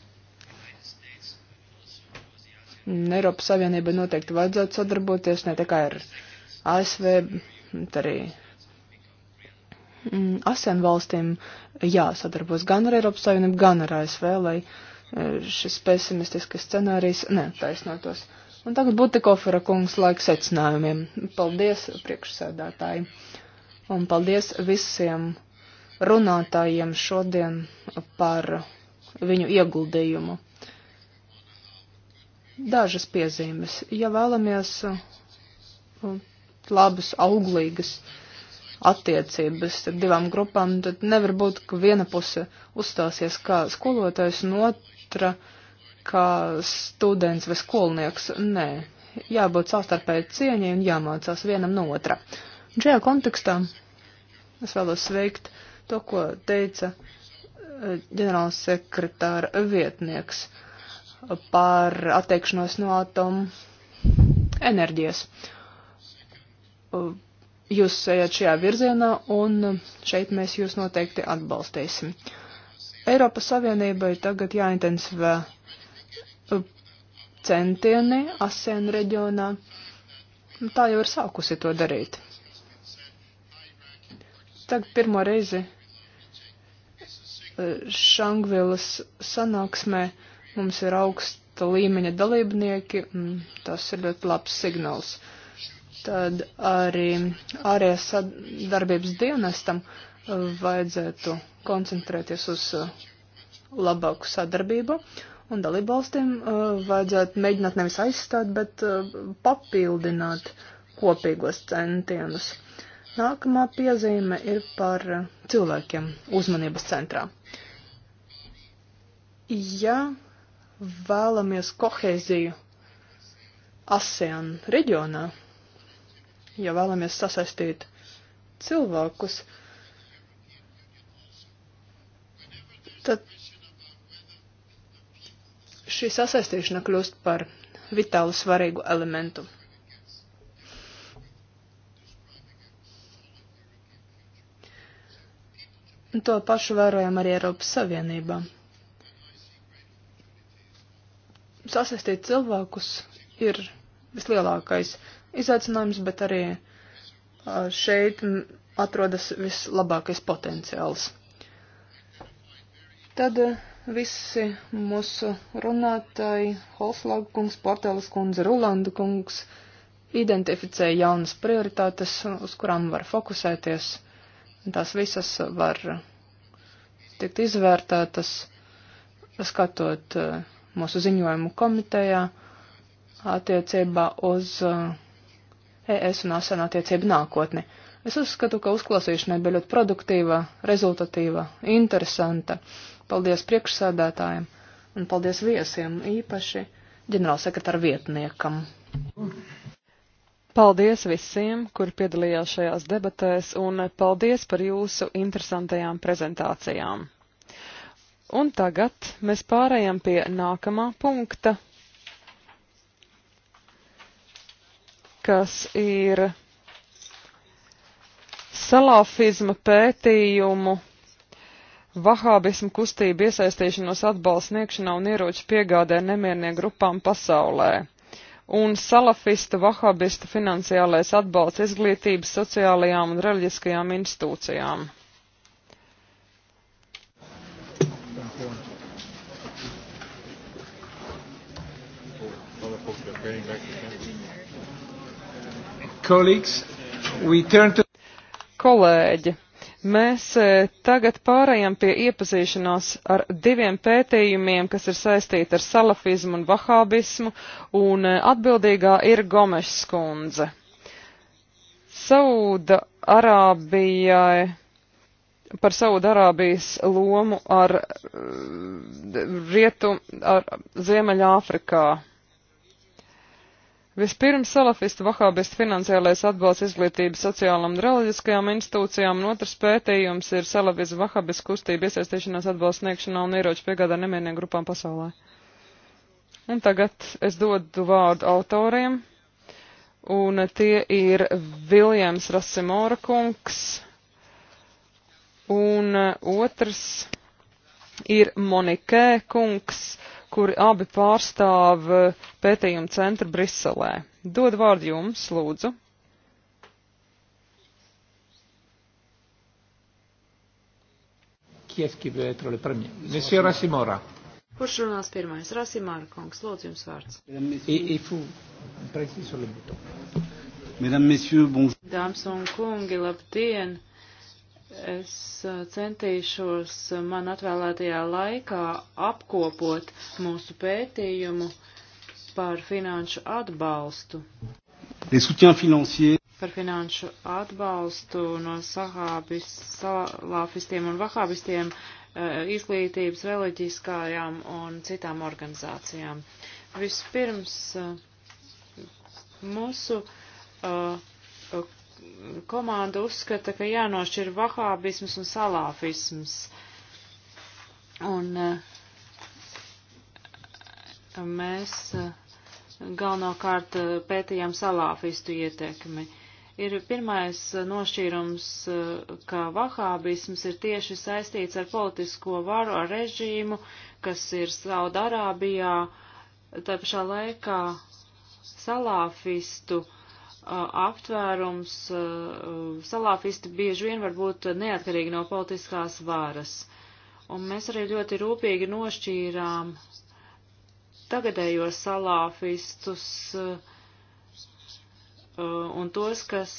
Mm, Eiropas Savienība noteikti vajadzētu sadarboties ne tikai ar ASV, bet arī mm, ASEAN valstīm jāsadarbos gan ar Eiropas Savienību, gan ar ASV, lai e, šis pesimistiskais scenārijs netaisnotos. Un tagad būtu kofera kungs laiks secinājumiem. Paldies priekšsēdētāji. Un paldies visiem runātājiem šodien par viņu ieguldījumu. Dažas piezīmes. Ja vēlamies uh, labas, auglīgas attiecības ar divām grupām, tad nevar būt, ka viena puse uzstāsies kā skolotājs un otra kā students vai skolnieks. Nē, jābūt savstarpēji cieņai un jāmācās vienam no otra. Un šajā kontekstā es vēlos sveikt to, ko teica uh, ģenerāls sekretāra vietnieks. Uh, par atteikšanos no atomu enerģijas. Uh, jūs ejat šajā virzienā un šeit mēs jūs noteikti atbalstīsim. Eiropas Savienībai tagad jāintensivē uh, centieni ASEAN reģionā. Tā jau ir sākusi to darīt. Tagad pirmo reizi uh, Šangvilas sanāksmē uh, Mums ir augsta līmeņa dalībnieki, tas ir ļoti labs signāls. Tad arī ārējās darbības dienestam uh, vajadzētu koncentrēties uz uh, labāku sadarbību, un dalībvalstīm uh, vajadzētu mēģināt nevis aizstāt, bet papildināt kopīgos centienus. Nākamā piezīme ir par cilvēkiem uzmanības centrā. Ja vēlamies kohēziju ASEAN reģionā, ja vēlamies sasaistīt cilvēkus, tad šī sasaistīšana kļūst par vitāli svarīgu elementu. To pašu vērojam arī Eiropas Savienībā. sasaistīt cilvēkus ir vislielākais izaicinājums, bet arī šeit atrodas vislabākais potenciāls. Tad visi mūsu runātāji, Holslaga kungs, Portelas kundze, Rulanda kungs, identificēja jaunas prioritātes, uz kurām var fokusēties. Tās visas var tikt izvērtētas, skatot uh, mūsu ziņojumu komitejā attiecībā uz uh, ES un ASEAN attiecību nākotni. Es uzskatu, ka uzklausīšanai bija ļoti produktīva, rezultatīva, interesanta. Paldies priekšsēdētājiem un paldies viesiem, īpaši ģenerālsekretāra vietniekam. Paldies visiem, kur piedalījās šajās debatēs, un paldies par jūsu interesantajām prezentācijām. Un tagad mēs pārējām pie nākamā punkta, kas ir salāfizma pētījumu, vahābismu kustību iesaistīšanos atbalstu sniegšanā un ieroču piegādē nemiernieku grupām pasaulē. Un salafistu, vahābistu finansiālais atbalsts izglītības, sociālajām un reliģiskajām institūcijām. Kolēģi, mēs eh, tagad pārējām pie iepazīšanās ar diviem pētījumiem, kas ir saistīti ar salafismu un vahābismu, un eh, atbildīgā ir Gomešs kundze. Sauda Arābijai par Saudarābijas lomu ar uh, eh, rietu, ar Ziemeļāfrikā. Vispirms salafistu vahābistu finansiālais atbalsts izglītības sociālam un reliģiskajām institūcijām, un otrs pētījums ir salafistu vahābistu kustība iesaistīšanās atbalsts sniegšanā un ieroču piegādā nemieniem grupām pasaulē. Un tagad es dodu vārdu autoriem, un tie ir Viljams Rasimora kungs, un otrs ir Monikē kungs kuri abi pārstāv eh, pētījumu centru Briselē. Dod vārdu jums, lūdzu. Monsieur Rasimora. Kurš runās pirmais? Rasimāra kungs, lūdzu jums vārds. Dāmas un kungi, labdien! Es uh, centīšos uh, man atvēlētajā laikā apkopot mūsu pētījumu par finanšu atbalstu. Par finanšu atbalstu no sahābis, salāfistiem un vahābistiem uh, izglītības, reliģiskajām un citām organizācijām. Vispirms mūsu komanda uzskata, ka jānošķir vahābisms un salāfisms. Un eh, mēs eh, galvenokārt eh, pētījām salāfistu ietekmi. Ir pirmais nošķīrums, ka vahābisms ir tieši saistīts ar politisko varu, ar režīmu, kas ir Saudarābijā, tā pašā laikā salāfistu uh, aptvērums salāfisti bieži vien var būt neatkarīgi no politiskās varas. Un mēs arī ļoti rūpīgi nošķīrām tagadējos salāfistus un tos, kas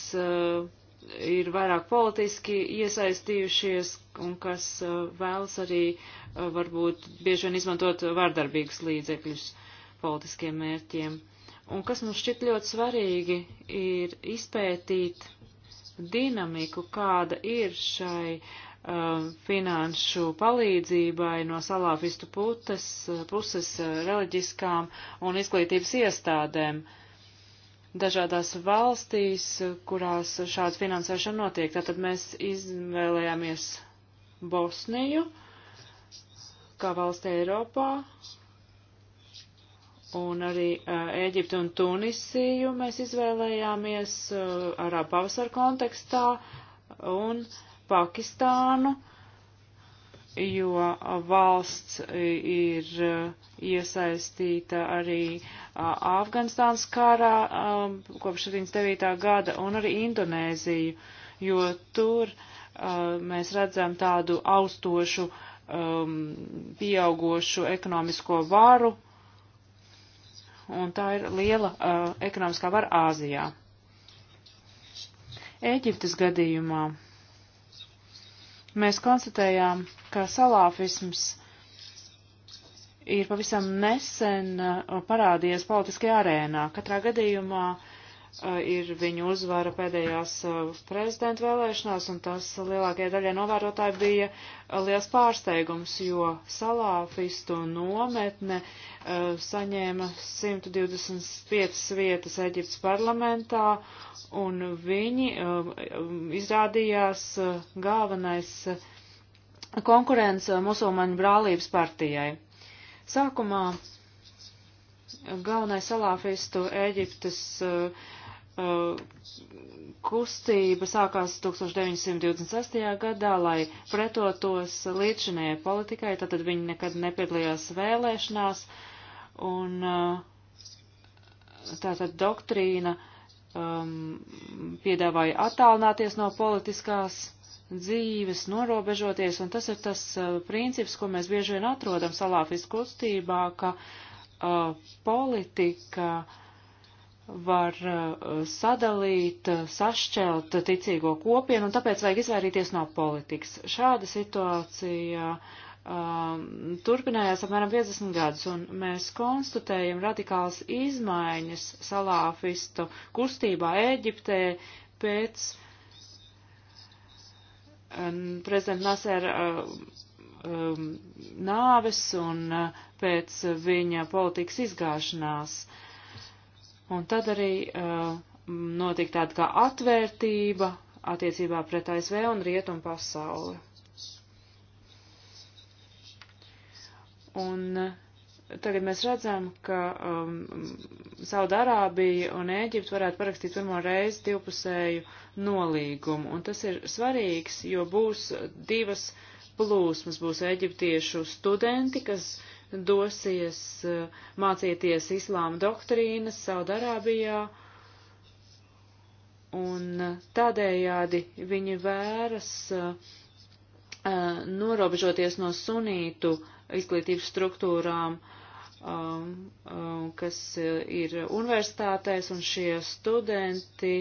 ir vairāk politiski iesaistījušies un kas vēlas arī varbūt bieži vien izmantot vārdarbīgus līdzekļus politiskiem mērķiem. Uh, Un kas mums šķiet ļoti svarīgi, ir izpētīt dinamiku, kāda ir šai uh, finanšu palīdzībai no salāfistu putes, uh, puses uh, reliģiskām un izglītības iestādēm dažādās valstīs, uh, kurās šāda finansēšana notiek. Tātad mēs izvēlējāmies Bosniju kā valsti Eiropā, un arī eh, Ēģiptu un Tunisiju mēs izvēlējāmies eh, arā pavasara kontekstā un Pakistānu, jo valsts eh, ir iesaistīta arī Afganistānas karā kopš 79. gada un arī Indonēziju, jo tur mēs redzam tādu austošu pieaugošu ekonomisko varu un tā ir liela uh, ekonomiskā vara Āzijā. Ēģiptes gadījumā mēs konstatējām, ka salāfisms ir pavisam nesen uh, parādījies politiskajā arēnā. Katrā gadījumā ir viņu uzvara pēdējās prezidenta vēlēšanās, un tas lielākajai daļai novērotāji bija liels pārsteigums, jo salāfistu nometne saņēma 125 vietas Eģiptes parlamentā, un viņi izrādījās galvenais konkurents musulmaņu brālības partijai. Sākumā galvenais salāfistu Eģiptes uh, Uh, kustība sākās 1926. gadā, lai pretotos līdzinējai politikai, tātad viņi nekad nepiedalījās vēlēšanās, un uh, tātad doktrīna um, piedāvāja attālināties no politiskās dzīves, norobežoties, un tas ir tas uh, princips, ko mēs bieži vien atrodam salāfistu kustībā, ka uh, politika uh, var eh, sadalīt, eh, sašķelt ticīgo kopienu, un tāpēc vajag izvairīties no politikas. Šāda situācija um, turpinājās apmēram 50 gadus, un mēs konstatējam radikālas izmaiņas salāfistu kustībā Ēģiptē pēc um, prezidenta Nasera um, um, nāves un uh, pēc viņa politikas izgāšanās. Uh, Un tad arī uh, notika tāda kā atvērtība attiecībā pret ASV un rietumu pasauli. Un uh, tagad mēs redzam, ka um, Saudārābija un Ēģipte varētu parakstīt pirmo reizi divpusēju nolīgumu. Un tas ir svarīgs, jo būs divas plūsmas. Būs eģiptiešu studenti, kas dosies eh, mācīties islāma doktrīnas Saudarābijā, un eh, tādējādi viņi vēras eh, norobežoties no sunītu izglītības struktūrām, kas ir universitātēs, un šie studenti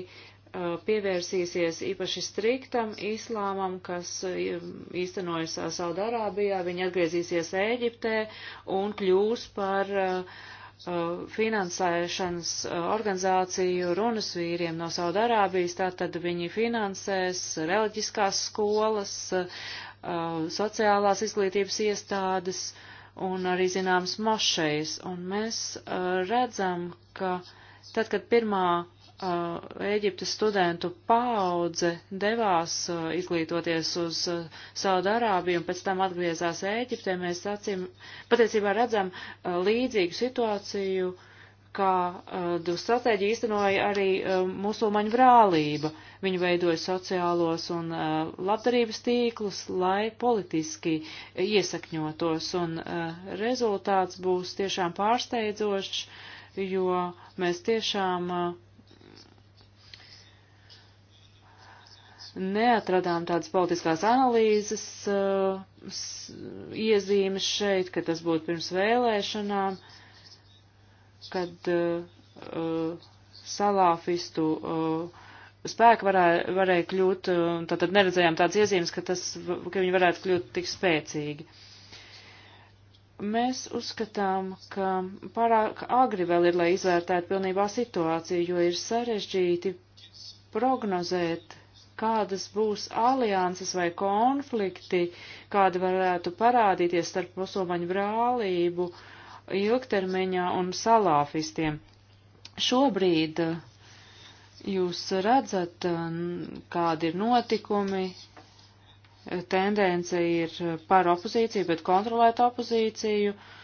Uh, pievērsīsies īpaši striktam islāmam, kas um, īstenojas uh, Saudārābijā, viņi atgriezīsies Ēģiptē un kļūs par uh, uh finansēšanas organizāciju runas vīriem no Saudārābijas, tātad viņi finansēs reliģiskās skolas, sociālās izglītības iestādes un arī zināms mošejas. Un mēs redzam, ka tad, kad pirmā Uh, Ēģiptes studentu paudze devās uh, izglītoties uz uh, Saudārābiju un pēc tam atgriezās Ēģiptē, mēs acīm patiesībā redzam līdzīgu situāciju, kādu stratēģiju īstenoja arī musulmaņu brālība. Viņi veidoja sociālos un labdarības tīklus, lai politiski iesakņotos, un rezultāts būs tiešām pārsteidzošs, jo mēs tiešām uh, neatradām tādas politiskās analīzes uh, iezīmes šeit, ka tas būtu pirms vēlēšanām, kad uh, uh salāfistu uh, spēki varēja, varēja kļūt, uh, tātad neredzējām tādas iezīmes, ka, tas, ka viņi varētu kļūt tik spēcīgi. Mēs uzskatām, ka pārāk agri vēl ir, lai izvērtētu pilnībā situāciju, jo ir sarežģīti prognozēt kādas būs alianses vai konflikti, kādi varētu parādīties starp musulmaņu brālību ilgtermiņā un salāfistiem. Šobrīd eh, jūs redzat, eh, kādi ir notikumi, eh, tendence ir par opozīciju, bet kontrolēt opozīciju. Uh,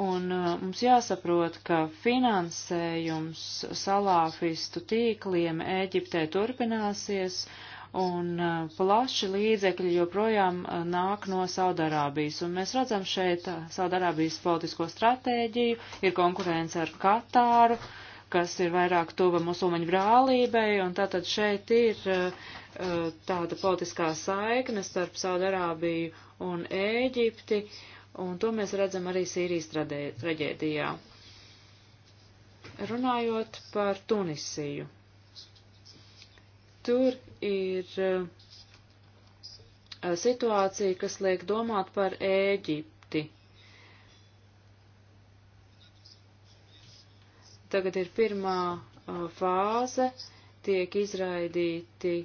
Un uh, mums jāsaprot, ka finansējums salāfistu tīkliem Ēģiptē turpināsies, un uh, plaši līdzekļi joprojām uh, nāk no Saudarābijas. Un mēs redzam šeit Saudarābijas politisko stratēģiju, ir konkurence ar Katāru, kas ir vairāk tuva musulmaņu brālībai, un tātad šeit ir tāda politiskā saikne starp Saudarābiju un Ēģipti. Uh, un to mēs redzam arī Sīrijas traģēdijā. Runājot par Tunisiju, tur ir eh, situācija, kas liek domāt par Ēģipti. Tagad ir pirmā eh, fāze, tiek izraidīti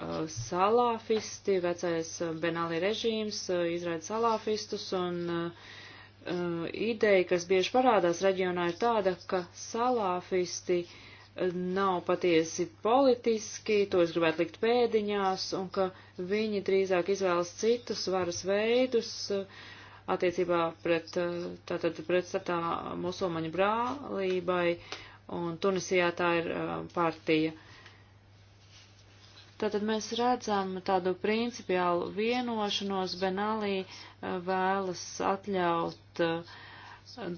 Uh, salāfisti, vecais uh, Benāli režīms uh, izraida salāfistus un ideja, kas bieži parādās reģionā, ir tāda, ka salāfisti nav patiesi politiski, to es gribētu likt pēdiņās, un ka viņi drīzāk izvēlas citus varas veidus attiecībā pret, tātad pret tā musulmaņu brālībai, un Tunisijā tā ir partija. Uh, Tātad mēs redzam tādu principiālu vienošanos, Benalī eh, vēlas atļaut eh,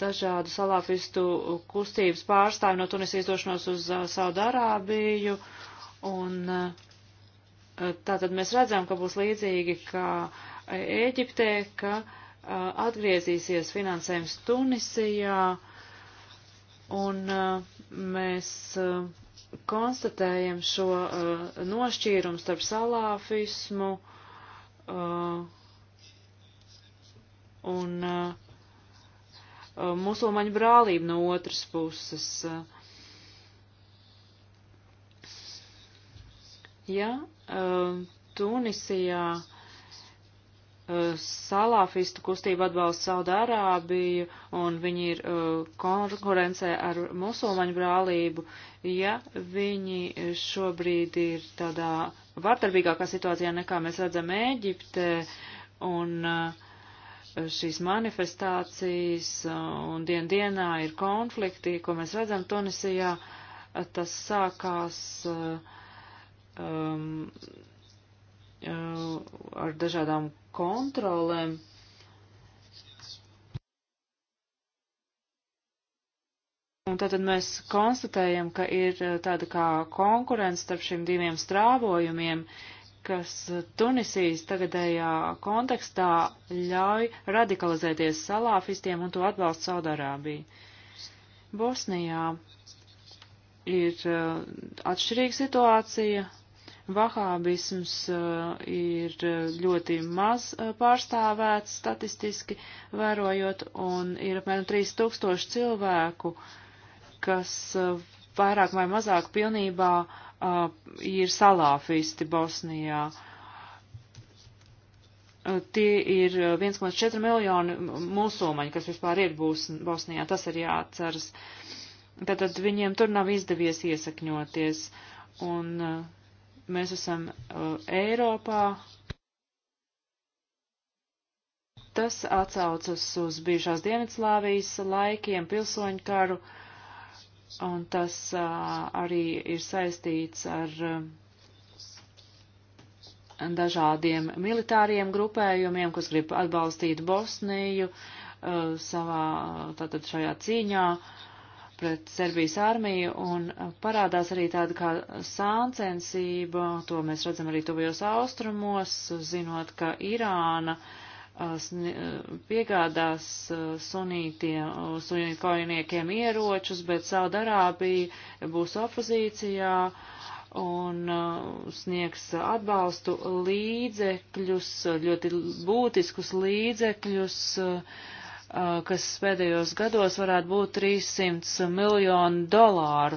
dažādu salāfistu kustības pārstāvi no Tunisijas došanos uz eh, Saudārābiju, un tātad mēs redzam, ka būs līdzīgi kā Ēģiptē, ka atgriezīsies finansējums Tunisijā, un mēs konstatējam šo uh, nošķīrumu starp salāfismu uh, un uh, uh musulmaņu brālību no otras puses. Ja uh, Tunisijā Eh, salāfistu kustība atbalsta Saudārābiju un viņi ir uh, konkurencē ar musulmaņu brālību, ja viņi šobrīd ir tādā vardarbīgākā situācijā nekā mēs redzam Ēģipte un uh, šīs manifestācijas un dien dienā ir konflikti, ko mēs redzam Tunisijā, tas sākās um, Uh, ar dažādām kontrolēm. Un tātad mēs konstatējam, ka ir uh, tāda kā konkurence starp šiem diviem strāvojumiem, kas uh, Tunisijas tagadējā kontekstā ļauj radikalizēties salāfistiem un to atbalstu Saudārābiju. Bosnijā ir atšķirīga situācija, Vahābisms eh, ir eh, ļoti maz eh, pārstāvēts statistiski vērojot, un ir apmēram 3000 cilvēku, kas vairāk vai mazāk pilnībā ir salāfisti Bosnijā. Tie ir 1,4 miljoni musulmaņi, kas vispār ir Bosnijā, tas ir jāatceras. Tātad viņiem tur nav izdevies iesakņoties. Un uh, Mēs esam uh, Eiropā. Tas atsaucas uz bijušās Dienvidslāvijas laikiem, pilsoņu karu, un tas uh, arī ir saistīts ar uh, dažādiem militāriem grupējumiem, kas grib atbalstīt Bosniju uh, savā, tātad šajā cīņā. Uh, pret Serbijas armiju un parādās arī tāda kā sāncensība, to mēs redzam arī tuvajos austrumos, zinot, ka Irāna piegādās sunītiem, sunītu kaujiniekiem ieročus, bet Saudarābija būs opozīcijā un sniegs atbalstu līdzekļus, ļoti būtiskus līdzekļus uh, Uh, kas pēdējos gados varētu būt 300 miljonu dolāru.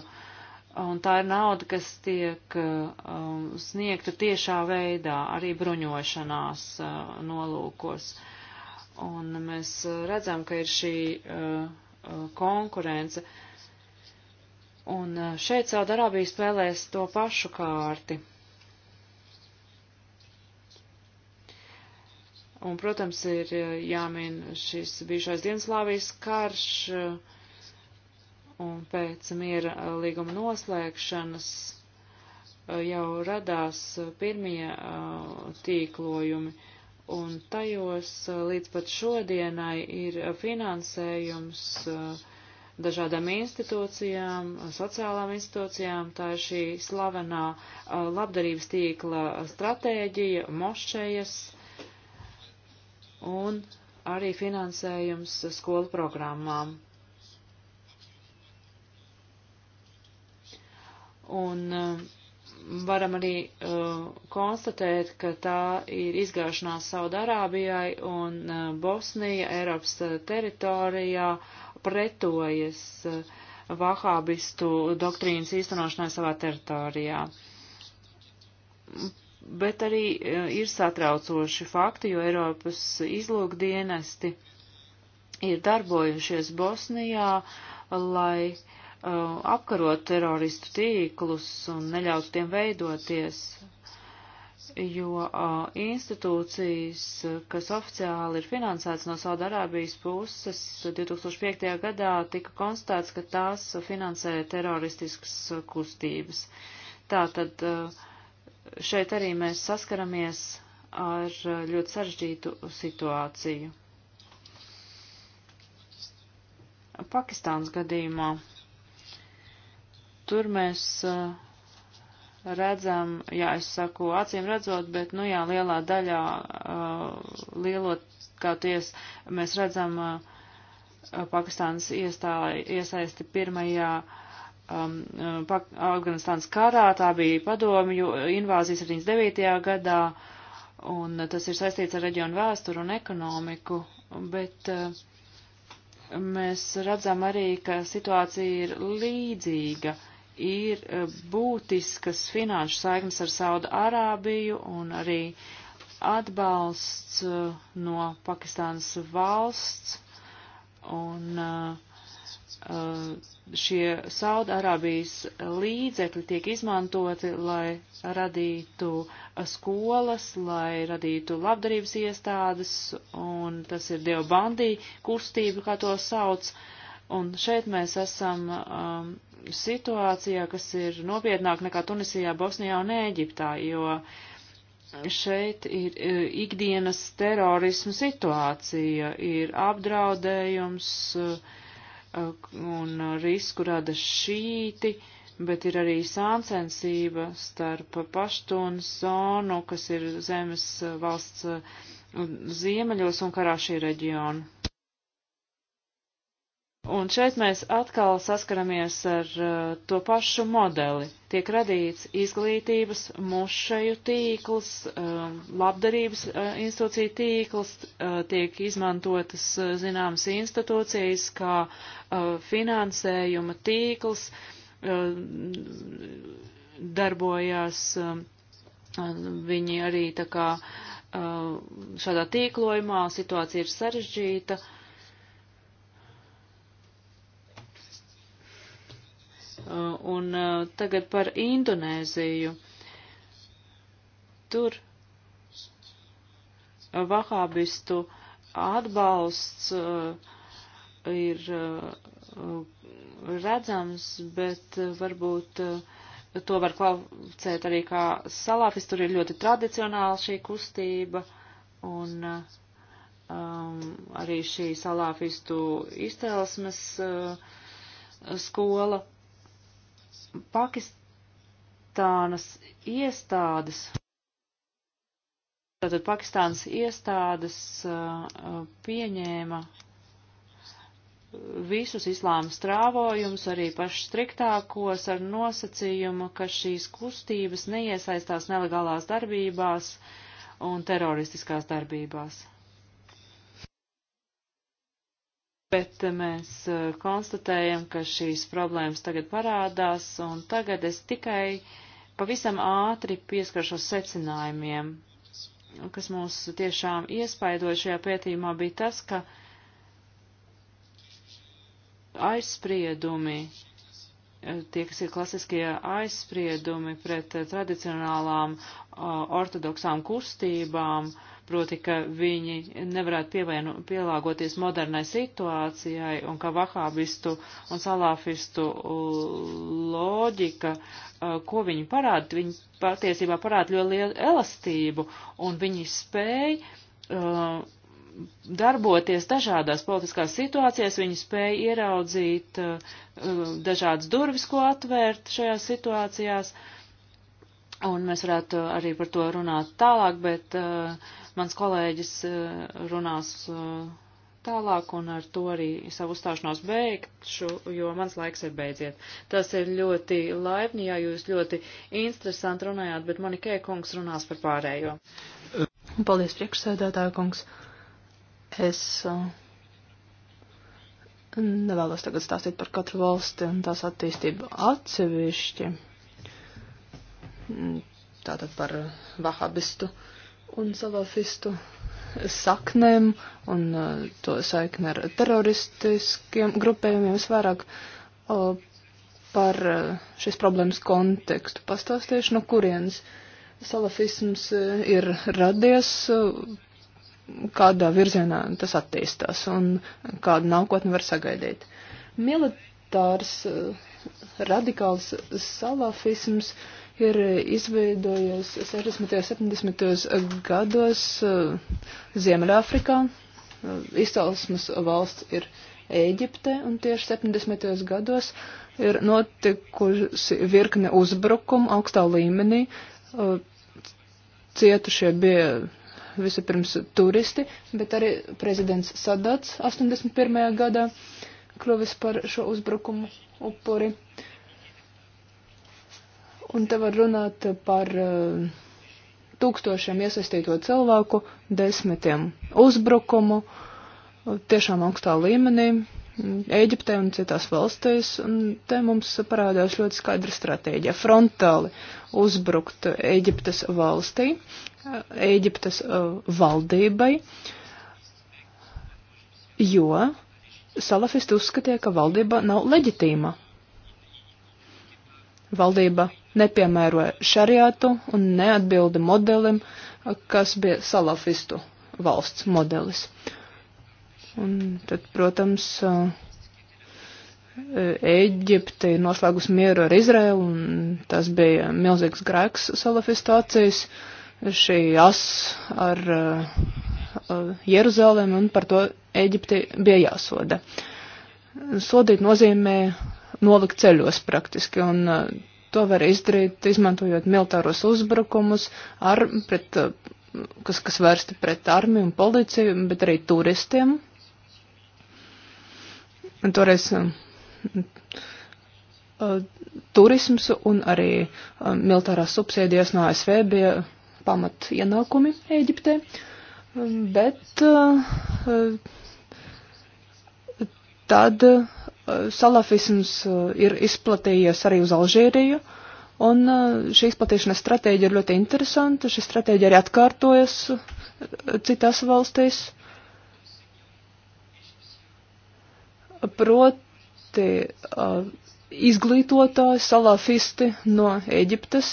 Un tā ir nauda, kas tiek uh, um, sniegta tiešā veidā, arī bruņošanās uh, nolūkos. Un mēs uh, redzam, ka ir šī uh, konkurence. Un šeit Saudarābija spēlēs to pašu kārti. Un, protams, ir eh, jāmin šis bijušais Dienaslāvijas karš eh, un pēc miera eh, līguma noslēgšanas jau radās pirmie tīklojumi. Un tajos līdz pat šodienai ir finansējums dažādām institūcijām, sociālām institūcijām. Tā ir šī slavenā labdarības tīkla stratēģija, mošejas un arī finansējums skolu programmām. Un eh, varam arī uh, konstatēt, ka tā ir izgāšanās Saudārābijai un uh, Bosnija Eiropas teritorijā pretojas uh, vahābistu doktrīnas īstenošanai savā teritorijā bet arī e, ir satraucoši fakti, jo Eiropas izlūkdienesti ir darbojušies Bosnijā, lai uh, apkarot teroristu tīklus un neļautu tiem veidoties, jo uh, institūcijas, kas oficiāli ir finansētas no Saudārābijas puses, 2005. gadā tika konstatēts, ka tās finansē teroristiskas kustības. Tātad uh, šeit arī mēs saskaramies ar eh, ļoti sarežģītu situāciju. Pakistāns gadījumā tur mēs eh, redzam, jā, es saku acīm redzot, bet, nu jā, lielā daļā, eh, lielotkāties, mēs redzam Pakistānas iesaisti pirmajā um, uh, Afganistānas karā, tā bija padomju invāzija 79. gadā, un tas ir saistīts ar reģionu vēsturu un ekonomiku, bet uh, mēs redzam arī, ka situācija ir līdzīga. Ir uh, būtiskas finanšu saiknes ar Saudu Arābiju un arī atbalsts uh, no Pakistānas valsts un uh, Uh, šie Saudarābijas līdzekļi tiek izmantoti, lai radītu skolas, lai radītu labdarības iestādes, un tas ir Dievu bandī kustība, kā to sauc. Un šeit mēs esam um, situācijā, kas ir nopietnāk nekā Tunisijā, Bosnijā un Ēģiptā, jo šeit ir uh, ikdienas terorismu situācija, ir apdraudējums, uh, un risku rada šīti, bet ir arī sāncensība starp paštunu zonu, kas ir zemes valsts uh, ziemeļos un karā šī reģiona. Un šeit mēs atkal saskaramies ar uh, to pašu modeli. Tiek radīts izglītības mušeju tīkls, uh, labdarības uh, institūcija tīkls, uh, tiek izmantotas uh, zināmas institūcijas kā uh, finansējuma tīkls, uh, darbojās uh, viņi arī tā kā uh, šādā tīklojumā, situācija ir sarežģīta. Uh, Uh, un uh, tagad par Indonēziju. Tur vahābistu atbalsts uh, ir redzams, bet varbūt to var klaucēt arī kā salāfis. Tur ir ļoti tradicionāla šī kustība un um, arī šī salāfistu izcelsmes uh, skola Pakistānas iestādes. Tātad Pakistānas iestādes uh, uh, pieņēma uh, visus islāma strāvojumus, arī pašus striktākos, ar nosacījumu, ka šīs kustības neiesaistās nelegālās darbībās un teroristiskās darbībās. bet mēs eh, konstatējam, ka šīs problēmas tagad parādās, un tagad es tikai pavisam ātri pieskaršos secinājumiem. Kas mūs tiešām iespaidoja šajā pētījumā bija tas, ka aizspriedumi, eh, tie, kas ir klasiskie aizspriedumi pret tradicionālām eh, ortodoksām kustībām, uh, proti, ka viņi nevarētu pievainu, pielāgoties modernai situācijai un ka vahābistu un salāfistu uh, loģika, uh, ko viņi parāda, viņi patiesībā parāda ļoti lielu elastību un viņi spēj uh, darboties dažādās politiskās situācijās, viņi spēja ieraudzīt uh, uh, dažādas durvis, ko atvērt šajās situācijās. Uh, Un mēs varētu arī par to runāt tālāk, bet uh, mans kolēģis uh, runās uh, tālāk un ar to arī savu uzstāšanos beigšu, jo mans laiks ir beidziet. Tas ir ļoti laipni, ja jūs ļoti interesanti runājāt, bet Monikē kungs runās par pārējo. Paldies, priekšsēdētāja kungs. Es uh, nevēlos tagad stāstīt par katru valsti un tās attīstību atsevišķi. Mm, tātad par vahabistu un salafistu saknēm un eh, to saikni ar teroristiskiem grupējumiem. Es vairāk o, par eh, šīs problēmas kontekstu pastāstīšu, no kurienes salafisms eh, ir radies, kādā virzienā tas attīstās un kādu nākotni var sagaidīt. Militārs radikāls salafisms uh, ir izveidojies 60. un 70. gados eh, Ziemeļāfrikā. Eh, izcelsmes valsts ir Ēģipte, un tieši 70. gados ir notikusi virkne uzbrukumu augstā līmenī. Eh, cietušie bija vispirms turisti, bet arī prezidents Sadats 81. gadā kļuvis par šo uzbrukumu upuri. Uh, Un te var runāt par eh, tūkstošiem iesaistīto cilvēku, desmitiem uzbrukumu, tiešām augstā līmenī, Eģiptē un citās valstīs. Un te mums parādās ļoti skaidra stratēģija - frontāli uzbrukt Eģiptes valstī, Eģiptes eh, valdībai, jo salafisti uzskatīja, ka valdība nav leģitīma. Valdība nepiemēro šariātu un neatbilda modelim, kas bija salafistu valsts modelis. Un tad, protams, Eģipte ir noslēgus mieru ar Izraelu, un tas bija milzīgs grēks salafistācijas, šī as ar uh, Jeruzalem, un par to Eģipte bija jāsoda. Sodīt nozīmē nolikt ceļos praktiski, un uh, To var izdarīt, izmantojot militārus uzbrukumus, ar, pret, kas, kas vērsti pret armiju un policiju, bet arī turistiem. Un toreiz um, uh, turisms un arī uh, militārās subsīdijas no ASV bija pamat ienākumi Ēģiptē, um, bet uh, uh tad salafisms uh, ir izplatījies arī uz Alžīriju, un uh, šī izplatīšanas stratēģija ir ļoti interesanta. Šī stratēģija arī atkārtojas uh, citās valstīs. Proti izglītotāji, salafisti no Eģiptes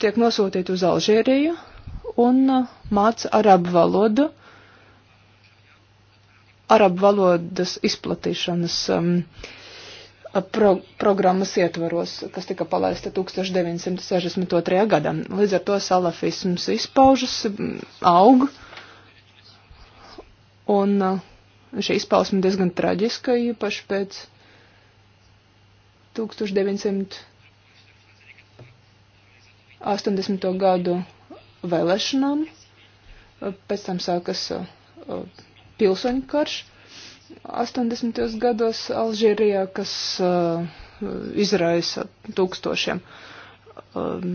tiek nosūtīti uz Alžīriju un māca arabu valodu arabu valodas izplatīšanas um, pro programmas ietvaros, kas tika palaista 1962. gadā. Līdz ar to salafisms izpaužas, aug, un šī izpausme diezgan traģiska, īpaši pēc 1980. gadu vēlēšanām, pēc tam sākas uh, pilsoņu karš 80. gados Alžīrijā, kas uh, izraisa tūkstošiem um,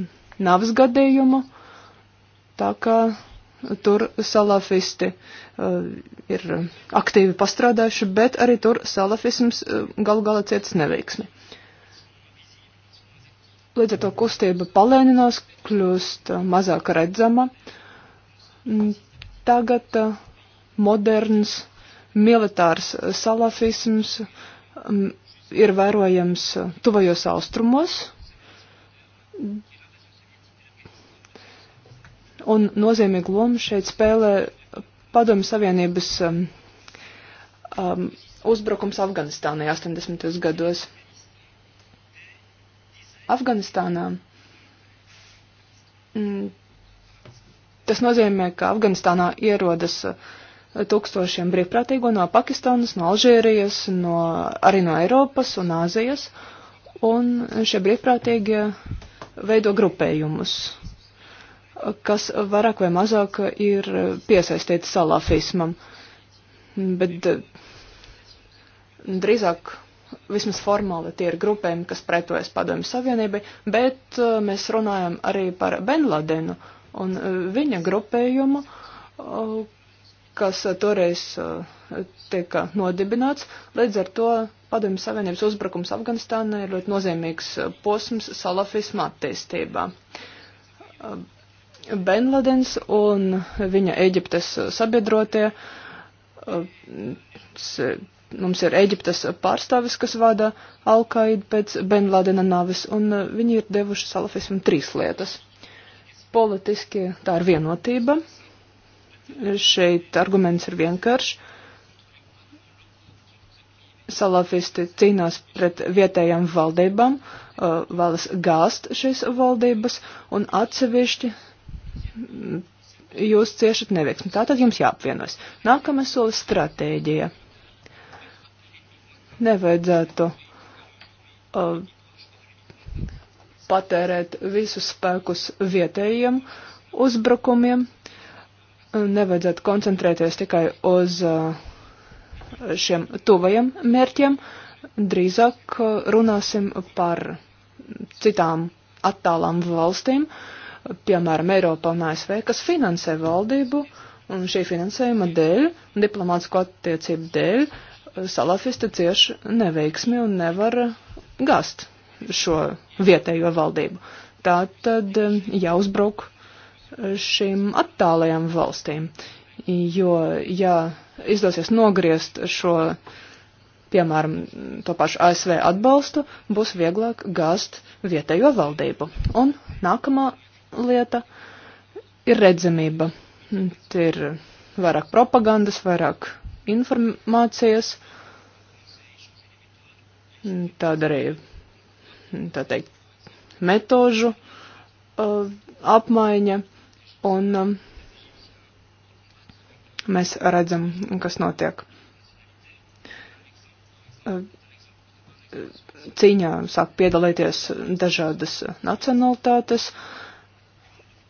navas gadījumu, tā kā tur salafisti uh, ir aktīvi pastrādājuši, bet arī tur salafisms uh, galu galā cietas neveiksmi. Līdz ar to kustība palēninās, kļūst uh, mazāk redzama. Mm, tagad uh, moderns militārs salafisms ir vērojams tuvajos austrumos un nozīmīgu lomu šeit spēlē Padomju Savienības um, um, uzbrukums Afganistānai 80. gados. Afganistānā. Mm, tas nozīmē, ka Afganistānā ierodas uh, tūkstošiem brīvprātīgo no Pakistānas, no Alžērijas, no, arī no Eiropas un Āzijas. Un šie brīvprātīgie veido grupējumus, kas vairāk vai mazāk ir piesaistīti salafismam. Bet drīzāk vismaz formāli tie ir grupējumi, kas pretojas padomju savienībai, bet mēs runājam arī par Benladenu un viņa grupējumu, kas eh, toreiz eh, tika nodibināts. Līdz ar to Padomju Savienības uzbrukums Afganistānai ir ļoti nozīmīgs eh, posms salafisma attīstībā. Benladens un viņa Eģiptes sabiedrotie, mums ir Eģiptes pārstāvis, kas vada Alkaidu pēc Benladena navis, un viņi ir devuši salafismu trīs lietas. Politiski tā ir vienotība, Šeit arguments ir vienkāršs. Salafisti cīnās pret vietējām valdībām, uh, vēlas gāzt šīs valdības, un atsevišķi mm, jūs ciešat neveiksmi. Tātad jums jāapvienos. Nākamais solis - stratēģija. Nevajadzētu uh, patērēt visus spēkus vietējiem uzbrukumiem, nevajadzētu koncentrēties tikai uz uh, šiem tuvajiem mērķiem, drīzāk uh, runāsim par citām attālām valstīm, piemēram, Eiropā un ASV, kas finansē valdību, un šī finansējuma dēļ, diplomātsko attiecību dēļ, salafisti cieši neveiksmi un nevar gāst šo vietējo valdību. Tā tad um, jāuzbruk šīm attālajām valstīm, jo, ja izdosies nogriezt šo, piemēram, to pašu ASV atbalstu, būs vieglāk gāzt vietējo valdību. Un nākamā lieta ir redzamība. Tie ir vairāk propagandas, vairāk informācijas, tāda arī, tā teikt, metožu uh, apmaiņa. Un um, mēs redzam, kas notiek. Uh, cīņā sāk piedalīties dažādas nacionalitātes,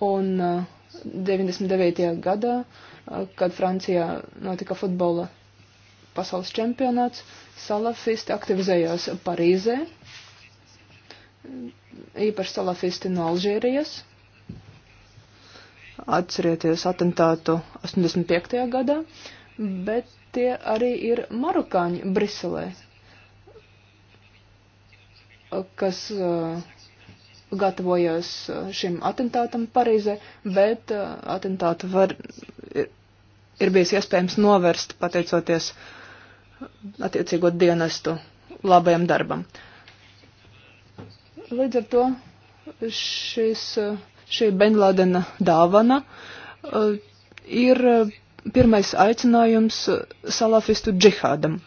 un 99. Uh, gadā, uh, kad Francijā notika futbola pasaules čempionāts, salafisti aktivizējās Parīzē, īpaši salafisti no Alžērijas, Atcerieties atentātu 85. gadā, bet tie arī ir marokāņi Briselē, kas uh, gatavojas uh, šim atentātam Parīzē, bet uh, atentātu var, ir, ir bijis iespējams novērst pateicoties attiecīgo dienestu labajam darbam. Līdz ar to šis uh, šī Benladena dāvana e, ir e, pirmais aicinājums salafistu džihādam,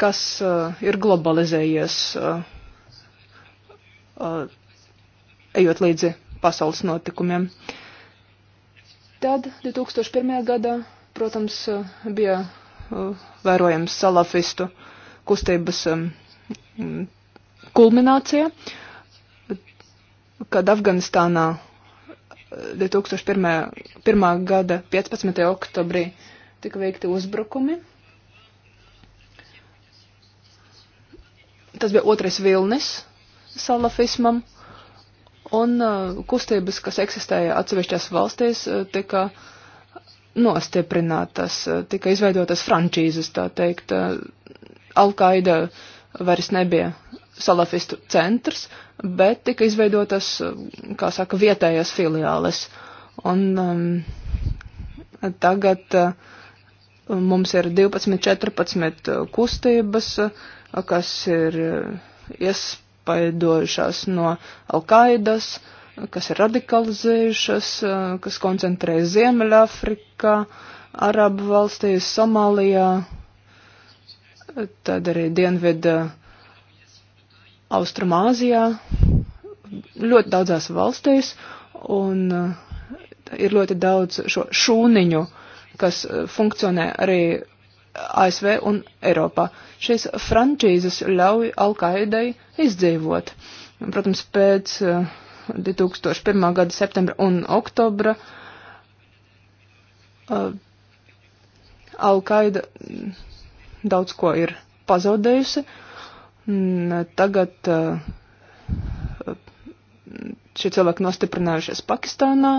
kas e, ir globalizējies ejot līdzi pasaules notikumiem. Tad 2001. gadā, protams, bija vērojams salafistu kustības kulminācija. Uh, kad Afganistānā 2001. Eh, gada 15. oktobrī tika veikti uzbrukumi. Tas bija otrais vilnis salafismam, un eh, kustības, kas eksistēja atsevišķās valstīs, eh, tika nostiprinātas, tika izveidotas frančīzes, tā teikt. Alkaida vairs nebija salafistu centrs, bet tika izveidotas, kā saka, vietējās filiāles. Un um, tagad uh, mums ir 12, 14 kustības, uh, kas ir uh, iespaidojušās no Alkaidas, uh, kas ir radikalizējušas, uh, kas koncentrējas Ziemeļāfrikā, Arabu valstīs, Somālijā, tad arī Dienvidu Austrumāzijā, ļoti daudzās valstīs, un eh, ir ļoti daudz šo šūniņu, kas eh, funkcionē arī ASV un Eiropā. Šīs frančīzes ļauj Alkaidai izdzīvot. Protams, pēc 2001. Eh, gada septembra un oktobra Alkaida mm, daudz ko ir pazaudējusi. Uh, Tagad uh, šie cilvēki nostiprinājušies Pakistānā.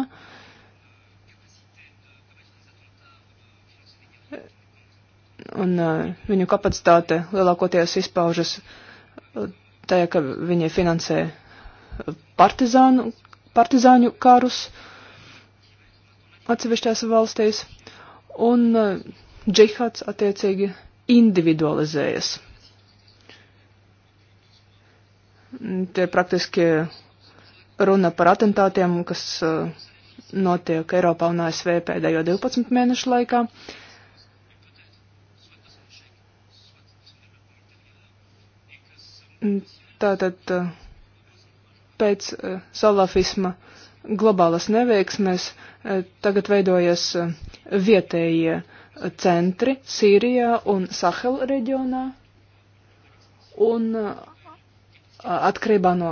Un uh, viņu kapacitāte lielākoties izpaužas uh, tajā, ka viņi finansē partizānu, partizāņu karus atsevišķās valstīs, un džihāds attiecīgi individualizējas. Te ir praktiski runa par atentātiem, kas eh, notiek Eiropā un ASV pēdējo 12 mēnešu laikā. Tātad eh, pēc eh, salafisma globālas neveiksmēs tagad veidojas vietējie centri Sīrijā un Sahel reģionā. Un atkarībā no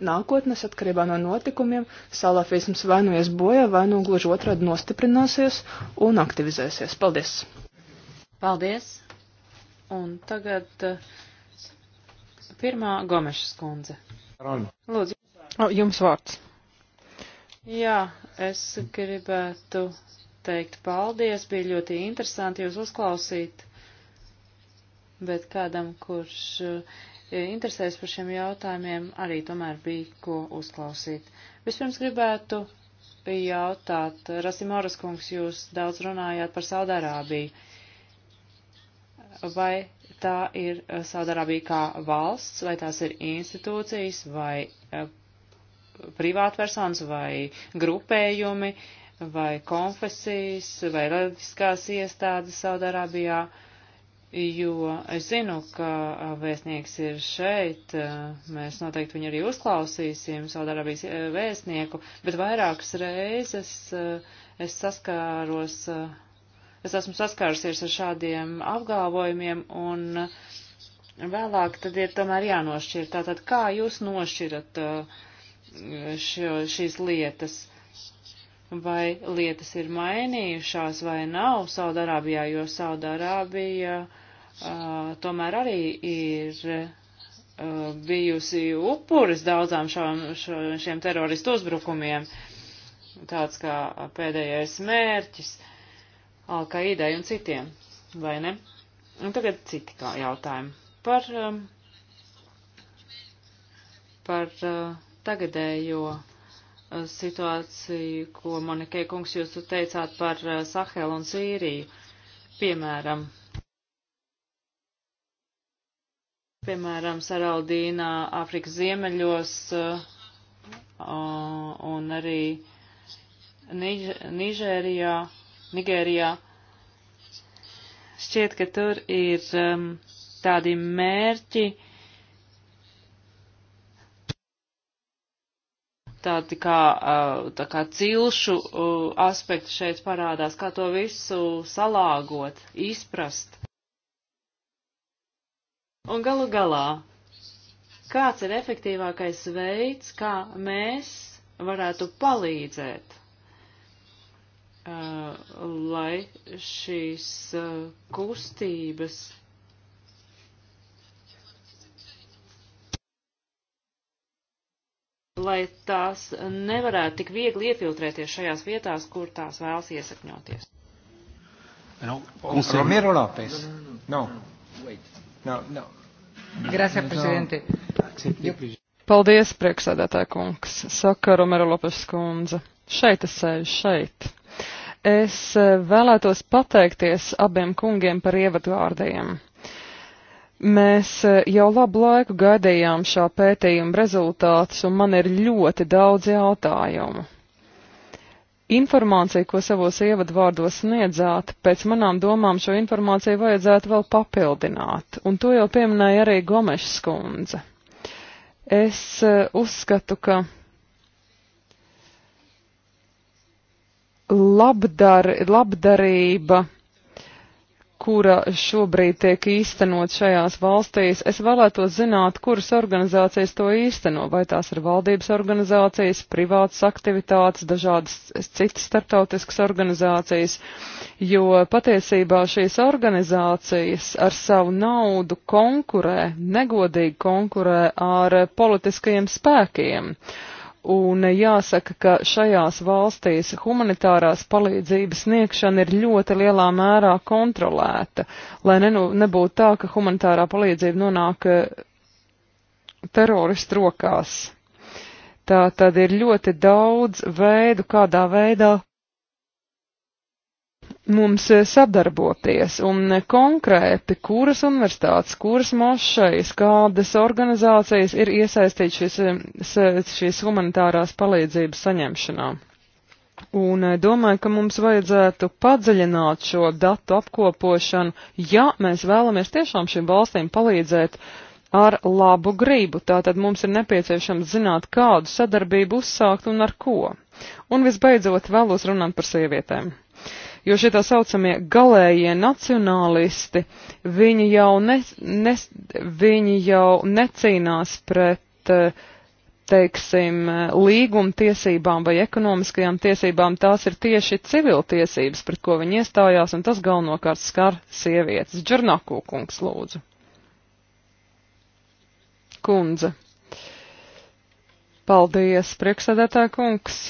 nākotnes, atkarībā no notikumiem, salafisms vai nu ies bojā, vai nu gluži otrādi nostiprināsies un aktivizēsies. Paldies! Paldies! Un tagad eh, pirmā Gomešas kundze. Lūdzu. Jums vārds. Jā, es gribētu teikt paldies, bija ļoti interesanti jūs uzklausīt, bet kādam, kurš interesēs par šiem jautājumiem, arī tomēr bija ko uzklausīt. Vispirms gribētu jautāt, Rasimoras kungs, jūs daudz runājāt par Saudārābiju. Vai tā ir eh, Saudārābija kā valsts, vai tās ir institūcijas, vai eh, privātpersonas, vai grupējumi, vai konfesijas, vai reliģiskās iestādes Saudārābijā? Uh, jo es zinu, ka vēstnieks ir šeit, mēs noteikti viņu arī uzklausīsim, Saudarābijas e, vēstnieku, bet vairākas reizes es saskāros, es esmu saskārusies ar šādiem apgalvojumiem un vēlāk tad ir tomēr jānošķir. Tātad, kā jūs nošķirat šo, šīs lietas? vai lietas ir mainījušās vai nav Saudarābijā, jo Saudarābija uh, tomēr arī ir uh, bijusi upuris daudzām šo, šo, šiem teroristu uzbrukumiem, tāds kā pēdējais mērķis Alkaidai un citiem, vai ne? Un tagad citi kā jautājumi par, um, par uh, tagadējo situāciju, ko Monikei kungs jūs teicāt par eh, Sahelu un Sīriju, piemēram. Piemēram, Saraldīnā, Āfrikas ziemeļos eh, un arī Niž Nižērijā, Nigērijā. Šķiet, ka tur ir um, tādi mērķi, uh, tādi kā, tā kā cilšu aspekti šeit parādās, kā to visu salāgot, izprast. Un galu galā, kāds ir efektīvākais veids, kā mēs varētu palīdzēt, lai šīs kustības lai tās nevarētu tik viegli iefiltrēties šajās vietās, kur tās vēlas iesakņoties. No, Romero López. No. No, no. Gracias, presidente. Paldies, priekšsēdētāja kungs. Saka Romero López kundze. Šeit es sēžu, šeit. Es eh, vēlētos pateikties abiem kungiem par ievadu vārdiem. Mēs e, jau labu laiku gaidījām šā pētījuma rezultātus, un man ir ļoti daudz jautājumu. Informācija, ko savos ievadvārdos sniedzāt, pēc manām domām šo informāciju vajadzētu vēl papildināt, un to jau pieminēja arī Gomeša skundze. Es e, uzskatu, ka labdar, labdarība kura šobrīd tiek īstenot šajās valstīs. Es vēlētos zināt, kuras organizācijas to īsteno, vai tās ir valdības organizācijas, privātas aktivitātes, dažādas citas starptautiskas organizācijas, jo patiesībā šīs organizācijas ar savu naudu konkurē, negodīgi konkurē ar politiskajiem spēkiem. Uh, Un jāsaka, ka šajās valstīs humanitārās palīdzības sniegšana ir ļoti lielā mērā kontrolēta, lai nenu, nebūtu tā, ka humanitārā palīdzība nonāk eh, teroristu rokās. Tā tad ir ļoti daudz veidu, kādā veidā mums eh, sadarboties un eh, konkrēti, kuras universitātes, kuras mošais, kādas organizācijas ir iesaistīts šīs, eh, šīs humanitārās palīdzības saņemšanā. Un domāju, ka mums vajadzētu padziļināt šo datu apkopošanu, ja mēs vēlamies tiešām šīm valstīm palīdzēt ar labu gribu. Tātad mums ir nepieciešams zināt, kādu sadarbību uzsākt un ar ko. Un visbeidzot, vēlos runāt par sievietēm jo šie tā saucamie galējie nacionālisti, viņi jau, ne, ne, viņi jau necīnās pret uh, teiksim, līgumtiesībām vai ekonomiskajām tiesībām, tās ir tieši civiltiesības, pret ko viņi iestājās, un tas galvenokārt skar sievietes. Džernakū kungs, lūdzu. Kundze. Paldies, priekšsēdētā kungs.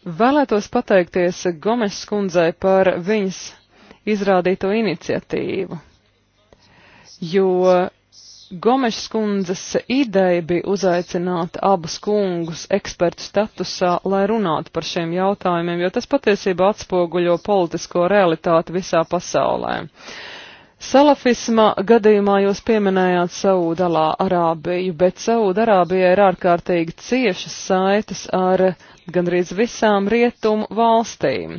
Vēlētos pateikties Gomes skundzei par viņas izrādīto iniciatīvu, jo Gomes skundzes ideja bija uzaicināt abus kungus ekspertu statusā, lai runātu par šiem jautājumiem, jo tas patiesībā atspoguļo politisko realitāti visā pasaulē. Uh, Salafisma gadījumā jūs pieminējāt Saūdalā Arābiju, bet Saūdarābija ir ārkārtīgi ciešas saites ar gandrīz visām rietumu valstīm.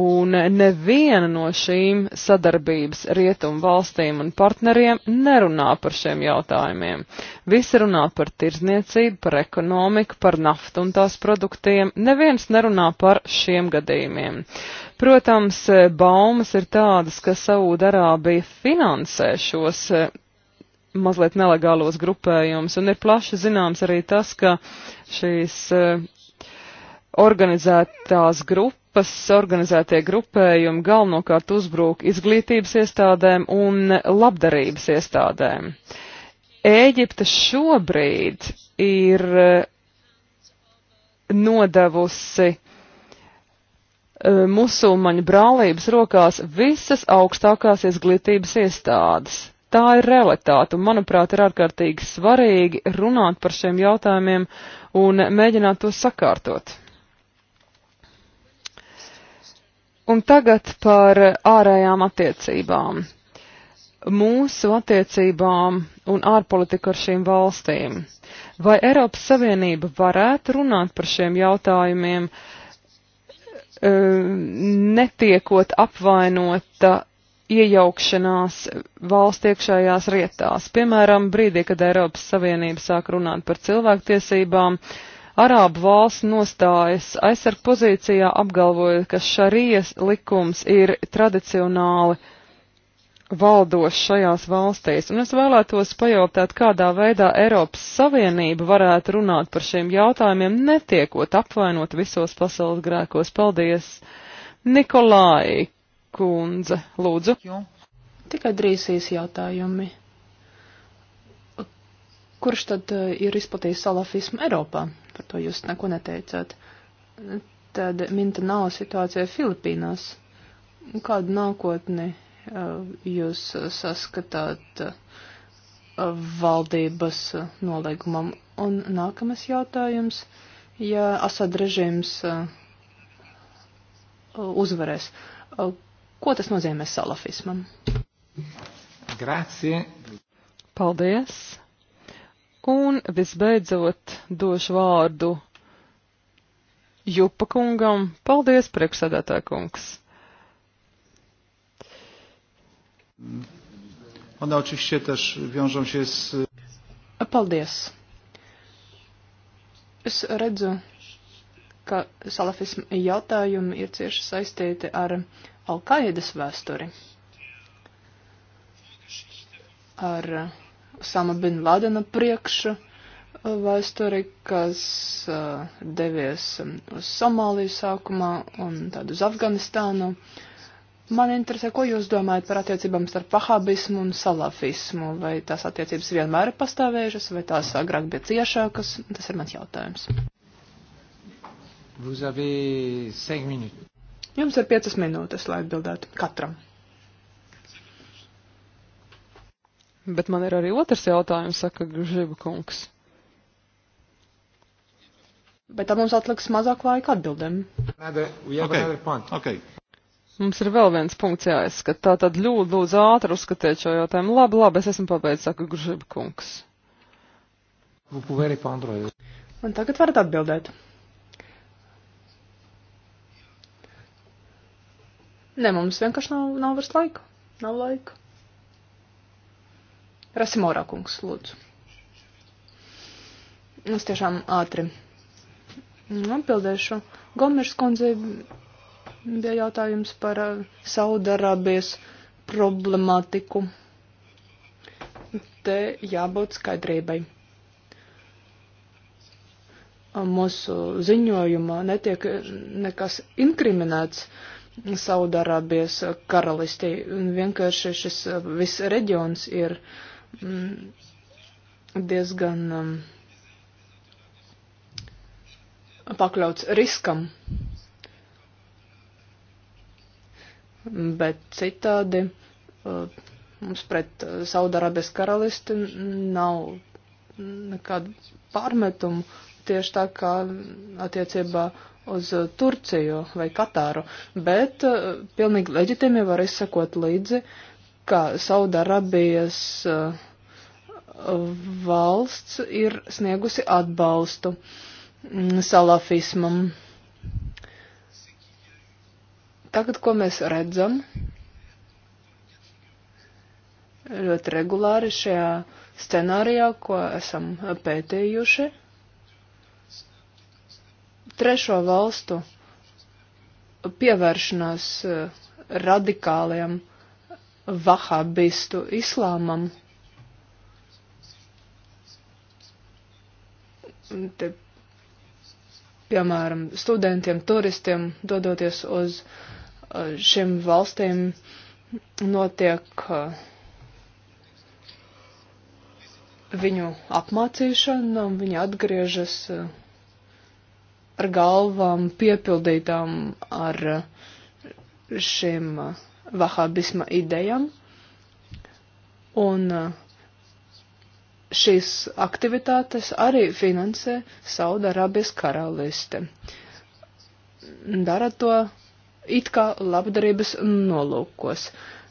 Un neviena no šīm sadarbības rietumu valstīm un partneriem nerunā par šiem jautājumiem. Visi runā par tirzniecību, par ekonomiku, par naftu un tās produktiem. Neviens nerunā par šiem gadījumiem. Protams, e, baumas ir tādas, ka Saūdarābija finansē šos e, mazliet nelegālos grupējumus, un ir plaši zināms arī tas, ka šīs e, organizētās grupas, organizētie grupējumi galvenokārt uzbrūk izglītības iestādēm un labdarības iestādēm. Ēģipte šobrīd ir nodevusi E, musulmaņu brālības rokās visas augstākās izglītības iestādes. Tā ir realitāte, un manuprāt, ir ārkārtīgi svarīgi runāt par šiem jautājumiem un mēģināt to sakārtot. Un tagad par ārējām attiecībām. Mūsu attiecībām un ārpolitiku ar šīm valstīm. Vai Eiropas Savienība varētu runāt par šiem jautājumiem? Uh, Ehm, netiekot apvainota iejaukšanās valsts iekšējās rietās. Piemēram, brīdī, kad Eiropas Savienība sāk runāt par cilvēktiesībām, Arābu valsts nostājas aizsarg pozīcijā apgalvoja, ka šarijas likums ir tradicionāli valdošs šajās valstīs, un es vēlētos pajautāt, kādā veidā Eiropas Savienība varētu runāt par šiem jautājumiem, netiekot apvainot visos pasaules grēkos. Paldies! Nikolai Kundze, lūdzu. Jo. Tikai drīz īsi jautājumi. Kurš tad eh, ir izplatījis salafismu Eiropā? Par to jūs neko neteicāt. Tad minta nav situācija Filipīnās. Kādu nākotni Eh, jūs saskatāt eh, valdības nolīgumam? Un nākamais jautājums, ja Asad režīms eh, uzvarēs, ko tas nozīmē salafismam? Grācie. Paldies. Un visbeidzot došu vārdu Jupa kungam. Paldies, priekšsēdētā kungs. One oczywiście też wiążą się z... Paldies. Es redzu, ka salafismu jautājumi ir cieši saistīti ar Alkaidas vēsturi, ar Sama Bin Ladena priekšu vēsturi, kas uh, devies um, uz Somāliju sākumā un tad uz Afganistānu. Uh, Man interesē, ko jūs domājat par attiecībām starp vahābismu un salafismu? Vai tās attiecības vienmēr ir pastāvējušas, vai tās agrāk bija ciešākas? Tas ir mans jautājums. Jums ir piecas minūtes, lai atbildētu katram. Bet man ir arī otrs jautājums, saka Gžiba kungs. Bet tad mums atliks mazāk laika atbildēm. Okay. Okay. Mums ir vēl viens punkts jāizskata. Tā tad ļūd, lūdzu ātri uzskatiet šo jautājumu. Labi, labi, es esmu pabeidzis, saka Gružiba kungs. Un tagad varat atbildēt. Nē, mums vienkārši nav, nav vairs laika. Nav laika. Rasimorā kungs, lūdzu. Es tiešām ātri atbildēšu. Gomers kundze bija jautājums par eh, Saudarābijas problemātiku. Te jābūt skaidrībai. Mūsu ziņojumā netiek eh, nekas inkriminēts Saudarābijas karalistī. Vienkārši šis eh, viss reģions ir mm, diezgan mm, pakļauts riskam bet citādi uh, mums pret Saudarabijas karalisti nav nekādu pārmetumu tieši tā kā attiecībā uz Turciju vai Katāru, bet uh, pilnīgi leģitimi var izsekot līdzi, ka Saudarabijas uh, valsts ir sniegusi atbalstu mm, salafismam. Tagad, ko mēs redzam, ļoti regulāri šajā scenārijā, ko esam pētījuši, trešo valstu pievēršanās eh, radikāliem vahabistu islāmam. Te, piemēram, studentiem, turistiem dodoties uz uh, šiem valstīm notiek e, viņu apmācīšana, un viņi atgriežas e, ar galvām piepildītām ar e, šiem vahābisma idejām. Un šīs aktivitātes arī finansē Saudarābijas karaliste. Dara to it kā labdarības nolūkos.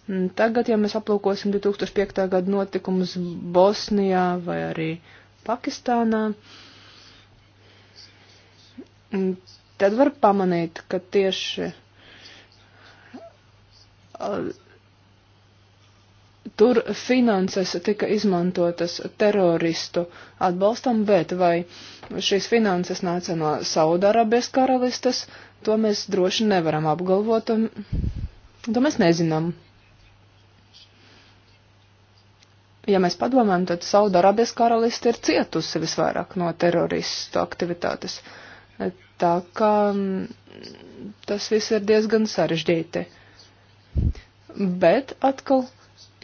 Mm, tagad, ja mēs aplūkosim 2005. gada notikumus Bosnijā vai arī Pakistānā, mm, tad var pamanīt, ka tieši tur finanses tika izmantotas teroristu atbalstam, bet vai šīs finanses nāca no Saudarabijas karalistes To mēs droši nevaram apgalvot, un to mēs nezinām. Ja mēs padomājam, tad Saudarābijas karaliste ir cietusi visvairāk no teroristu aktivitātes. Tā kā mm, tas viss ir diezgan sarežģīti. Bet atkal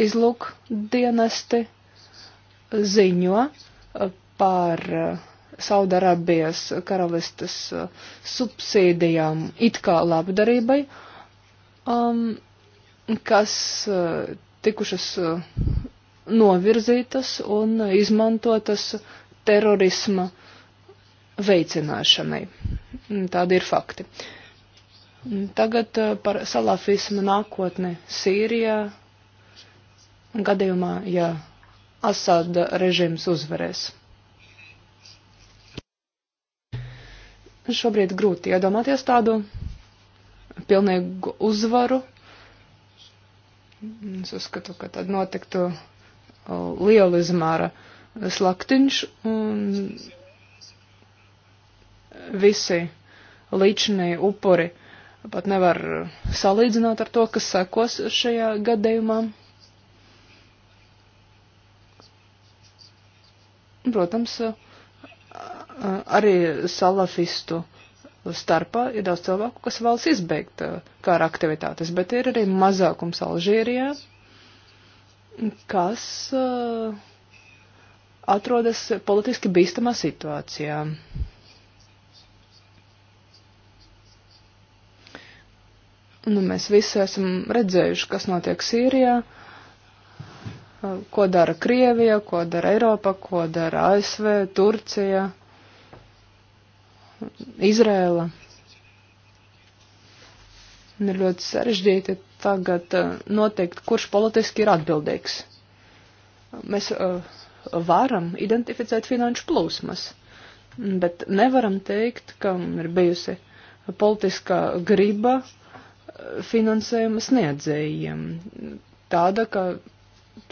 izlūk dienesti ziņo par uh, Saudarābijas karalistas uh, subsīdijām it kā labdarībai, um, kas uh, tikušas uh, novirzītas un izmantotas terorisma veicināšanai. Mm, tādi ir fakti. Mm, tagad uh, par salafismu nākotni Sīrijā gadījumā, ja Asada režīms uzvarēs. Šobrīd grūti iedomāties tādu pilnīgu uzvaru. Es uzskatu, ka tad notiktu uh, liela izmēra slaktiņš un visi līdšanai upuri pat nevar salīdzināt ar to, kas sekos šajā gadījumā. Protams, uh, Eh, arī salafistu starpā ir daudz cilvēku, kas vēlas izbeigt eh, kara aktivitātes, bet ir arī mazākums Alžīrijā, kas eh, atrodas politiski bīstamā situācijā. Nu, mēs visi esam redzējuši, kas notiek Sīrijā, ko dara Krievija, ko dara Eiropa, ko dara ASV, Turcija. Uh, Izrēla. Un ir ļoti sarežģīti tagad uh, noteikt, kurš politiski ir atbildīgs. Mēs uh, varam identificēt finanšu plūsmas, bet nevaram teikt, ka ir bijusi politiskā griba uh, finansējuma sniedzējiem. Tāda, ka,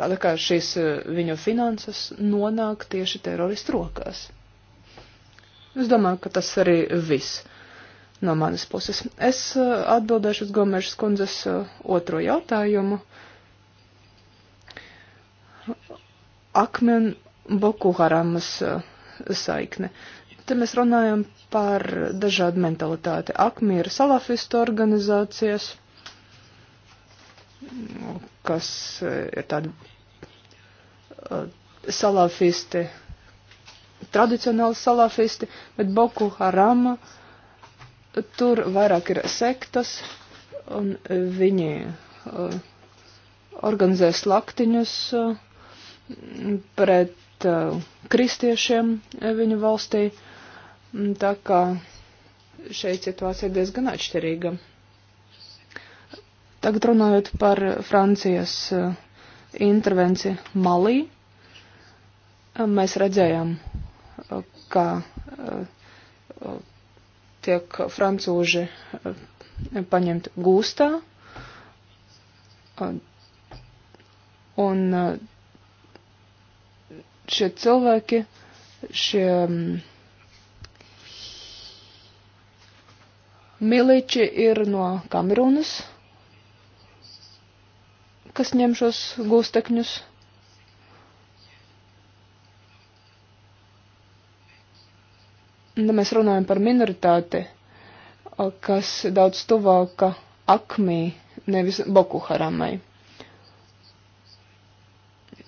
tāda, ka šīs uh, viņu finanses nonāk tieši teroristu rokās. Es domāju, ka tas arī viss no manas puses. Es uh, atbildēšu uz Gomešas kundzes uh, otro jautājumu. Akmen Bokuharamas uh, saikne. Te mēs runājam par dažādu mentalitāti. Akmi ir salafistu organizācijas, kas ir tādi salafisti tradicionāli salafisti, bet Boku Harama tur vairāk ir sektas, un viņi uh, organizē slaktiņus uh, pret uh, kristiešiem viņu valstī, tā kā šeit situācija ir diezgan atšķirīga. Tagad runājot par Francijas intervenciju Malī, mēs redzējām ka eh, tiek francūži eh, paņemti gūstā. Eh, un šie cilvēki, šie mm, miliči ir no Kamerūnas, kas ņem šos gūstekņus. nu, mēs runājam par minoritāti, kas daudz tuvāka akmī, nevis Boku Haramai.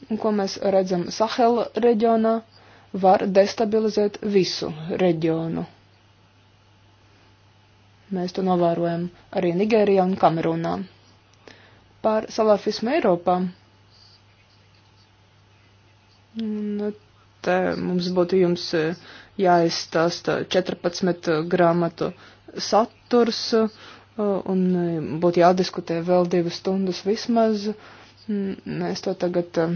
Un, ko mēs redzam Sahela reģionā, var destabilizēt visu reģionu. Mēs to novērojam arī Nigērijā un Kamerunā. Par salafismu Eiropā. Nu, te mums būtu jums uh, jāizstāsta 14 grāmatu saturs uh, un uh, būtu jādiskutē vēl divas stundas vismaz. Mm, es to tagad uh,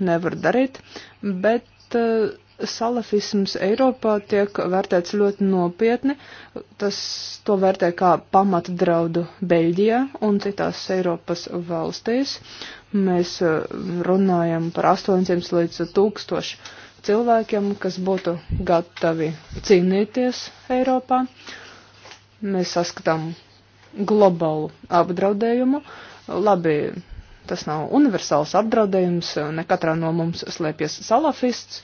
nevaru darīt, bet salafisms Eiropā tiek vērtēts ļoti nopietni. Tas to vērtē kā pamata draudu Beļģijā un citās Eiropas valstīs. Mēs runājam par 800 līdz 1000 cilvēkiem, kas būtu gatavi cīnīties Eiropā. Mēs saskatām globālu apdraudējumu. Labi, tas nav universāls apdraudējums, ne katrā no mums slēpjas salafists,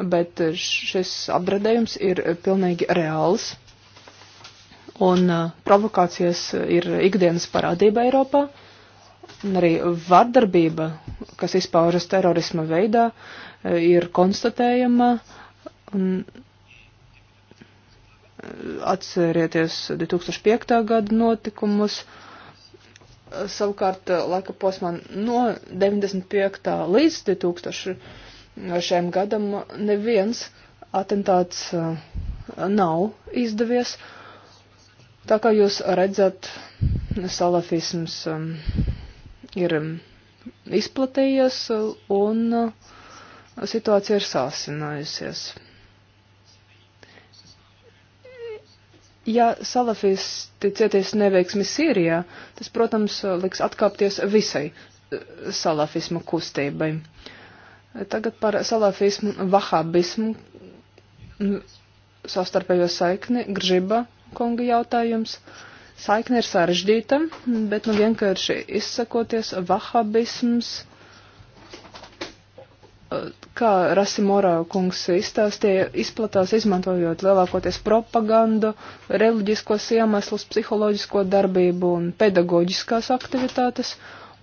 bet šis apdraudējums ir pilnīgi reāls. Un uh, provokācijas ir ikdienas parādība Eiropā un arī vardarbība, kas izpaužas terorisma veidā, ir konstatējama. Atcerieties 2005. gada notikumus. Savukārt eh, laika posmā no 95. līdz 2000 šajam gadam neviens atentāts eh, nav izdevies. Tā kā jūs redzat, salafisms eh, ir mm, izplatījies un uh, situācija ir sāsinājusies. Ja salafisti cietīs neveiksmi Sīrijā, tas, protams, liks atkāpties visai eh, salafismu kustībai. Tagad par salafismu un vahabismu mm, savstarpējo saikni Gžiba kunga jautājums. Saikne ir sarežģīta, bet nu vienkārši izsakoties vahabisms kā Rasimorā kungs izstāstīja, izplatās izmantojot lielākoties propagandu, reliģiskos iemeslus, psiholoģisko darbību un pedagoģiskās aktivitātes,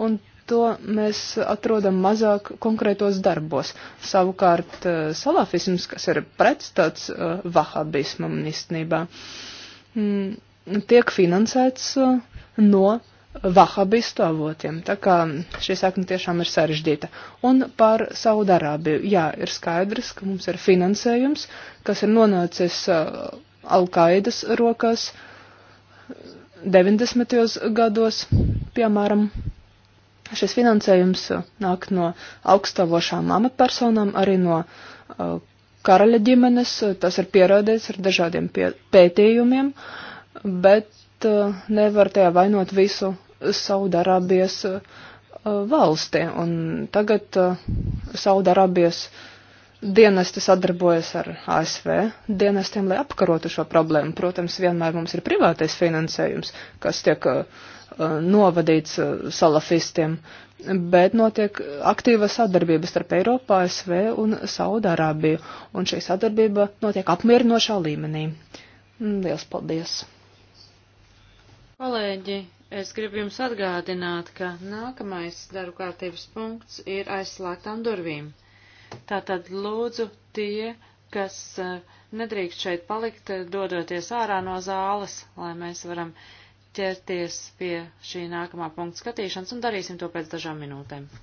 un to mēs atrodam mazāk konkrētos darbos. Savukārt eh, salafisms, kas ir pretstats eh, vahabismam īstenībā, mm, tiek finansēts eh, no vahabistu avotiem. Tā kā šī sakna tiešām ir sarežģīta. Un par Saudarābiju. Jā, ir skaidrs, ka mums ir finansējums, kas ir nonācis uh, Alkaidas rokās 90. gados, piemēram. Šis finansējums uh, nāk no augstavošām amatpersonām, arī no uh, karaļa ģimenes. Tas ir pierādīts ar dažādiem pie, pētījumiem, bet bet eh, nevar tajā vainot visu Saudarābijas eh, valsti. Un tagad eh, Saudarābijas dienesti sadarbojas ar ASV dienestiem, lai apkarotu šo problēmu. Protams, vienmēr mums ir privātais finansējums, kas tiek novadīts salafistiem, bet notiek aktīva sadarbība starp Eiropu, ASV un Saudārābiju, un šī sadarbība notiek apmierinošā līmenī. Liels paldies! Kolēģi, es gribu jums atgādināt, ka nākamais darba kārtības punkts ir aizslēgtām durvīm. Tātad lūdzu tie, kas eh, nedrīkst šeit palikt, eh, dodoties ārā no zāles, lai mēs varam ķerties pie šī nākamā punkta skatīšanas un darīsim to pēc dažām minūtēm.